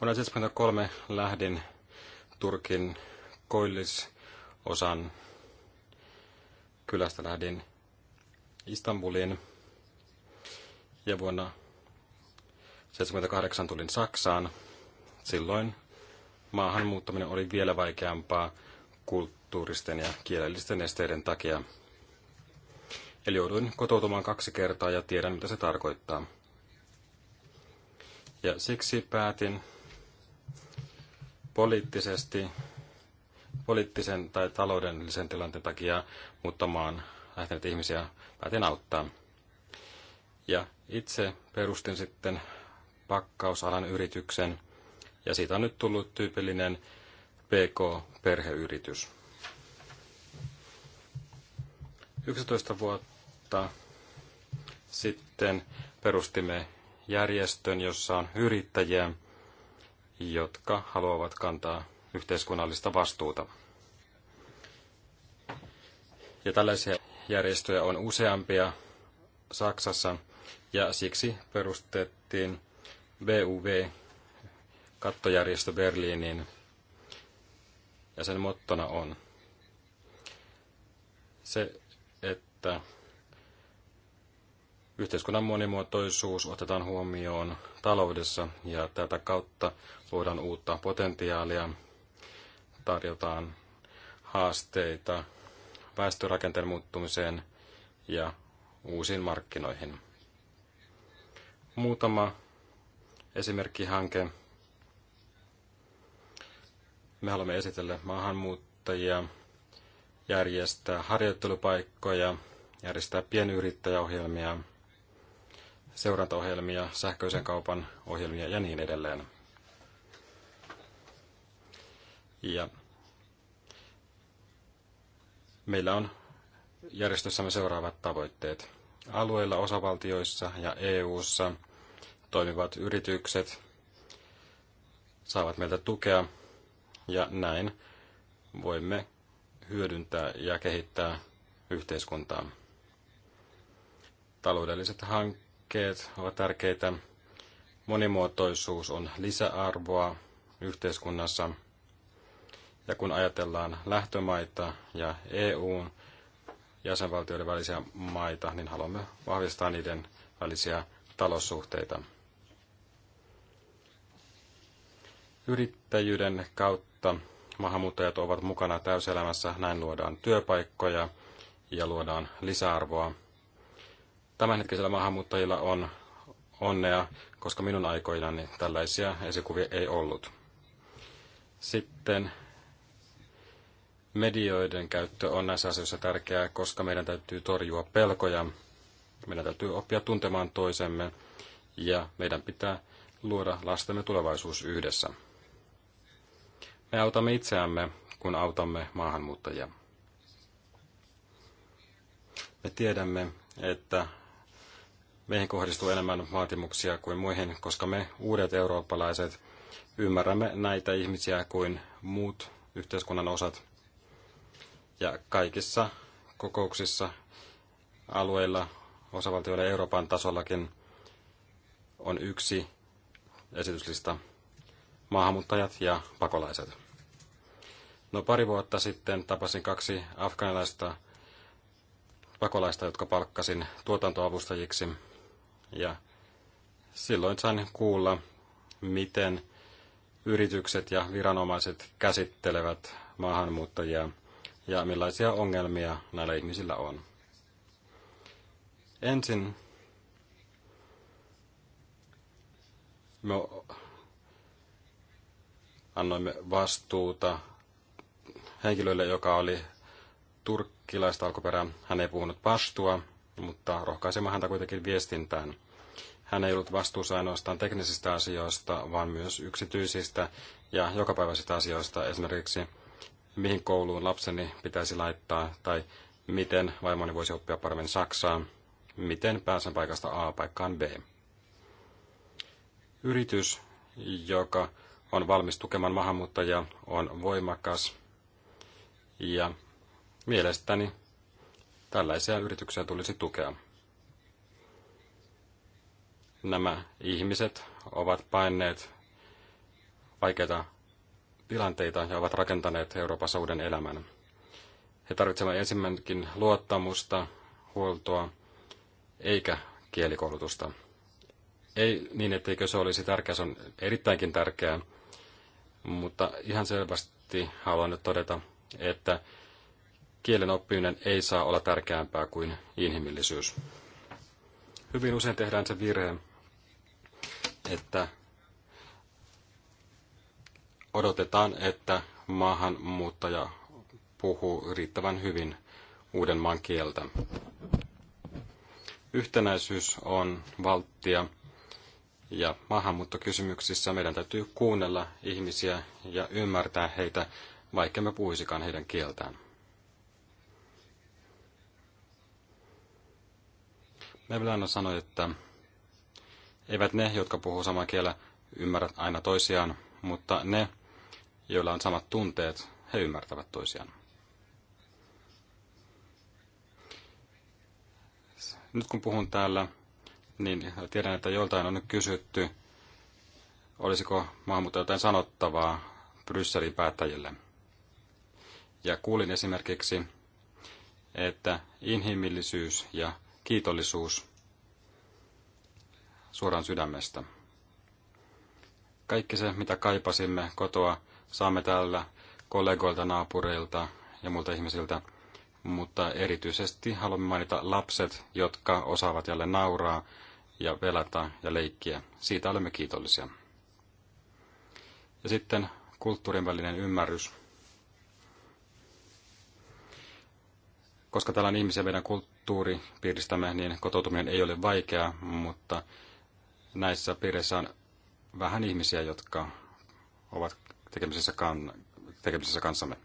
Speaker 1: Vuonna 1973 lähdin Turkin koillisosan kylästä lähdin Istanbuliin ja vuonna 78 tulin Saksaan. Silloin maahan muuttaminen oli vielä vaikeampaa kulttuuristen ja kielellisten esteiden takia. Eli jouduin kotoutumaan kaksi kertaa ja tiedän, mitä se tarkoittaa. Ja siksi päätin poliittisesti, poliittisen tai taloudellisen tilanteen takia muuttamaan lähteneet ihmisiä päätin auttaa. Ja itse perustin sitten pakkausalan yrityksen, ja siitä on nyt tullut tyypillinen PK-perheyritys. 11 vuotta sitten perustimme järjestön, jossa on yrittäjiä, jotka haluavat kantaa yhteiskunnallista vastuuta. Ja tällaisia järjestöjä on useampia Saksassa, ja siksi perustettiin BUV, kattojärjestö Berliinin, ja sen mottona on se, että yhteiskunnan monimuotoisuus otetaan huomioon taloudessa ja tätä kautta luodaan uutta potentiaalia, tarjotaan haasteita väestörakenteen muuttumiseen ja uusiin markkinoihin. Muutama esimerkkihanke. Me haluamme esitellä maahanmuuttajia, järjestää harjoittelupaikkoja, järjestää pienyrittäjäohjelmia, seurantaohjelmia, sähköisen kaupan ohjelmia ja niin edelleen. Ja meillä on järjestössämme seuraavat tavoitteet. Alueilla, osavaltioissa ja EU:ssa ssa toimivat yritykset saavat meiltä tukea ja näin voimme hyödyntää ja kehittää yhteiskuntaa. Taloudelliset hankkeet ovat tärkeitä. Monimuotoisuus on lisäarvoa yhteiskunnassa. Ja kun ajatellaan lähtömaita ja EUn jäsenvaltioiden välisiä maita, niin haluamme vahvistaa niiden välisiä taloussuhteita. Yrittäjyyden kautta maahanmuuttajat ovat mukana täyselämässä, näin luodaan työpaikkoja ja luodaan lisäarvoa. Tämänhetkisillä maahanmuuttajilla on onnea, koska minun aikoinani tällaisia esikuvia ei ollut. Sitten medioiden käyttö on näissä asioissa tärkeää, koska meidän täytyy torjua pelkoja, meidän täytyy oppia tuntemaan toisemme ja meidän pitää luoda lastemme tulevaisuus yhdessä. Me autamme itseämme, kun autamme maahanmuuttajia. Me tiedämme, että meihin kohdistuu enemmän vaatimuksia kuin muihin, koska me uudet eurooppalaiset ymmärrämme näitä ihmisiä kuin muut yhteiskunnan osat. Ja kaikissa kokouksissa, alueilla, osavaltioilla Euroopan tasollakin on yksi esityslista maahanmuuttajat ja pakolaiset. No pari vuotta sitten tapasin kaksi afganilaista pakolaista, jotka palkkasin tuotantoavustajiksi. Ja silloin sain kuulla, miten yritykset ja viranomaiset käsittelevät maahanmuuttajia ja millaisia ongelmia näillä ihmisillä on. Ensin me annoimme vastuuta henkilölle, joka oli turkkilaista alkuperää. Hän ei puhunut vastua, mutta rohkaisemme häntä kuitenkin viestintään. Hän ei ollut vastuussa ainoastaan teknisistä asioista, vaan myös yksityisistä ja jokapäiväisistä asioista, esimerkiksi mihin kouluun lapseni pitäisi laittaa, tai miten vaimoni voisi oppia paremmin saksaa, miten pääsen paikasta A paikkaan B. Yritys, joka on valmis tukemaan maahanmuuttajia, on voimakas. Ja mielestäni tällaisia yrityksiä tulisi tukea. Nämä ihmiset ovat paineet vaikeita tilanteita ja ovat rakentaneet Euroopassa uuden elämän. He tarvitsevat ensimmäinenkin luottamusta, huoltoa eikä kielikoulutusta. Ei niin, etteikö se olisi tärkeää, se on erittäinkin tärkeää, mutta ihan selvästi haluan nyt todeta, että kielen oppiminen ei saa olla tärkeämpää kuin inhimillisyys. Hyvin usein tehdään se virhe, että odotetaan, että maahanmuuttaja puhuu riittävän hyvin uuden maan kieltä. Yhtenäisyys on valttia, ja maahanmuuttokysymyksissä meidän täytyy kuunnella ihmisiä ja ymmärtää heitä, vaikka me puhuisikaan heidän kieltään. Mevlana sanoi, että eivät ne, jotka puhuu samaa kielä, ymmärrä aina toisiaan, mutta ne, joilla on samat tunteet, he ymmärtävät toisiaan. Nyt kun puhun täällä niin tiedän, että joltain on nyt kysytty, olisiko maahanmuuttaja jotain sanottavaa Brysselin päättäjille. Ja kuulin esimerkiksi, että inhimillisyys ja kiitollisuus suoraan sydämestä. Kaikki se, mitä kaipasimme kotoa, saamme täällä kollegoilta, naapureilta ja muilta ihmisiltä – mutta erityisesti haluamme mainita lapset, jotka osaavat jälleen nauraa ja velata ja leikkiä. Siitä olemme kiitollisia. Ja sitten kulttuurin välinen ymmärrys. Koska täällä on ihmisiä meidän kulttuuripiiristämme, niin kotoutuminen ei ole vaikeaa, mutta näissä piireissä on vähän ihmisiä, jotka ovat tekemisissä, kan, tekemisissä kanssamme.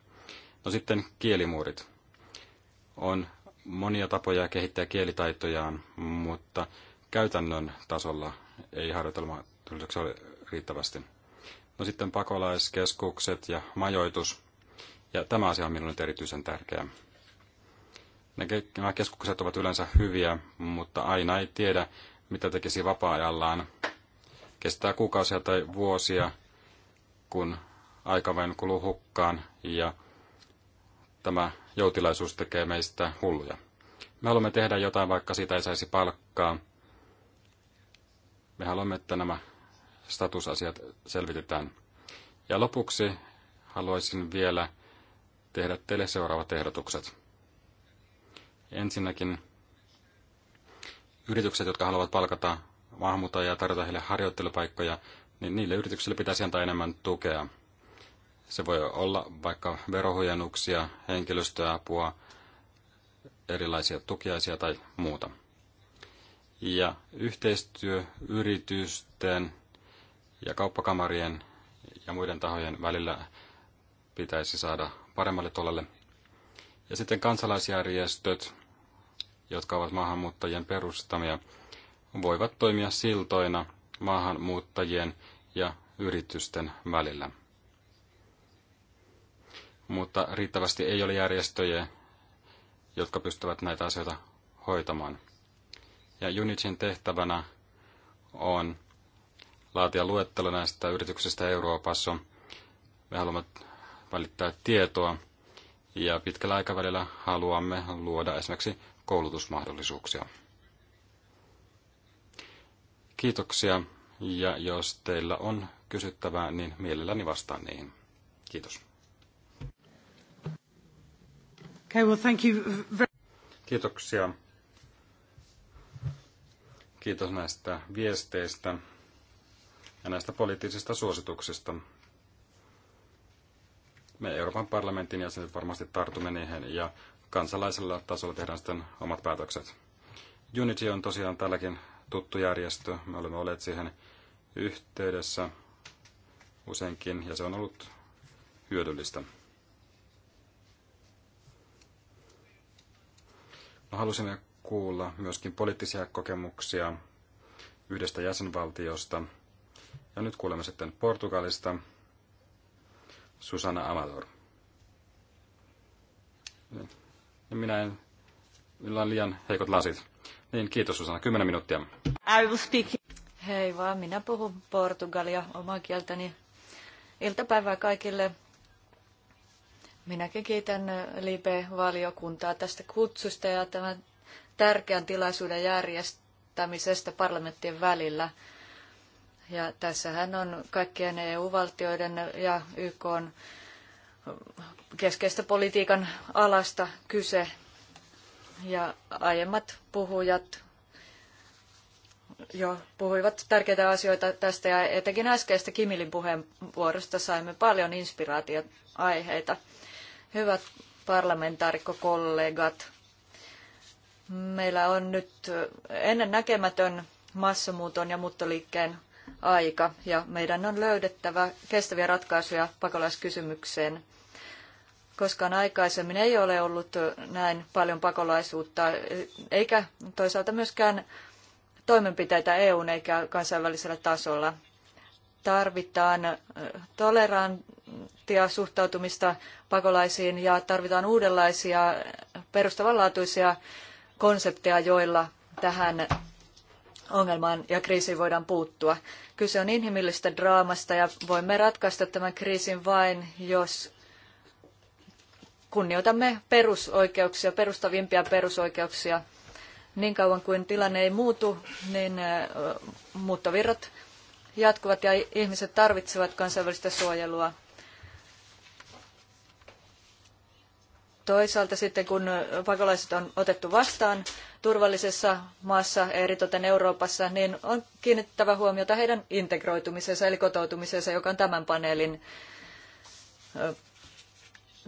Speaker 1: No sitten kielimuurit. On monia tapoja kehittää kielitaitojaan, mutta käytännön tasolla ei tulisiksi ole riittävästi. No sitten pakolaiskeskukset ja majoitus. Ja tämä asia on minulle erityisen tärkeä. Nämä keskukset ovat yleensä hyviä, mutta aina ei tiedä, mitä tekisi vapaa-ajallaan. Kestää kuukausia tai vuosia, kun aika vain kuluu hukkaan ja tämä joutilaisuus tekee meistä hulluja. Me haluamme tehdä jotain, vaikka siitä ei saisi palkkaa. Me haluamme, että nämä statusasiat selvitetään. Ja lopuksi haluaisin vielä tehdä teille seuraavat ehdotukset. Ensinnäkin yritykset, jotka haluavat palkata maahanmuuttajia ja tarjota heille harjoittelupaikkoja, niin niille yrityksille pitäisi antaa enemmän tukea – se voi olla vaikka verohuojennuksia, henkilöstöapua, erilaisia tukiaisia tai muuta. Ja yhteistyö yritysten ja kauppakamarien ja muiden tahojen välillä pitäisi saada paremmalle tolalle. Ja sitten kansalaisjärjestöt, jotka ovat maahanmuuttajien perustamia, voivat toimia siltoina maahanmuuttajien ja yritysten välillä mutta riittävästi ei ole järjestöjä, jotka pystyvät näitä asioita hoitamaan. Ja Unitsin tehtävänä on laatia luettelo näistä yrityksistä Euroopassa. Me haluamme välittää tietoa ja pitkällä aikavälillä haluamme luoda esimerkiksi koulutusmahdollisuuksia. Kiitoksia ja jos teillä on kysyttävää, niin mielelläni vastaan niihin. Kiitos.
Speaker 2: Okay, well, thank
Speaker 3: you very...
Speaker 1: Kiitoksia. Kiitos näistä viesteistä ja näistä poliittisista suosituksista. Me Euroopan parlamentin jäsenet varmasti tartumme niihin ja kansalaisella tasolla tehdään sitten omat päätökset. Unity on tosiaan tälläkin tuttu järjestö. Me olemme olleet siihen yhteydessä useinkin ja se on ollut hyödyllistä. No halusimme kuulla myöskin poliittisia kokemuksia yhdestä jäsenvaltiosta. Ja nyt kuulemme sitten Portugalista Susana Amador. Ja minä en, minulla on liian heikot lasit. Niin, kiitos Susana, kymmenen minuuttia.
Speaker 3: I will speak. Hei vaan, minä puhun portugalia omaa kieltäni. Iltapäivää kaikille. Minäkin kiitän Libe-valiokuntaa tästä kutsusta ja tämän tärkeän tilaisuuden järjestämisestä parlamenttien välillä. Ja tässähän on kaikkien EU-valtioiden ja YK keskeistä politiikan alasta kyse. Ja aiemmat puhujat jo puhuivat tärkeitä asioita tästä ja etenkin äskeistä Kimilin puheenvuorosta saimme paljon inspiraatioaiheita. aiheita. Hyvät parlamentaarikkokollegat, meillä on nyt ennen näkemätön massamuuton ja muuttoliikkeen aika ja meidän on löydettävä kestäviä ratkaisuja pakolaiskysymykseen. Koskaan aikaisemmin ei ole ollut näin paljon pakolaisuutta, eikä toisaalta myöskään toimenpiteitä EUn eikä kansainvälisellä tasolla tarvitaan toleranttia suhtautumista pakolaisiin ja tarvitaan uudenlaisia perustavanlaatuisia konsepteja, joilla tähän ongelmaan ja kriisiin voidaan puuttua. Kyse on inhimillistä draamasta ja voimme ratkaista tämän kriisin vain, jos kunnioitamme perusoikeuksia, perustavimpia perusoikeuksia. Niin kauan kuin tilanne ei muutu, niin muuttovirrat jatkuvat ja ihmiset tarvitsevat kansainvälistä suojelua. Toisaalta sitten kun pakolaiset on otettu vastaan turvallisessa maassa, eritoten Euroopassa, niin on kiinnittävä huomiota heidän integroitumisensa eli kotoutumisensa, joka on tämän paneelin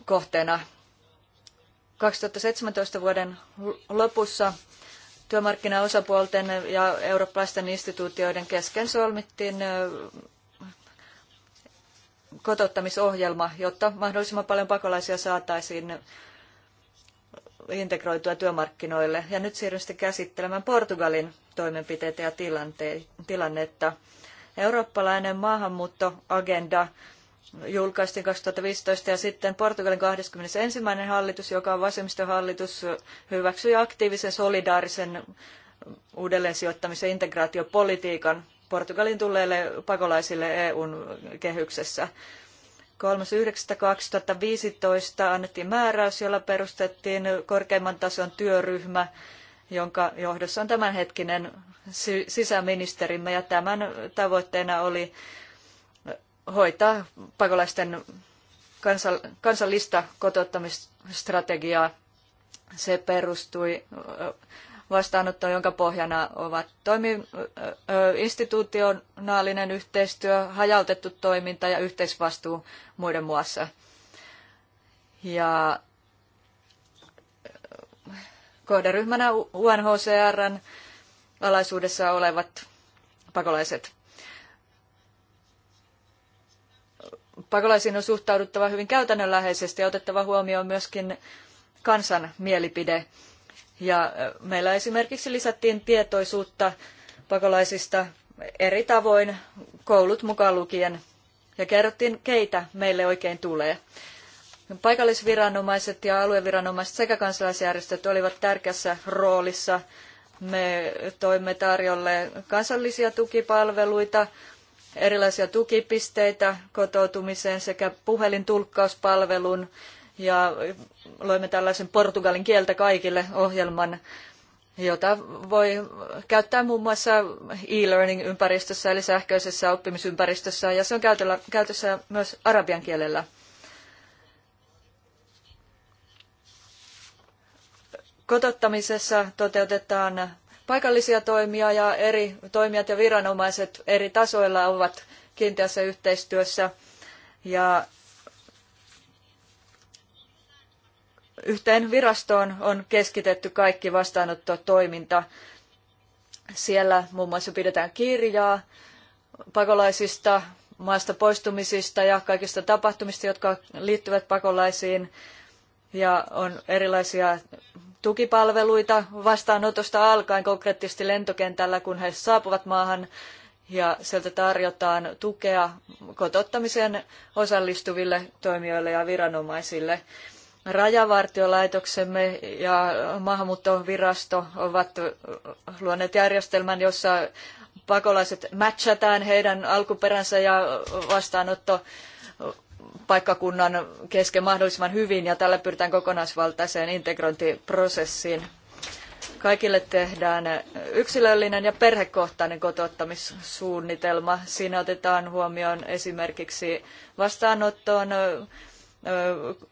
Speaker 3: kohteena. 2017 vuoden lopussa työmarkkinaosapuolten ja eurooppalaisten instituutioiden kesken solmittiin kotouttamisohjelma, jotta mahdollisimman paljon pakolaisia saataisiin integroitua työmarkkinoille. Ja nyt siirryn sitten käsittelemään Portugalin toimenpiteitä ja tilannetta. Eurooppalainen maahanmuuttoagenda julkaistiin 2015 ja sitten Portugalin 21. hallitus, joka on vasemmistohallitus, hyväksyi aktiivisen solidaarisen uudelleensijoittamisen integraatiopolitiikan Portugalin tulleille pakolaisille EUn kehyksessä. 3.9.2015 annettiin määräys, jolla perustettiin korkeimman tason työryhmä, jonka johdossa on tämänhetkinen sisäministerimme ja tämän tavoitteena oli hoitaa pakolaisten kansallista kotouttamisstrategiaa. Se perustui vastaanottoon, jonka pohjana ovat toimi, institutionaalinen yhteistyö, hajautettu toiminta ja yhteisvastuu muiden muassa. Ja kohderyhmänä UNHCRn alaisuudessa olevat pakolaiset. pakolaisiin on suhtauduttava hyvin käytännönläheisesti ja otettava huomioon myöskin kansan mielipide. Ja meillä esimerkiksi lisättiin tietoisuutta pakolaisista eri tavoin, koulut mukaan lukien, ja kerrottiin, keitä meille oikein tulee. Paikallisviranomaiset ja alueviranomaiset sekä kansalaisjärjestöt olivat tärkeässä roolissa. Me toimme tarjolle kansallisia tukipalveluita, erilaisia tukipisteitä kotoutumiseen sekä puhelintulkkauspalvelun ja loimme tällaisen portugalin kieltä kaikille ohjelman, jota voi käyttää muun muassa e-learning-ympäristössä eli sähköisessä oppimisympäristössä ja se on käytössä myös arabian kielellä. Kotottamisessa toteutetaan Paikallisia toimia ja eri toimijat ja viranomaiset eri tasoilla ovat kiinteässä yhteistyössä ja yhteen virastoon on keskitetty kaikki vastaanottotoiminta. Siellä muun muassa pidetään kirjaa pakolaisista, maasta poistumisista ja kaikista tapahtumista, jotka liittyvät pakolaisiin. Ja on erilaisia tukipalveluita vastaanotosta alkaen konkreettisesti lentokentällä, kun he saapuvat maahan ja sieltä tarjotaan tukea kotottamiseen osallistuville toimijoille ja viranomaisille. Rajavartiolaitoksemme ja maahanmuuttovirasto ovat luoneet järjestelmän, jossa pakolaiset matchataan heidän alkuperänsä ja vastaanotto paikkakunnan kesken mahdollisimman hyvin ja tällä pyritään kokonaisvaltaiseen integrointiprosessiin. Kaikille tehdään yksilöllinen ja perhekohtainen kotouttamissuunnitelma. Siinä otetaan huomioon esimerkiksi vastaanottoon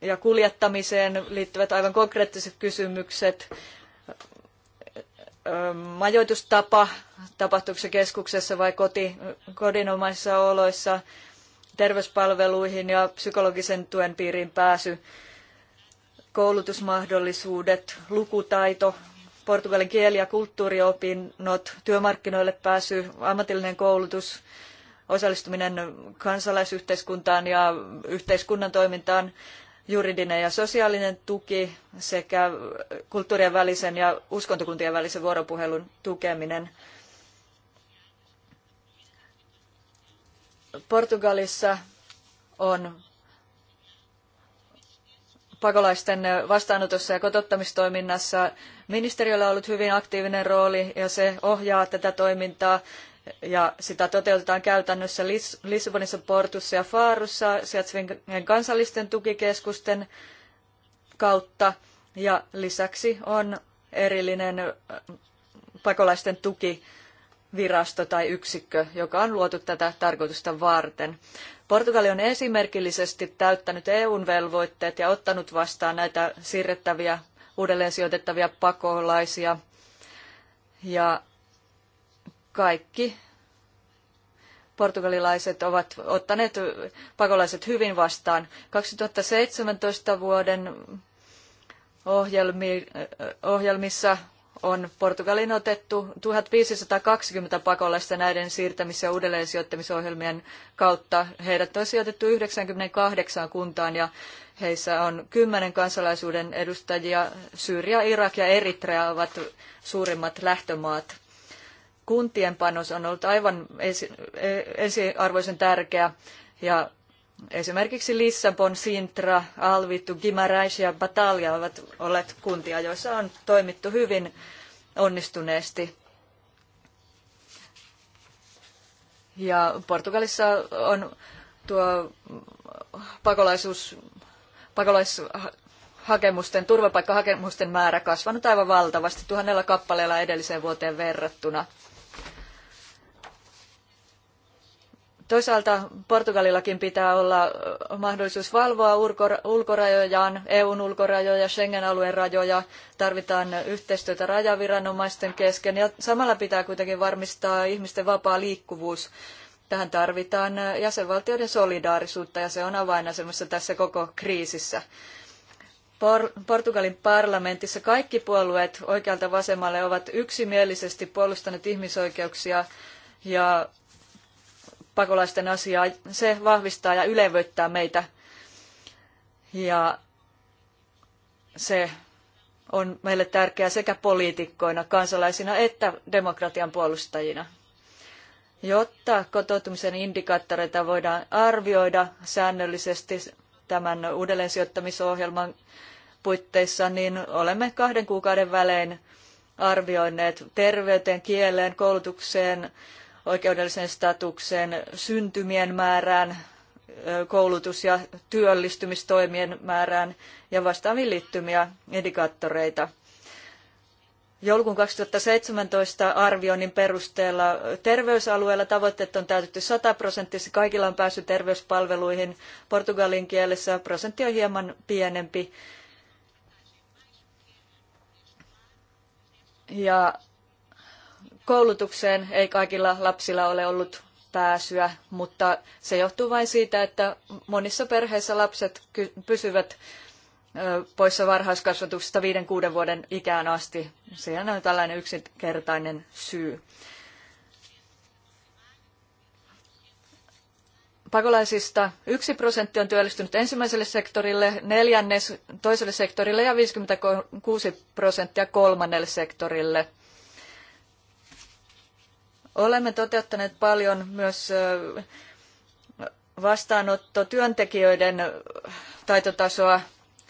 Speaker 3: ja kuljettamiseen liittyvät aivan konkreettiset kysymykset, majoitustapa, tapahtuuko se keskuksessa vai koti, kodinomaisissa oloissa, terveyspalveluihin ja psykologisen tuen piiriin pääsy, koulutusmahdollisuudet, lukutaito, portugalin kieli- ja kulttuuriopinnot, työmarkkinoille pääsy, ammatillinen koulutus, osallistuminen kansalaisyhteiskuntaan ja yhteiskunnan toimintaan, juridinen ja sosiaalinen tuki sekä kulttuurien välisen ja uskontokuntien välisen vuoropuhelun tukeminen. Portugalissa on pakolaisten vastaanotossa ja kotottamistoiminnassa ministeriöllä on ollut hyvin aktiivinen rooli ja se ohjaa tätä toimintaa ja sitä toteutetaan käytännössä Lis- Lissabonissa, Portussa ja Faarussa sijaitsevien kansallisten tukikeskusten kautta ja lisäksi on erillinen äh, pakolaisten tuki virasto tai yksikkö, joka on luotu tätä tarkoitusta varten. Portugali on esimerkillisesti täyttänyt EUn velvoitteet ja ottanut vastaan näitä siirrettäviä, uudelleen sijoitettavia pakolaisia. Ja kaikki portugalilaiset ovat ottaneet pakolaiset hyvin vastaan. 2017 vuoden ohjelmi, ohjelmissa on Portugaliin otettu 1520 pakolaista näiden siirtämis- ja uudelleensijoittamisohjelmien kautta. Heidät on sijoitettu 98 kuntaan ja heissä on kymmenen kansalaisuuden edustajia. Syyria, Irak ja Eritrea ovat suurimmat lähtömaat. Kuntien panos on ollut aivan e- ensiarvoisen tärkeä ja Esimerkiksi Lissabon, Sintra, Alvitu, Gimarais ja Batalja ovat olleet kuntia, joissa on toimittu hyvin onnistuneesti. Ja Portugalissa on tuo pakolaisuus, pakolaishakemusten, turvapaikkahakemusten määrä kasvanut aivan valtavasti tuhannella kappaleella edelliseen vuoteen verrattuna. Toisaalta Portugalillakin pitää olla mahdollisuus valvoa ulkorajojaan, EUn ulkorajoja, Schengen-alueen rajoja, tarvitaan yhteistyötä rajaviranomaisten kesken ja samalla pitää kuitenkin varmistaa ihmisten vapaa liikkuvuus. Tähän tarvitaan jäsenvaltioiden solidaarisuutta ja se on avainasemassa tässä koko kriisissä. Portugalin parlamentissa kaikki puolueet oikealta vasemmalle ovat yksimielisesti puolustaneet ihmisoikeuksia ja pakolaisten asiaa. Se vahvistaa ja ylevöittää meitä ja se on meille tärkeää sekä poliitikkoina, kansalaisina että demokratian puolustajina. Jotta kotoutumisen indikaattoreita voidaan arvioida säännöllisesti tämän uudelleensijoittamisohjelman puitteissa, niin olemme kahden kuukauden välein arvioineet terveyteen, kieleen, koulutukseen, oikeudelliseen statukseen, syntymien määrään, koulutus- ja työllistymistoimien määrään ja vastaaviin liittymiä indikaattoreita. Joulukuun 2017 arvioinnin perusteella terveysalueella tavoitteet on täytetty 100 prosenttisesti, kaikilla on päässyt terveyspalveluihin, portugalin kielessä prosentti on hieman pienempi. Ja Koulutukseen ei kaikilla lapsilla ole ollut pääsyä, mutta se johtuu vain siitä, että monissa perheissä lapset pysyvät poissa varhaiskasvatuksesta viiden kuuden vuoden ikään asti. Sehän on tällainen yksinkertainen syy. Pakolaisista yksi prosentti on työllistynyt ensimmäiselle sektorille, neljännes toiselle sektorille ja 56 prosenttia kolmannelle sektorille – Olemme toteuttaneet paljon myös vastaanottotyöntekijöiden taitotasoa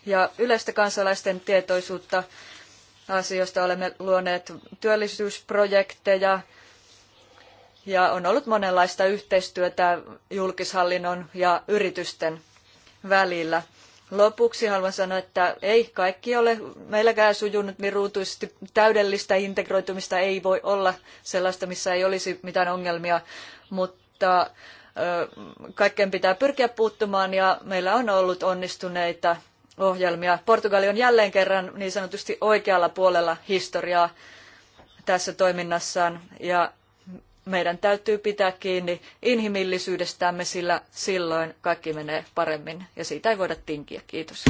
Speaker 3: ja yleistä kansalaisten tietoisuutta asioista. Olemme luoneet työllisyysprojekteja ja on ollut monenlaista yhteistyötä julkishallinnon ja yritysten välillä. Lopuksi haluan sanoa, että ei kaikki ole meilläkään sujunut niin ruutuisesti. Täydellistä integroitumista ei voi olla sellaista, missä ei olisi mitään ongelmia, mutta kaikkeen pitää pyrkiä puuttumaan ja meillä on ollut onnistuneita ohjelmia. Portugali on jälleen kerran niin sanotusti oikealla puolella historiaa tässä toiminnassaan ja meidän täytyy pitää kiinni inhimillisyydestämme, sillä silloin kaikki menee paremmin ja siitä ei voida tinkiä. Kiitos.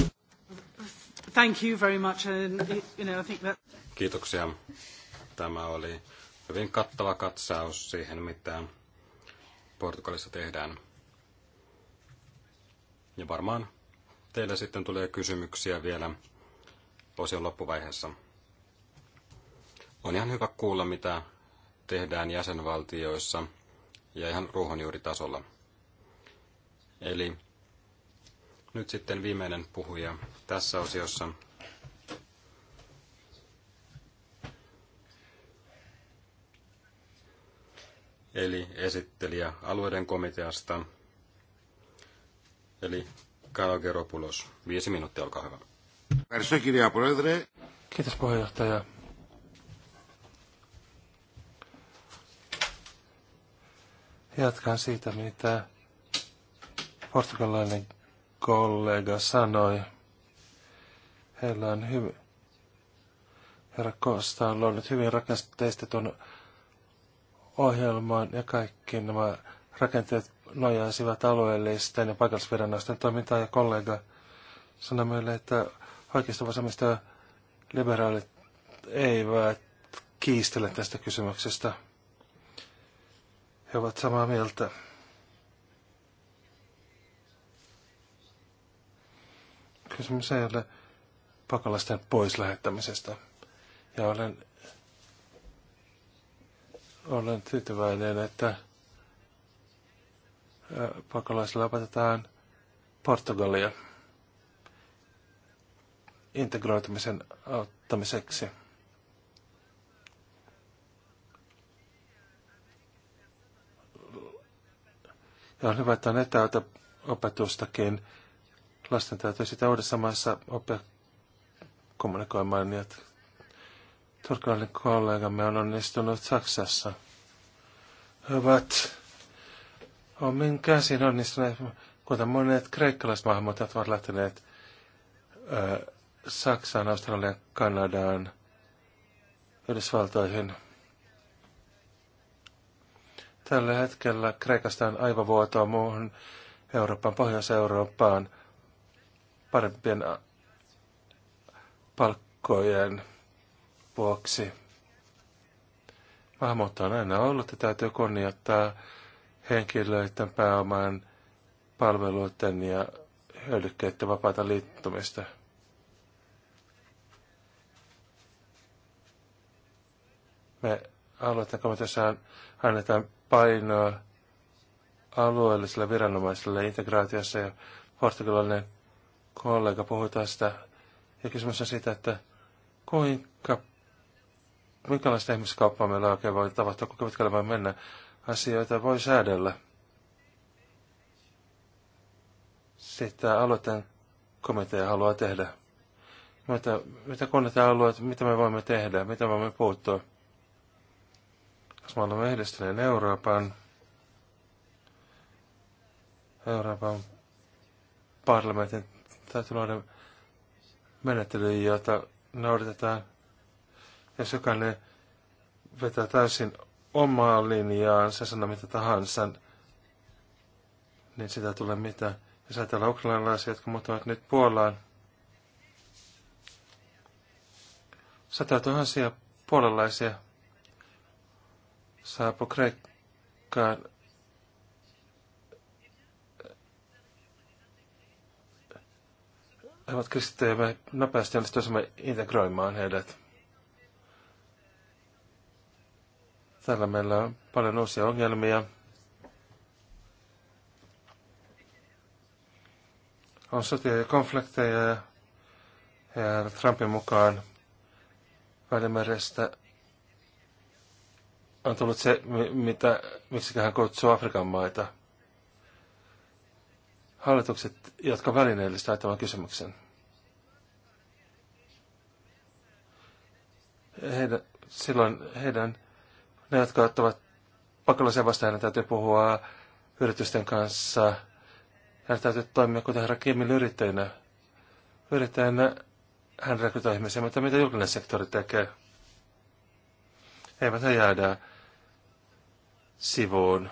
Speaker 3: Thank you very much. And, you know, I think that...
Speaker 1: Kiitoksia. Tämä oli hyvin kattava katsaus siihen, mitä Portugalissa tehdään. Ja varmaan teille sitten tulee kysymyksiä vielä osion loppuvaiheessa. On ihan hyvä kuulla, mitä tehdään jäsenvaltioissa ja ihan ruohonjuuritasolla. Eli nyt sitten viimeinen puhuja tässä osiossa. Eli esittelijä alueiden komiteasta, eli Kalogeropoulos. Viisi minuuttia, olkaa hyvä.
Speaker 2: Kiitos puheenjohtaja. Jatkan siitä, mitä portugalainen kollega sanoi. Heillä on hyvä. Herra Kosta on luonut hyvin tuon ohjelman ja kaikki nämä rakenteet nojaisivat alueellisten ja paikallisviranaisten toimintaa ja kollega sanoi meille, että oikeastaan vasemmista liberaalit eivät kiistele tästä kysymyksestä. He ovat samaa mieltä. Kysymys ei ole pakolaisten pois lähettämisestä. Ja olen, olen tyytyväinen, että pakolaisilla opetetaan Portugalia integroitumisen auttamiseksi. Ja on hyvä, että on opetustakin. Lasten täytyy sitä uudessa maassa oppia kommunikoimaan. Niin, että turkalainen kollegamme on onnistunut Saksassa. Hyvät, on minun käsin onnistuneet, kuten monet kreikkalaiset maahanmuuttajat ovat lähteneet ö, Saksaan, Australian, Kanadaan, Yhdysvaltoihin – Tällä hetkellä Kreikasta on aivovuotoa muuhun Euroopan, Pohjois-Eurooppaan parempien äh, palkkojen vuoksi. Maahanmuutto on aina ollut ja täytyy kunnioittaa henkilöiden pääoman palveluiden ja hyödykkeiden vapaata liittymistä. Me aloitetaan komiteassa annetaan painoa alueellisille viranomaisille integraatiossa ja portugalainen kollega puhui tästä. Ja kysymys on siitä, että kuinka, minkälaista ihmiskauppaa meillä oikein voi tapahtua, kuinka pitkälle voi mennä. Asioita voi säädellä. Sitä aloitteen komitea haluaa tehdä. Mutta mitä ja alueet, mitä me voimme tehdä, mitä me voimme puuttua. Jos me olemme yhdistyneen Euroopan, Euroopan parlamentin täytyy luoda menettely, jota noudatetaan. Jos jokainen vetää täysin omaa linjaan, se sanoo mitä tahansa, niin sitä tulee mitä. Jos ajatellaan ukrainalaisia, jotka muuttavat nyt Puolaan, sata tuhansia puolalaisia saapui Kreikkaan he ovat kristittyjä me nopeasti onnistuisimme integroimaan heidät. Täällä meillä on paljon uusia ongelmia. On sotia ja konflikteja ja Trumpin mukaan Välimerestä on tullut se, mitä, hän kutsuu Afrikan maita. Hallitukset, jotka välineellistävät tämän kysymyksen. Heidän, silloin heidän, ne jotka ottavat pakolaisia vastaan, heidän täytyy puhua yritysten kanssa. Heidän täytyy toimia kuten herra Kimmin yrittäjänä. Yrittäjänä hän rekrytoi ihmisiä, mutta mitä julkinen sektori tekee? Eivät he jäädä sivuun.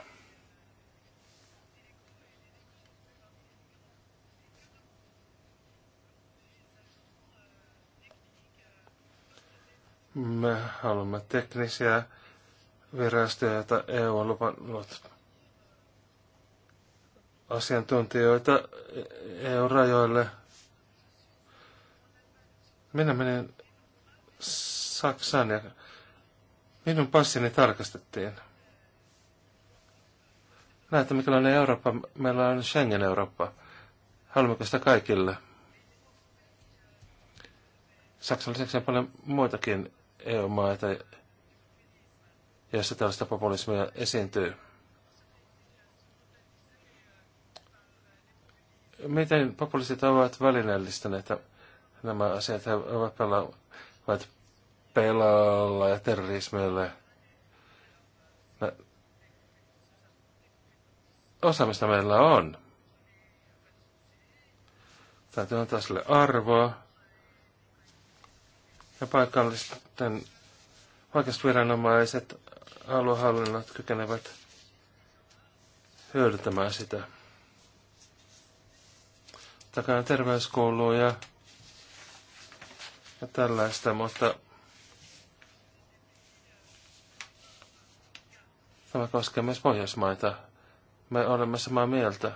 Speaker 2: Me haluamme teknisiä virastoja, joita EU on lupannut asiantuntijoita EU-rajoille. Minä menin Saksaan ja minun passini tarkastettiin näette, minkälainen Eurooppa meillä on Schengen-Eurooppa. Haluammeko sitä kaikille? Saksan lisäksi on paljon muitakin EU-maita, joissa tällaista populismia esiintyy. Miten populistit ovat välineellistäneet nämä asiat? He ovat pelaavat pelalla ja terrorismille – Osaamista meillä on. Täytyy antaa sille arvoa. Ja paikallisten oikeusviranomaiset aluehallinnot kykenevät hyödyntämään sitä. Takana terveyskouluja ja, ja tällaista, mutta tämä koskee myös Pohjoismaita me olemme samaa mieltä.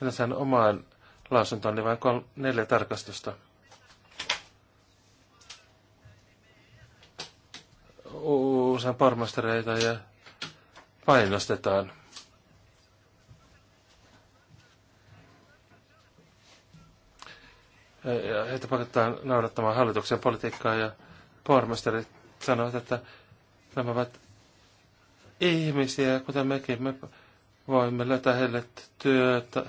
Speaker 2: Minä sain omaan lausuntooni vain kol- neljä tarkastusta. Uusan pormastereita ja painostetaan. Ja heitä pakotetaan noudattamaan hallituksen politiikkaa ja pormesterit sanovat, että nämä ovat ihmisiä, kuten mekin. Me voimme löytää heille työtä.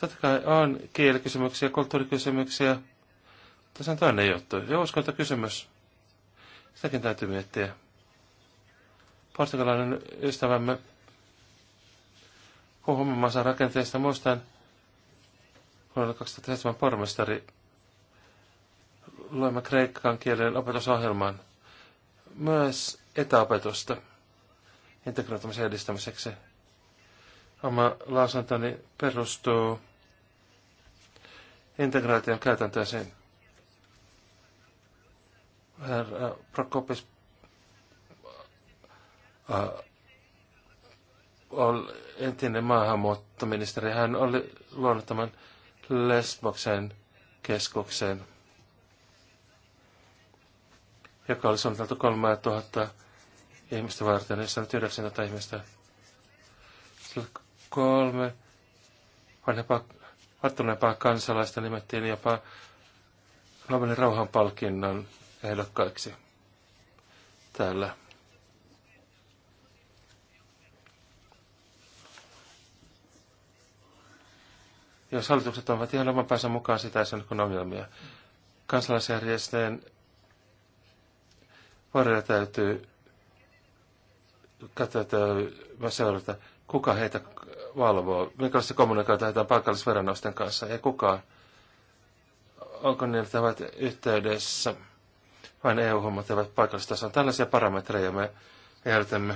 Speaker 2: Totta kai on kielikysymyksiä, kulttuurikysymyksiä. Tässä on toinen juttu. Ja kysymys. Sitäkin täytyy miettiä. Portugalainen ystävämme huomamansa rakenteesta muistan, kun oli 2007 pormestari, luemme kreikkan kielen opetusohjelman. Myös etäopetusta integroitumisen edistämiseksi. Oma lausuntoni perustuu integraation käytäntöisiin. Herra Prokopis äh, oli entinen maahanmuuttoministeri. Hän oli luonut tämän Lesboksen keskuksen, joka oli suunniteltu 3000 ihmistä varten, jossa on 900 ihmistä. Sillä kolme vanhempaa, kansalaista nimettiin jopa Nobelin rauhanpalkinnon ehdokkaiksi täällä. Jos hallitukset ovat ihan oman päänsä mukaan, sitä ei kuin ongelmia. Kansalaisjärjestöjen varrella täytyy katsotaan, mä seurata, kuka heitä valvoo, minkälaista kommunikaatiota heitä on paikallisveranosten kanssa ja kuka, onko niillä tavat yhteydessä vain EU-hommat eivät paikallistason. Tällaisia parametreja me ehdotamme,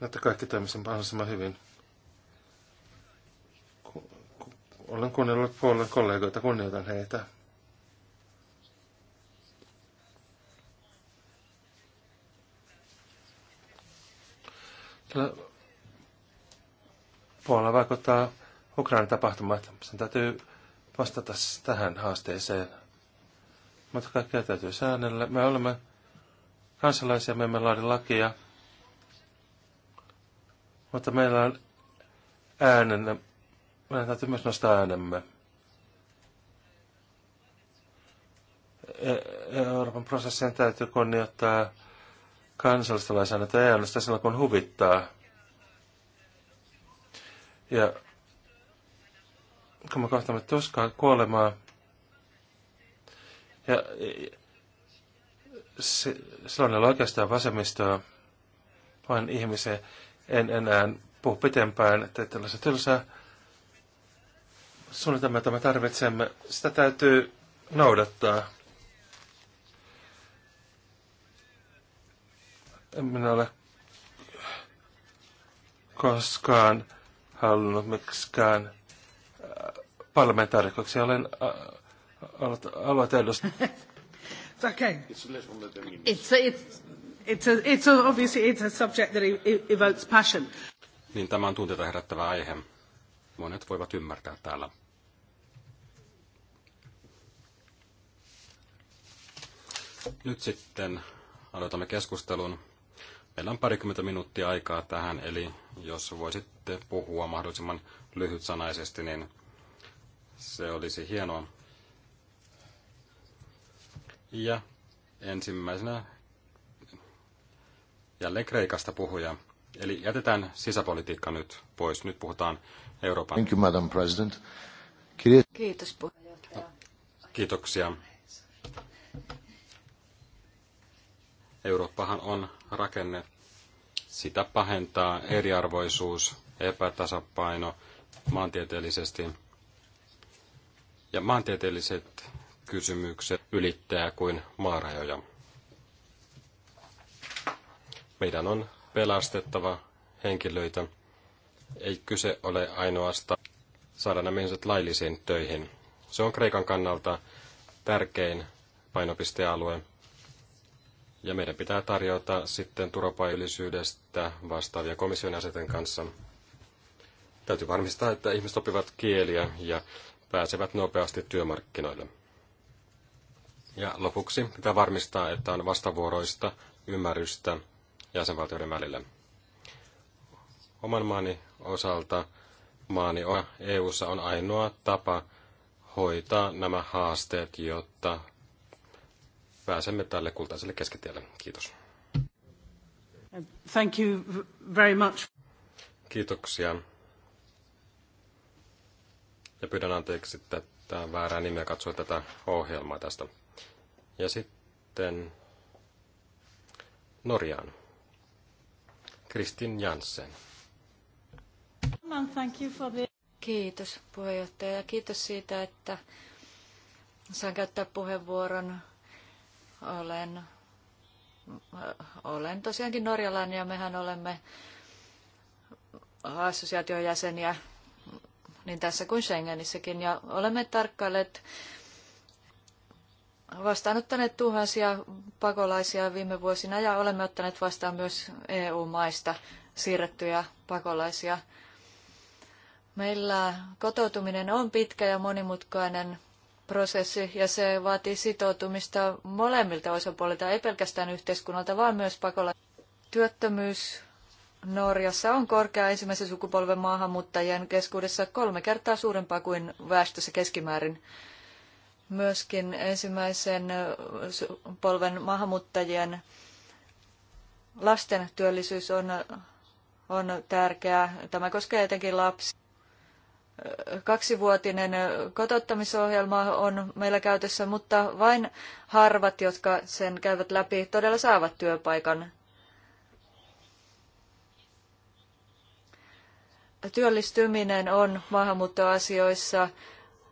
Speaker 2: että kaikki toimisivat mahdollisimman hyvin. Olen kuunnellut puolen kollegoita, kunnioitan heitä. Tällä puolella vaikuttaa Ukrainan tapahtumat. Sen täytyy vastata tähän haasteeseen. Mutta kaikkea täytyy säännellä. Me olemme kansalaisia, me emme laadi lakia. Mutta meillä on äänenne. Meidän täytyy myös nostaa äänemme. E- Euroopan prosessien täytyy kunnioittaa kansallistalaisena, että ei ainoastaan silloin, kun huvittaa. Ja kun me kohtamme tuskaa kuolemaa, ja se, silloin ei ole oikeastaan vasemmistoa, vaan ihmisiä. En enää puhu pitempään, että tällaisen tylsää suunnitelmaa, jota me tarvitsemme, sitä täytyy noudattaa. En minä ole koskaan halunnut miksikään äh, parlamentaarikoksi. Olen äh, ollut aloitellut. It's okay. It's, it's, it's, a,
Speaker 3: it's a, obviously it's a subject that e, e, evokes passion.
Speaker 1: Niin tämä on tunteita herättävä aihe. Monet voivat ymmärtää täällä. Nyt sitten aloitamme keskustelun. Meillä on parikymmentä minuuttia aikaa tähän, eli jos voisitte puhua mahdollisimman lyhytsanaisesti, niin se olisi hienoa. Ja ensimmäisenä jälleen Kreikasta puhuja. Eli jätetään sisäpolitiikka nyt pois. Nyt puhutaan Euroopan...
Speaker 2: Thank you, Madam President.
Speaker 3: Kiitos puheenjohtaja.
Speaker 1: Kiitoksia. Eurooppahan on rakenne. Sitä pahentaa eriarvoisuus, epätasapaino maantieteellisesti. Ja maantieteelliset kysymykset ylittää kuin maarajoja. Meidän on pelastettava henkilöitä. Ei kyse ole ainoastaan saada nämä ihmiset laillisiin töihin. Se on Kreikan kannalta tärkein painopistealue. Ja meidän pitää tarjota sitten turvapaikkaillisyydestä vastaavia komission jäsenten kanssa. Täytyy varmistaa, että ihmiset oppivat kieliä ja pääsevät nopeasti työmarkkinoille. Ja lopuksi pitää varmistaa, että on vastavuoroista ymmärrystä jäsenvaltioiden välillä. Oman maani osalta maani EU:ssa on ainoa tapa hoitaa nämä haasteet, jotta pääsemme tälle kultaiselle keskitielle. Kiitos.
Speaker 2: Thank you very much.
Speaker 1: Kiitoksia. Ja pyydän anteeksi, että tämä väärää nimeä katsoa tätä ohjelmaa tästä. Ja sitten Norjaan. Kristin Janssen.
Speaker 3: Kiitos puheenjohtaja ja kiitos siitä, että saan käyttää puheenvuoron olen, olen tosiaankin norjalainen ja mehän olemme assosiaation jäseniä niin tässä kuin Schengenissäkin ja olemme tarkkailleet vastaanottaneet tuhansia pakolaisia viime vuosina ja olemme ottaneet vastaan myös EU-maista siirrettyjä pakolaisia. Meillä kotoutuminen on pitkä ja monimutkainen prosessi ja se vaatii sitoutumista molemmilta osapuolilta, ei pelkästään yhteiskunnalta, vaan myös pakolla. Työttömyys Norjassa on korkea ensimmäisen sukupolven maahanmuuttajien keskuudessa kolme kertaa suurempaa kuin väestössä keskimäärin. Myöskin ensimmäisen polven maahanmuuttajien lasten työllisyys on, on tärkeää. Tämä koskee etenkin lapsia kaksivuotinen kotouttamisohjelma on meillä käytössä, mutta vain harvat, jotka sen käyvät läpi, todella saavat työpaikan. Työllistyminen on maahanmuuttoasioissa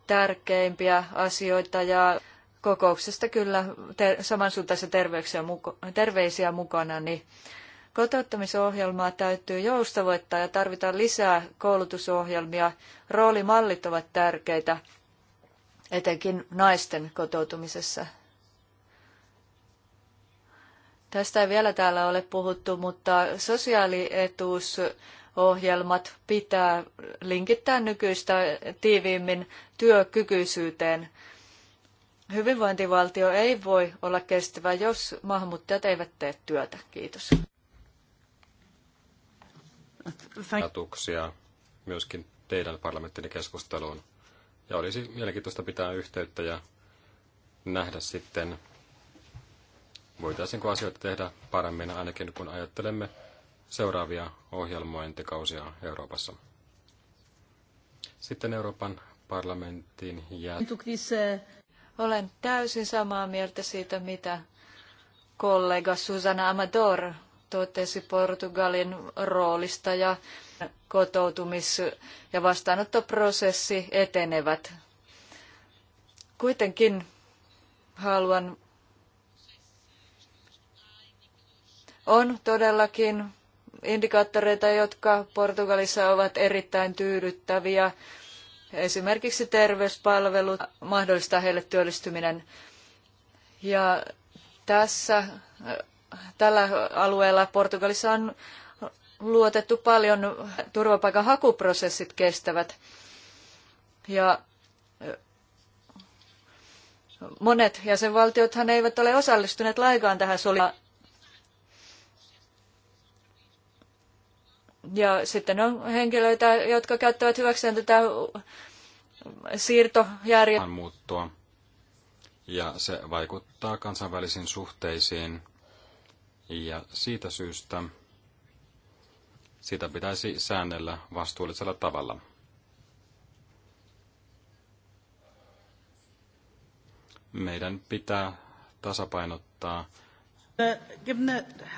Speaker 3: tärkeimpiä asioita ja kokouksesta kyllä te, samansuuntaisia terveisiä, terveisiä mukana, niin Kotouttamisohjelmaa täytyy joustavoittaa ja tarvitaan lisää koulutusohjelmia. Roolimallit ovat tärkeitä, etenkin naisten kotoutumisessa. Tästä ei vielä täällä ole puhuttu, mutta sosiaalietuusohjelmat pitää linkittää nykyistä tiiviimmin työkykyisyyteen. Hyvinvointivaltio ei voi olla kestävä, jos maahanmuuttajat eivät tee työtä. Kiitos
Speaker 1: ajatuksia myöskin teidän parlamenttinne keskusteluun. Ja olisi mielenkiintoista pitää yhteyttä ja nähdä sitten, voitaisiinko asioita tehdä paremmin, ainakin kun ajattelemme seuraavia ohjelmointikausia Euroopassa. Sitten Euroopan parlamentin jää.
Speaker 3: Eh, Olen täysin samaa mieltä siitä, mitä kollega Susanna Amador totesi Portugalin roolista ja kotoutumis- ja vastaanottoprosessi etenevät. Kuitenkin haluan on todellakin indikaattoreita, jotka Portugalissa ovat erittäin tyydyttäviä. Esimerkiksi terveyspalvelut mahdollistaa heille työllistyminen. Ja tässä tällä alueella Portugalissa on luotettu paljon, turvapaikanhakuprosessit kestävät. Ja monet jäsenvaltiothan eivät ole osallistuneet lainkaan tähän soli- Ja sitten on henkilöitä, jotka käyttävät hyväkseen tätä siirtojärjestelmää.
Speaker 1: Ja se vaikuttaa kansainvälisiin suhteisiin ja siitä syystä sitä pitäisi säännellä vastuullisella tavalla. Meidän pitää tasapainottaa.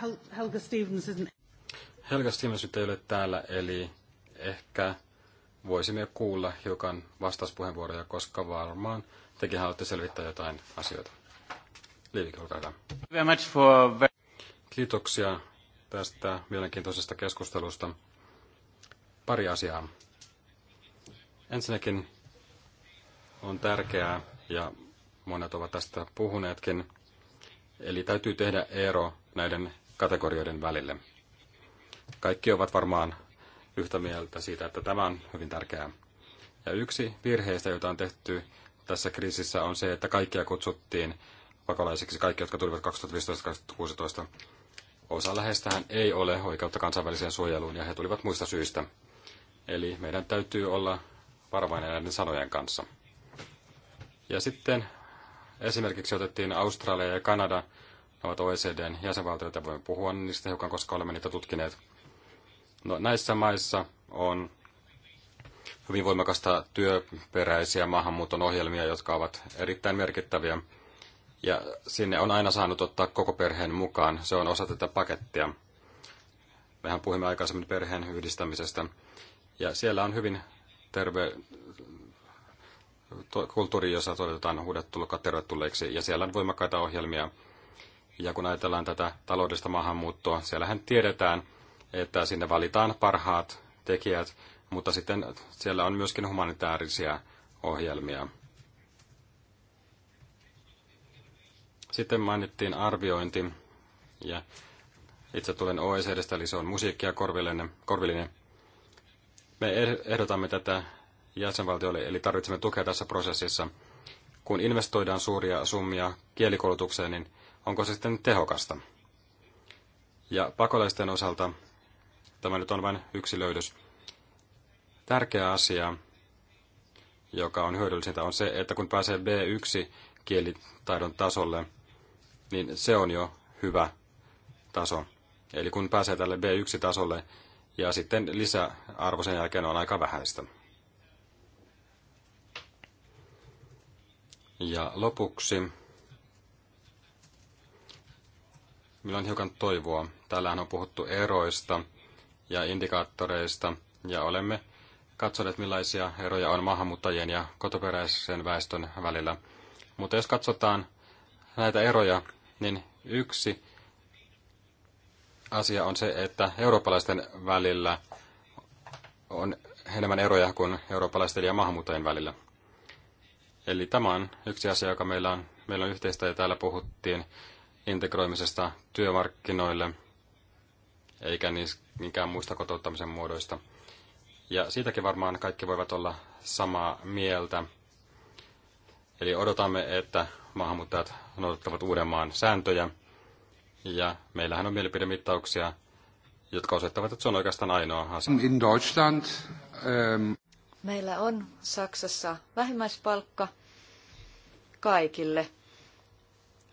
Speaker 2: Uh, Helga Stevens,
Speaker 1: Helga ei ole täällä, eli ehkä voisimme kuulla hiukan vastauspuheenvuoroja, koska varmaan tekin haluatte selvittää jotain asioita. Liivikin, olkaa hyvä. Kiitoksia tästä mielenkiintoisesta keskustelusta. Pari asiaa. Ensinnäkin on tärkeää, ja monet ovat tästä puhuneetkin, eli täytyy tehdä ero näiden kategorioiden välille. Kaikki ovat varmaan yhtä mieltä siitä, että tämä on hyvin tärkeää. Ja yksi virheistä, jota on tehty tässä kriisissä, on se, että kaikkia kutsuttiin pakolaisiksi, kaikki, jotka tulivat 2015-2016. Osa lähestähän ei ole oikeutta kansainväliseen suojeluun ja he tulivat muista syistä. Eli meidän täytyy olla varovainen näiden sanojen kanssa. Ja sitten esimerkiksi otettiin Australia ja Kanada, ne ovat OECDn jäsenvaltioita, voimme puhua niistä hiukan, koska olemme niitä tutkineet. No, näissä maissa on hyvin voimakasta työperäisiä maahanmuuton ohjelmia, jotka ovat erittäin merkittäviä. Ja sinne on aina saanut ottaa koko perheen mukaan. Se on osa tätä pakettia. Mehän puhuimme aikaisemmin perheen yhdistämisestä. Ja siellä on hyvin terve kulttuuri, jossa todetaan huudet tulkaa tervetulleeksi. Ja siellä on voimakkaita ohjelmia. Ja kun ajatellaan tätä taloudellista maahanmuuttoa, siellähän tiedetään, että sinne valitaan parhaat tekijät, mutta sitten siellä on myöskin humanitaarisia ohjelmia. Sitten mainittiin arviointi, ja itse tulen OECDstä, eli se on musiikkia korvillinen. Me eh-, ehdotamme tätä jäsenvaltiolle, eli tarvitsemme tukea tässä prosessissa. Kun investoidaan suuria summia kielikoulutukseen, niin onko se sitten tehokasta? Ja pakolaisten osalta tämä nyt on vain yksi löydös. Tärkeä asia, joka on hyödyllisintä, on se, että kun pääsee B1 kielitaidon tasolle, niin se on jo hyvä taso. Eli kun pääsee tälle B1-tasolle ja sitten lisäarvo sen jälkeen on aika vähäistä. Ja lopuksi meillä on hiukan toivoa. Täällähän on puhuttu eroista ja indikaattoreista ja olemme katsoneet millaisia eroja on maahanmuuttajien ja kotoperäisen väestön välillä. Mutta jos katsotaan näitä eroja, niin yksi asia on se, että eurooppalaisten välillä on enemmän eroja kuin eurooppalaisten ja maahanmuuttajien välillä. Eli tämä on yksi asia, joka meillä on, meillä on yhteistä, ja täällä puhuttiin integroimisesta työmarkkinoille, eikä niinkään muista kotouttamisen muodoista. Ja siitäkin varmaan kaikki voivat olla samaa mieltä. Eli odotamme, että maahanmuuttajat noudattavat Uudenmaan sääntöjä. Ja meillähän on mielipidemittauksia, jotka osoittavat, että se on oikeastaan ainoa
Speaker 2: asia. In Deutschland, um...
Speaker 3: Meillä on Saksassa vähimmäispalkka kaikille.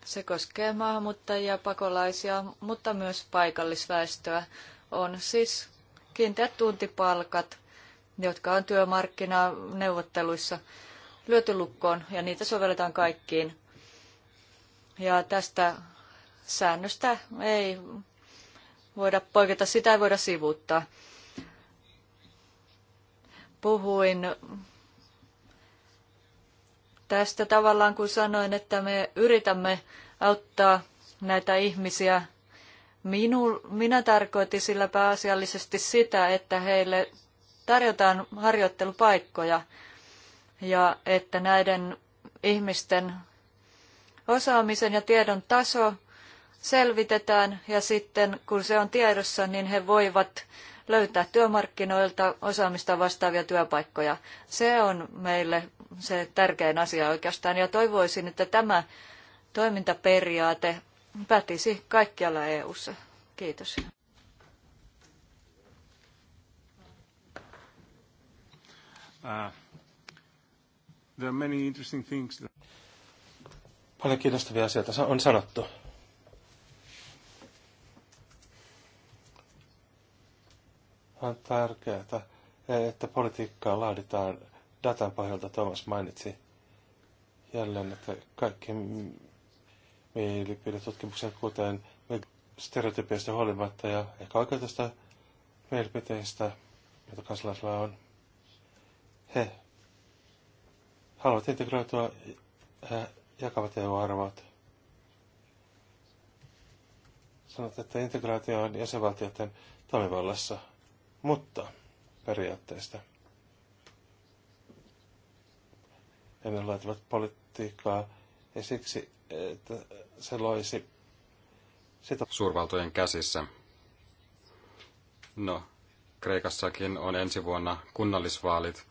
Speaker 3: Se koskee maahanmuuttajia, pakolaisia, mutta myös paikallisväestöä. On siis kiinteät tuntipalkat, jotka on työmarkkinaneuvotteluissa lyöty lukkoon ja niitä sovelletaan kaikkiin ja tästä säännöstä ei voida poiketa, sitä ei voida sivuuttaa. Puhuin tästä tavallaan, kun sanoin, että me yritämme auttaa näitä ihmisiä. Minu, minä tarkoitin sillä pääasiallisesti sitä, että heille tarjotaan harjoittelupaikkoja ja että näiden ihmisten osaamisen ja tiedon taso selvitetään ja sitten kun se on tiedossa, niin he voivat löytää työmarkkinoilta osaamista vastaavia työpaikkoja. Se on meille se tärkein asia oikeastaan ja toivoisin, että tämä toimintaperiaate pätisi kaikkialla EU:ssa. Kiitos.
Speaker 2: Uh, there are many interesting things that... Paljon kiinnostavia asioita on sanottu. On tärkeää, että politiikkaa laaditaan datan pohjalta, Thomas mainitsi jälleen, että kaikki mielipidetutkimukset, kuten stereotypiasta huolimatta ja ehkä oikeutusta mielipiteistä, joita kansalaisilla on, he haluavat integroitua eh, jakavat EU-arvot. Sanot, että integraatio on jäsenvaltioiden toimivallassa, mutta periaatteista Ennen laativat politiikkaa ja siksi, että se loisi sitä. Suurvaltojen käsissä.
Speaker 1: No, Kreikassakin on ensi vuonna kunnallisvaalit.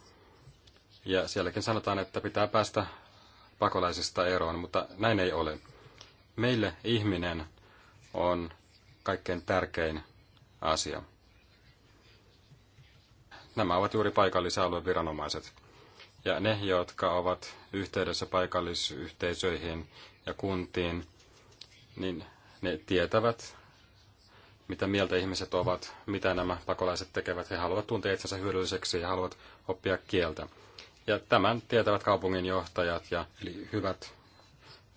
Speaker 1: Ja sielläkin sanotaan, että pitää päästä pakolaisista eroon, mutta näin ei ole. Meille ihminen on kaikkein tärkein asia. Nämä ovat juuri paikallisalueen viranomaiset. Ja ne, jotka ovat yhteydessä paikallisyhteisöihin ja kuntiin, niin ne tietävät, mitä mieltä ihmiset ovat, mitä nämä pakolaiset tekevät. He haluavat tuntea itsensä hyödylliseksi ja haluavat oppia kieltä. Ja tämän tietävät kaupunginjohtajat ja eli hyvät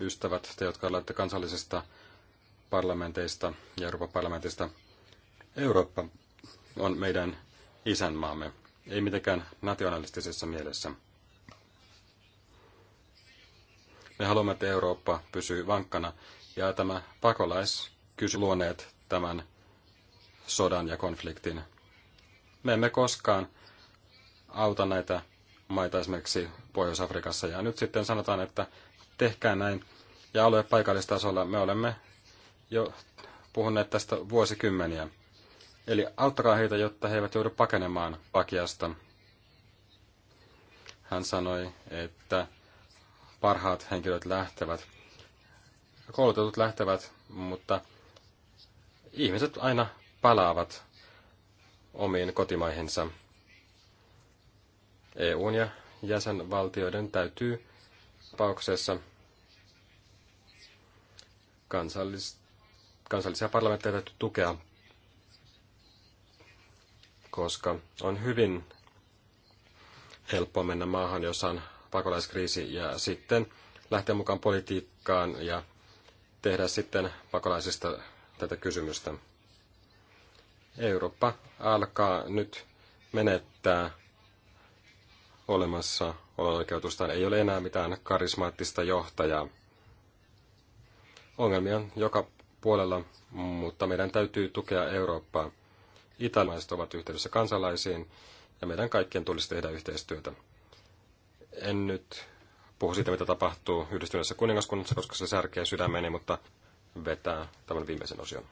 Speaker 1: ystävät, te jotka olette kansallisista parlamenteista ja Euroopan parlamentista. Eurooppa on meidän isänmaamme, ei mitenkään nationalistisessa mielessä. Me haluamme, että Eurooppa pysyy vankkana ja tämä pakolaiskysy luoneet tämän sodan ja konfliktin. Me emme koskaan auta näitä maita esimerkiksi Pohjois-Afrikassa. Ja nyt sitten sanotaan, että tehkää näin. Ja alue paikallistasolla me olemme jo puhuneet tästä vuosikymmeniä. Eli auttakaa heitä, jotta he eivät joudu pakenemaan Pakiasta. Hän sanoi, että parhaat henkilöt lähtevät. Koulutetut lähtevät, mutta ihmiset aina palaavat omiin kotimaihinsa. EUn ja jäsenvaltioiden täytyy tapauksessa kansallis- kansallisia parlamentteja täytyy tukea, koska on hyvin helppo mennä maahan, jossa on pakolaiskriisi ja sitten lähteä mukaan politiikkaan ja tehdä sitten pakolaisista tätä kysymystä. Eurooppa alkaa nyt menettää olemassa oikeutustaan ei ole enää mitään karismaattista johtajaa. Ongelmia on joka puolella, mutta meidän täytyy tukea Eurooppaa. Italaiset ovat yhteydessä kansalaisiin ja meidän kaikkien tulisi tehdä yhteistyötä. En nyt puhu siitä, mitä tapahtuu yhdistyneessä kuningaskunnassa, koska se särkee sydämeni, mutta vetää tämän viimeisen osion.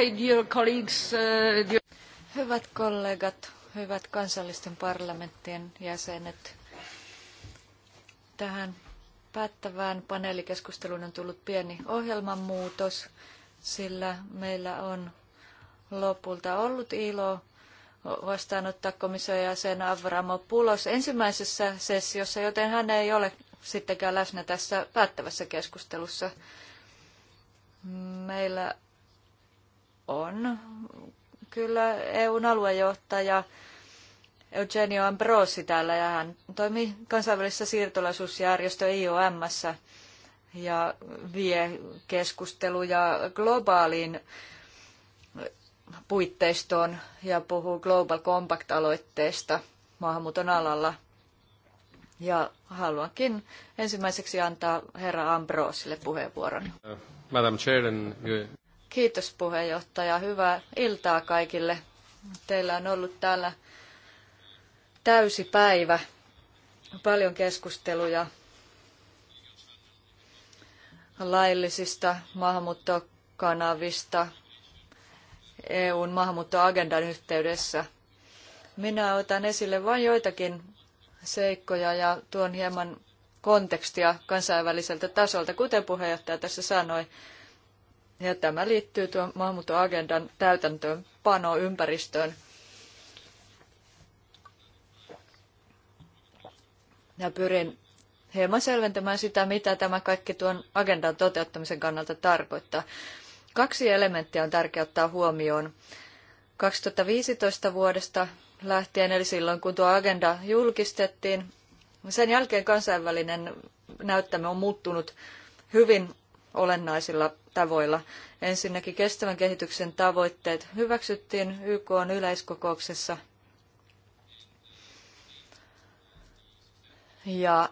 Speaker 3: Uh, hyvät kollegat, hyvät kansallisten parlamenttien jäsenet, tähän päättävään paneelikeskusteluun on tullut pieni ohjelmanmuutos, sillä meillä on lopulta ollut ilo vastaanottaa komission jäsen Avramopulos ensimmäisessä sessiossa, joten hän ei ole sittenkään läsnä tässä päättävässä keskustelussa. Meillä on kyllä EUn aluejohtaja Eugenio Ambrosi täällä ja hän toimii kansainvälisessä siirtolaisuusjärjestö IOMssä ja vie keskusteluja globaaliin puitteistoon ja puhuu Global Compact-aloitteesta maahanmuuton alalla. Ja haluankin ensimmäiseksi antaa herra Ambrosille puheenvuoron.
Speaker 1: Uh, Madam Chair and uh,
Speaker 3: Kiitos puheenjohtaja. Hyvää iltaa kaikille. Teillä on ollut täällä täysi päivä, paljon keskusteluja laillisista maahanmuuttokanavista EUn maahanmuuttoagendan yhteydessä. Minä otan esille vain joitakin seikkoja ja tuon hieman kontekstia kansainväliseltä tasolta, kuten puheenjohtaja tässä sanoi. Ja tämä liittyy tuon maahanmuuttoagendan täytäntöön panoympäristöön. Ja pyrin hieman selventämään sitä, mitä tämä kaikki tuon agendan toteuttamisen kannalta tarkoittaa. Kaksi elementtiä on tärkeää ottaa huomioon. 2015 vuodesta lähtien, eli silloin kun tuo agenda julkistettiin, sen jälkeen kansainvälinen näyttämö on muuttunut hyvin olennaisilla tavoilla. Ensinnäkin kestävän kehityksen tavoitteet hyväksyttiin YK yleiskokouksessa ja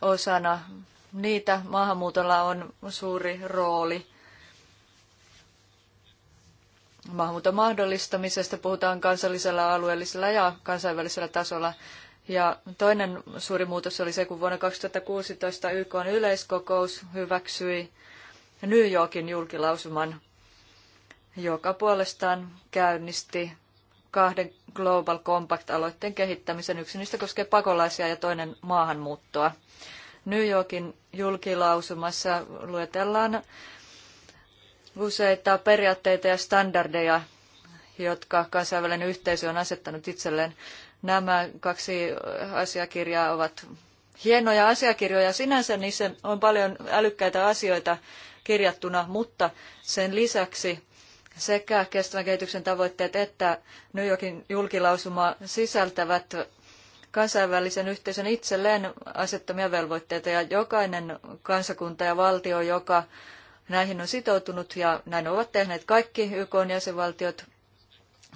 Speaker 3: osana niitä maahanmuutolla on suuri rooli. Maahanmuuton mahdollistamisesta puhutaan kansallisella, alueellisella ja kansainvälisellä tasolla. Ja toinen suuri muutos oli se, kun vuonna 2016 YK yleiskokous hyväksyi New Yorkin julkilausuman, joka puolestaan käynnisti kahden Global Compact-aloitteen kehittämisen. Yksi niistä koskee pakolaisia ja toinen maahanmuuttoa. New Yorkin julkilausumassa luetellaan useita periaatteita ja standardeja, jotka kansainvälinen yhteisö on asettanut itselleen Nämä kaksi asiakirjaa ovat hienoja asiakirjoja sinänsä, niissä on paljon älykkäitä asioita kirjattuna, mutta sen lisäksi sekä kestävän kehityksen tavoitteet että New Yorkin julkilausuma sisältävät kansainvälisen yhteisön itselleen asettamia velvoitteita ja jokainen kansakunta ja valtio, joka näihin on sitoutunut ja näin ovat tehneet kaikki YK jäsenvaltiot,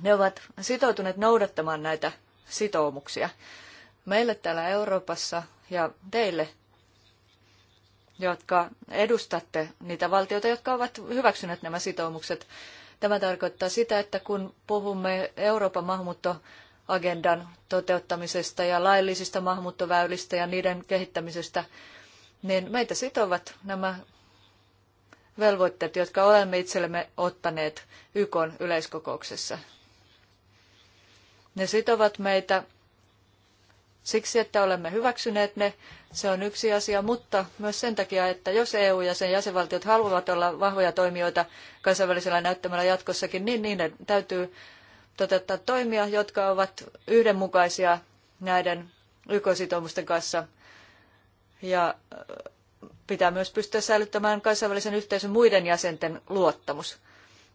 Speaker 3: ne ovat sitoutuneet noudattamaan näitä sitoumuksia. Meille täällä Euroopassa ja teille, jotka edustatte niitä valtioita, jotka ovat hyväksyneet nämä sitoumukset, tämä tarkoittaa sitä, että kun puhumme Euroopan maahanmuuttoagendan toteuttamisesta ja laillisista maahanmuuttoväylistä ja niiden kehittämisestä, niin meitä sitovat nämä velvoitteet, jotka olemme itsellemme ottaneet YK yleiskokouksessa. Ne sitovat meitä siksi, että olemme hyväksyneet ne. Se on yksi asia, mutta myös sen takia, että jos EU ja sen jäsenvaltiot haluavat olla vahvoja toimijoita kansainvälisellä näyttämällä jatkossakin, niin niiden täytyy toteuttaa toimia, jotka ovat yhdenmukaisia näiden YK-sitoumusten kanssa. Ja äh, pitää myös pystyä säilyttämään kansainvälisen yhteisön muiden jäsenten luottamus.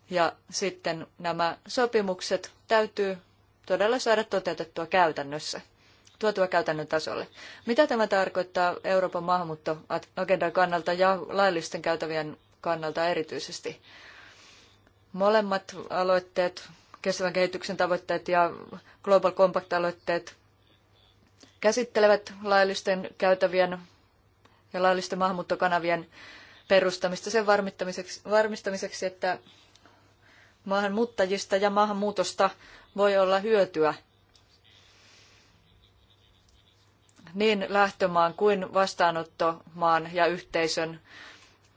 Speaker 3: Ja sitten nämä sopimukset täytyy todella saada toteutettua käytännössä, tuotua käytännön tasolle. Mitä tämä tarkoittaa Euroopan maahanmuuttoagendan kannalta ja laillisten käytävien kannalta erityisesti? Molemmat aloitteet, kestävän kehityksen tavoitteet ja Global Compact-aloitteet käsittelevät laillisten käytävien ja laillisten maahanmuuttokanavien perustamista sen varmistamiseksi, varmistamiseksi että Maahanmuuttajista ja maahanmuutosta voi olla hyötyä niin lähtömaan kuin vastaanottomaan ja yhteisön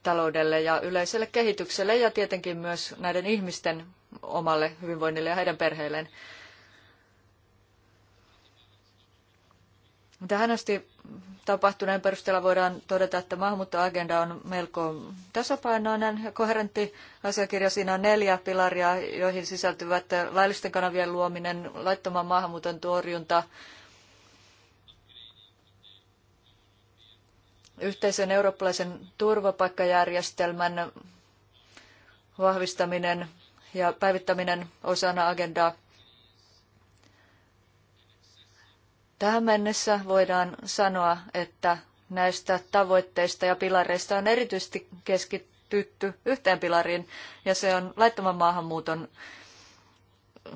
Speaker 3: taloudelle ja yleiselle kehitykselle ja tietenkin myös näiden ihmisten omalle hyvinvoinnille ja heidän perheilleen. Tähän asti tapahtuneen perusteella voidaan todeta, että maahanmuuttoagenda on melko tasapainoinen ja koherentti asiakirja. Siinä on neljä pilaria, joihin sisältyvät laillisten kanavien luominen, laittoman maahanmuuton torjunta, yhteisen eurooppalaisen turvapaikkajärjestelmän vahvistaminen ja päivittäminen osana agendaa – Tähän mennessä voidaan sanoa, että näistä tavoitteista ja pilareista on erityisesti keskitytty yhteen pilariin, ja se on laittoman maahanmuuton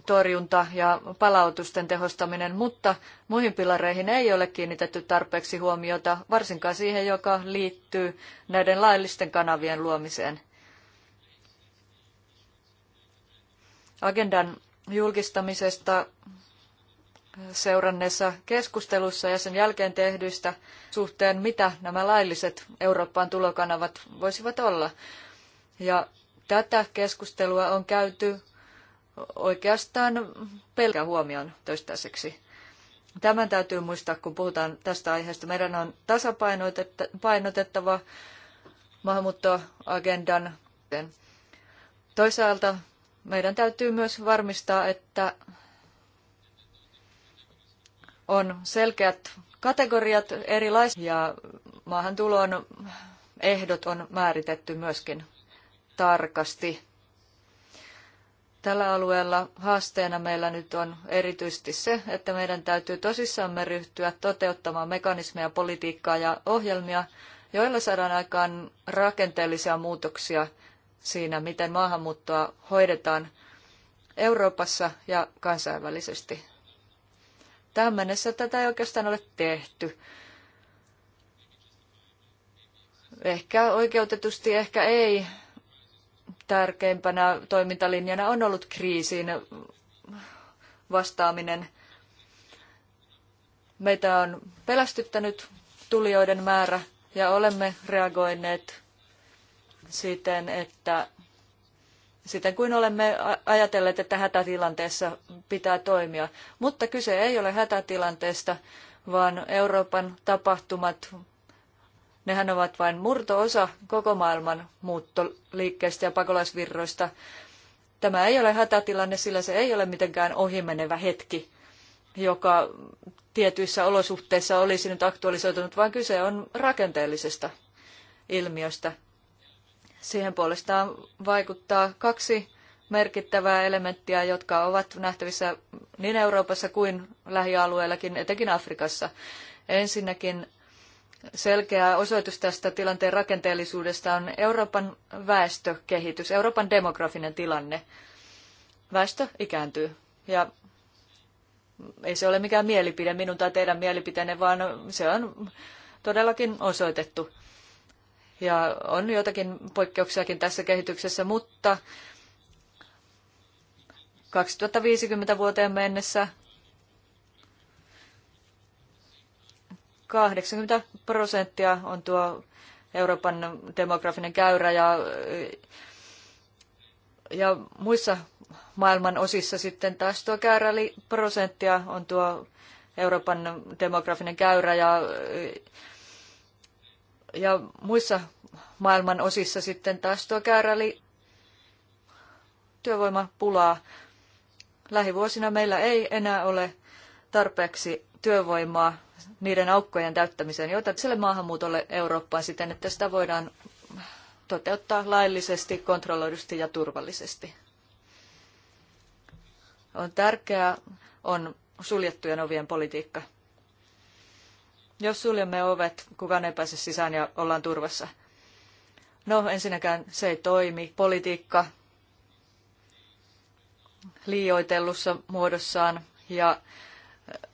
Speaker 3: torjunta ja palautusten tehostaminen, mutta muihin pilareihin ei ole kiinnitetty tarpeeksi huomiota, varsinkaan siihen, joka liittyy näiden laillisten kanavien luomiseen. Agendan julkistamisesta seuranneessa keskustelussa ja sen jälkeen tehdyistä suhteen, mitä nämä lailliset Eurooppaan tulokanavat voisivat olla. Ja tätä keskustelua on käyty oikeastaan pelkä huomion toistaiseksi. Tämän täytyy muistaa, kun puhutaan tästä aiheesta. Meidän on tasapainotettava maahanmuuttoagendan. Toisaalta meidän täytyy myös varmistaa, että on selkeät kategoriat erilaisia ja maahantulon ehdot on määritetty myöskin tarkasti. Tällä alueella haasteena meillä nyt on erityisesti se, että meidän täytyy tosissamme ryhtyä toteuttamaan mekanismeja, politiikkaa ja ohjelmia, joilla saadaan aikaan rakenteellisia muutoksia siinä, miten maahanmuuttoa hoidetaan Euroopassa ja kansainvälisesti. Tähän mennessä tätä ei oikeastaan ole tehty. Ehkä oikeutetusti, ehkä ei. Tärkeimpänä toimintalinjana on ollut kriisiin vastaaminen. Meitä on pelästyttänyt tulijoiden määrä ja olemme reagoineet siten, että siten kuin olemme ajatelleet, että hätätilanteessa pitää toimia. Mutta kyse ei ole hätätilanteesta, vaan Euroopan tapahtumat, nehän ovat vain murto-osa koko maailman muuttoliikkeestä ja pakolaisvirroista. Tämä ei ole hätätilanne, sillä se ei ole mitenkään ohimenevä hetki, joka tietyissä olosuhteissa olisi nyt aktualisoitunut, vaan kyse on rakenteellisesta ilmiöstä. Siihen puolestaan vaikuttaa kaksi merkittävää elementtiä, jotka ovat nähtävissä niin Euroopassa kuin lähialueillakin, etenkin Afrikassa. Ensinnäkin selkeä osoitus tästä tilanteen rakenteellisuudesta on Euroopan väestökehitys, Euroopan demografinen tilanne. Väestö ikääntyy ja ei se ole mikään mielipide minun tai teidän mielipiteenne, vaan se on todellakin osoitettu. Ja on joitakin poikkeuksiakin tässä kehityksessä, mutta 2050 vuoteen mennessä 80 prosenttia on tuo Euroopan demografinen käyrä ja, ja muissa maailman osissa sitten taas tuo käyrä eli prosenttia on tuo Euroopan demografinen käyrä ja, ja muissa maailman osissa sitten taas tuo käyrä eli työvoimapulaa lähivuosina meillä ei enää ole tarpeeksi työvoimaa niiden aukkojen täyttämiseen, joita sille maahanmuutolle Eurooppaan siten, että sitä voidaan toteuttaa laillisesti, kontrolloidusti ja turvallisesti. On tärkeää, on suljettujen ovien politiikka. Jos suljemme ovet, kukaan ei pääse sisään ja ollaan turvassa. No ensinnäkään se ei toimi. Politiikka liioitellussa muodossaan ja äh,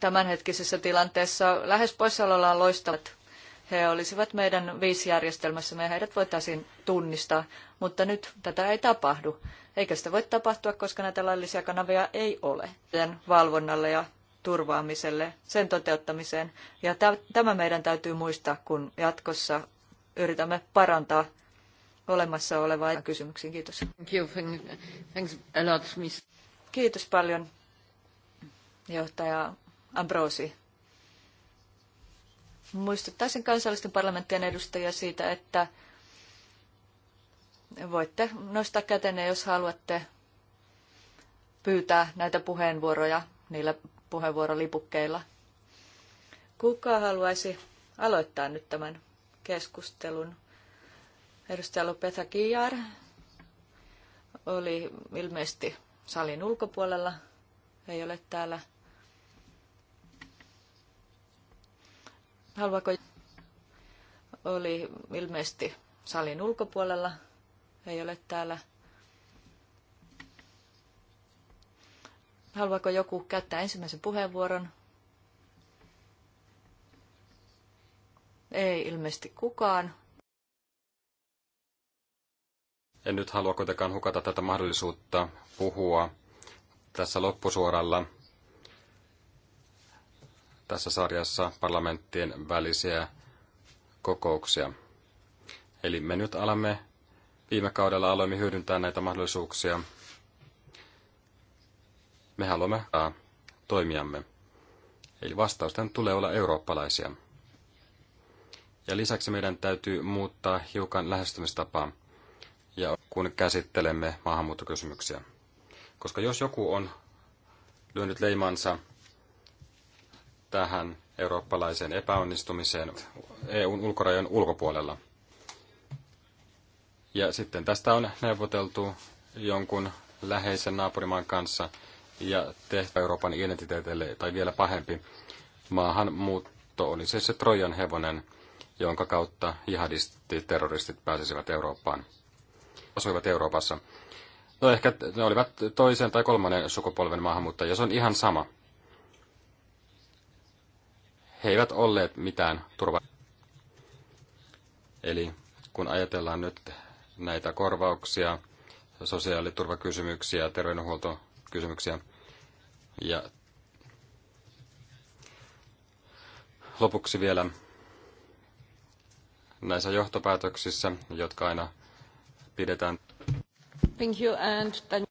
Speaker 3: tämänhetkisessä tilanteessa lähes poissaolollaan loistavat. He olisivat meidän viisijärjestelmässämme ja heidät voitaisiin tunnistaa, mutta nyt tätä ei tapahdu. Eikä sitä voi tapahtua, koska näitä laillisia kanavia ei ole valvonnalle ja turvaamiselle, sen toteuttamiseen. Ja tämä meidän täytyy muistaa, kun jatkossa yritämme parantaa olemassa olevaa kysymyksiin. Kiitos. Thank you. Thanks a lot, miss. Kiitos paljon, johtaja Ambrosi. Muistuttaisin kansallisten parlamenttien edustajia siitä, että voitte nostaa kätenne, jos haluatte pyytää näitä puheenvuoroja niillä puheenvuorolipukkeilla. Kuka haluaisi aloittaa nyt tämän keskustelun? Edustaja Lopeta Kijar oli ilmeisesti salin ulkopuolella, ei ole täällä. Haluaako oli ilmeisesti salin ulkopuolella, ei ole täällä. Haluaako joku käyttää ensimmäisen puheenvuoron? Ei ilmeisesti kukaan.
Speaker 1: En nyt halua kuitenkaan hukata tätä mahdollisuutta puhua tässä loppusuoralla tässä sarjassa parlamenttien välisiä kokouksia. Eli me nyt alamme viime kaudella aloimme hyödyntää näitä mahdollisuuksia. Me haluamme äh, toimiamme. Eli vastausten tulee olla eurooppalaisia. Ja lisäksi meidän täytyy muuttaa hiukan lähestymistapaa ja kun käsittelemme maahanmuuttokysymyksiä. Koska jos joku on lyönyt leimansa tähän eurooppalaiseen epäonnistumiseen EUn ulkorajan ulkopuolella. Ja sitten tästä on neuvoteltu jonkun läheisen naapurimaan kanssa ja tehtävä Euroopan identiteetille, tai vielä pahempi, maahanmuutto oli siis se Trojan hevonen, jonka kautta jihadistit terroristit pääsisivät Eurooppaan asuivat Euroopassa. No ehkä ne olivat toisen tai kolmannen sukupolven maahanmuuttajia, se on ihan sama. He eivät olleet mitään turva. Eli kun ajatellaan nyt näitä korvauksia, sosiaaliturvakysymyksiä, terveydenhuoltokysymyksiä ja lopuksi vielä näissä johtopäätöksissä, jotka aina pidetään.
Speaker 3: Thank you and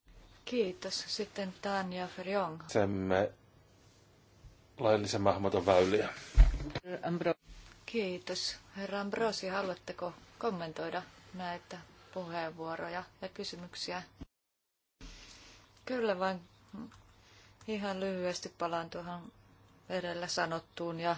Speaker 3: Kiitos. Sitten Tanja Ferjong.
Speaker 2: Semme laillisen mahmoton väyliä.
Speaker 3: Kiitos. Herra Ambrosi, haluatteko kommentoida näitä puheenvuoroja ja kysymyksiä? Kyllä vain ihan lyhyesti palaan tuohon edellä sanottuun ja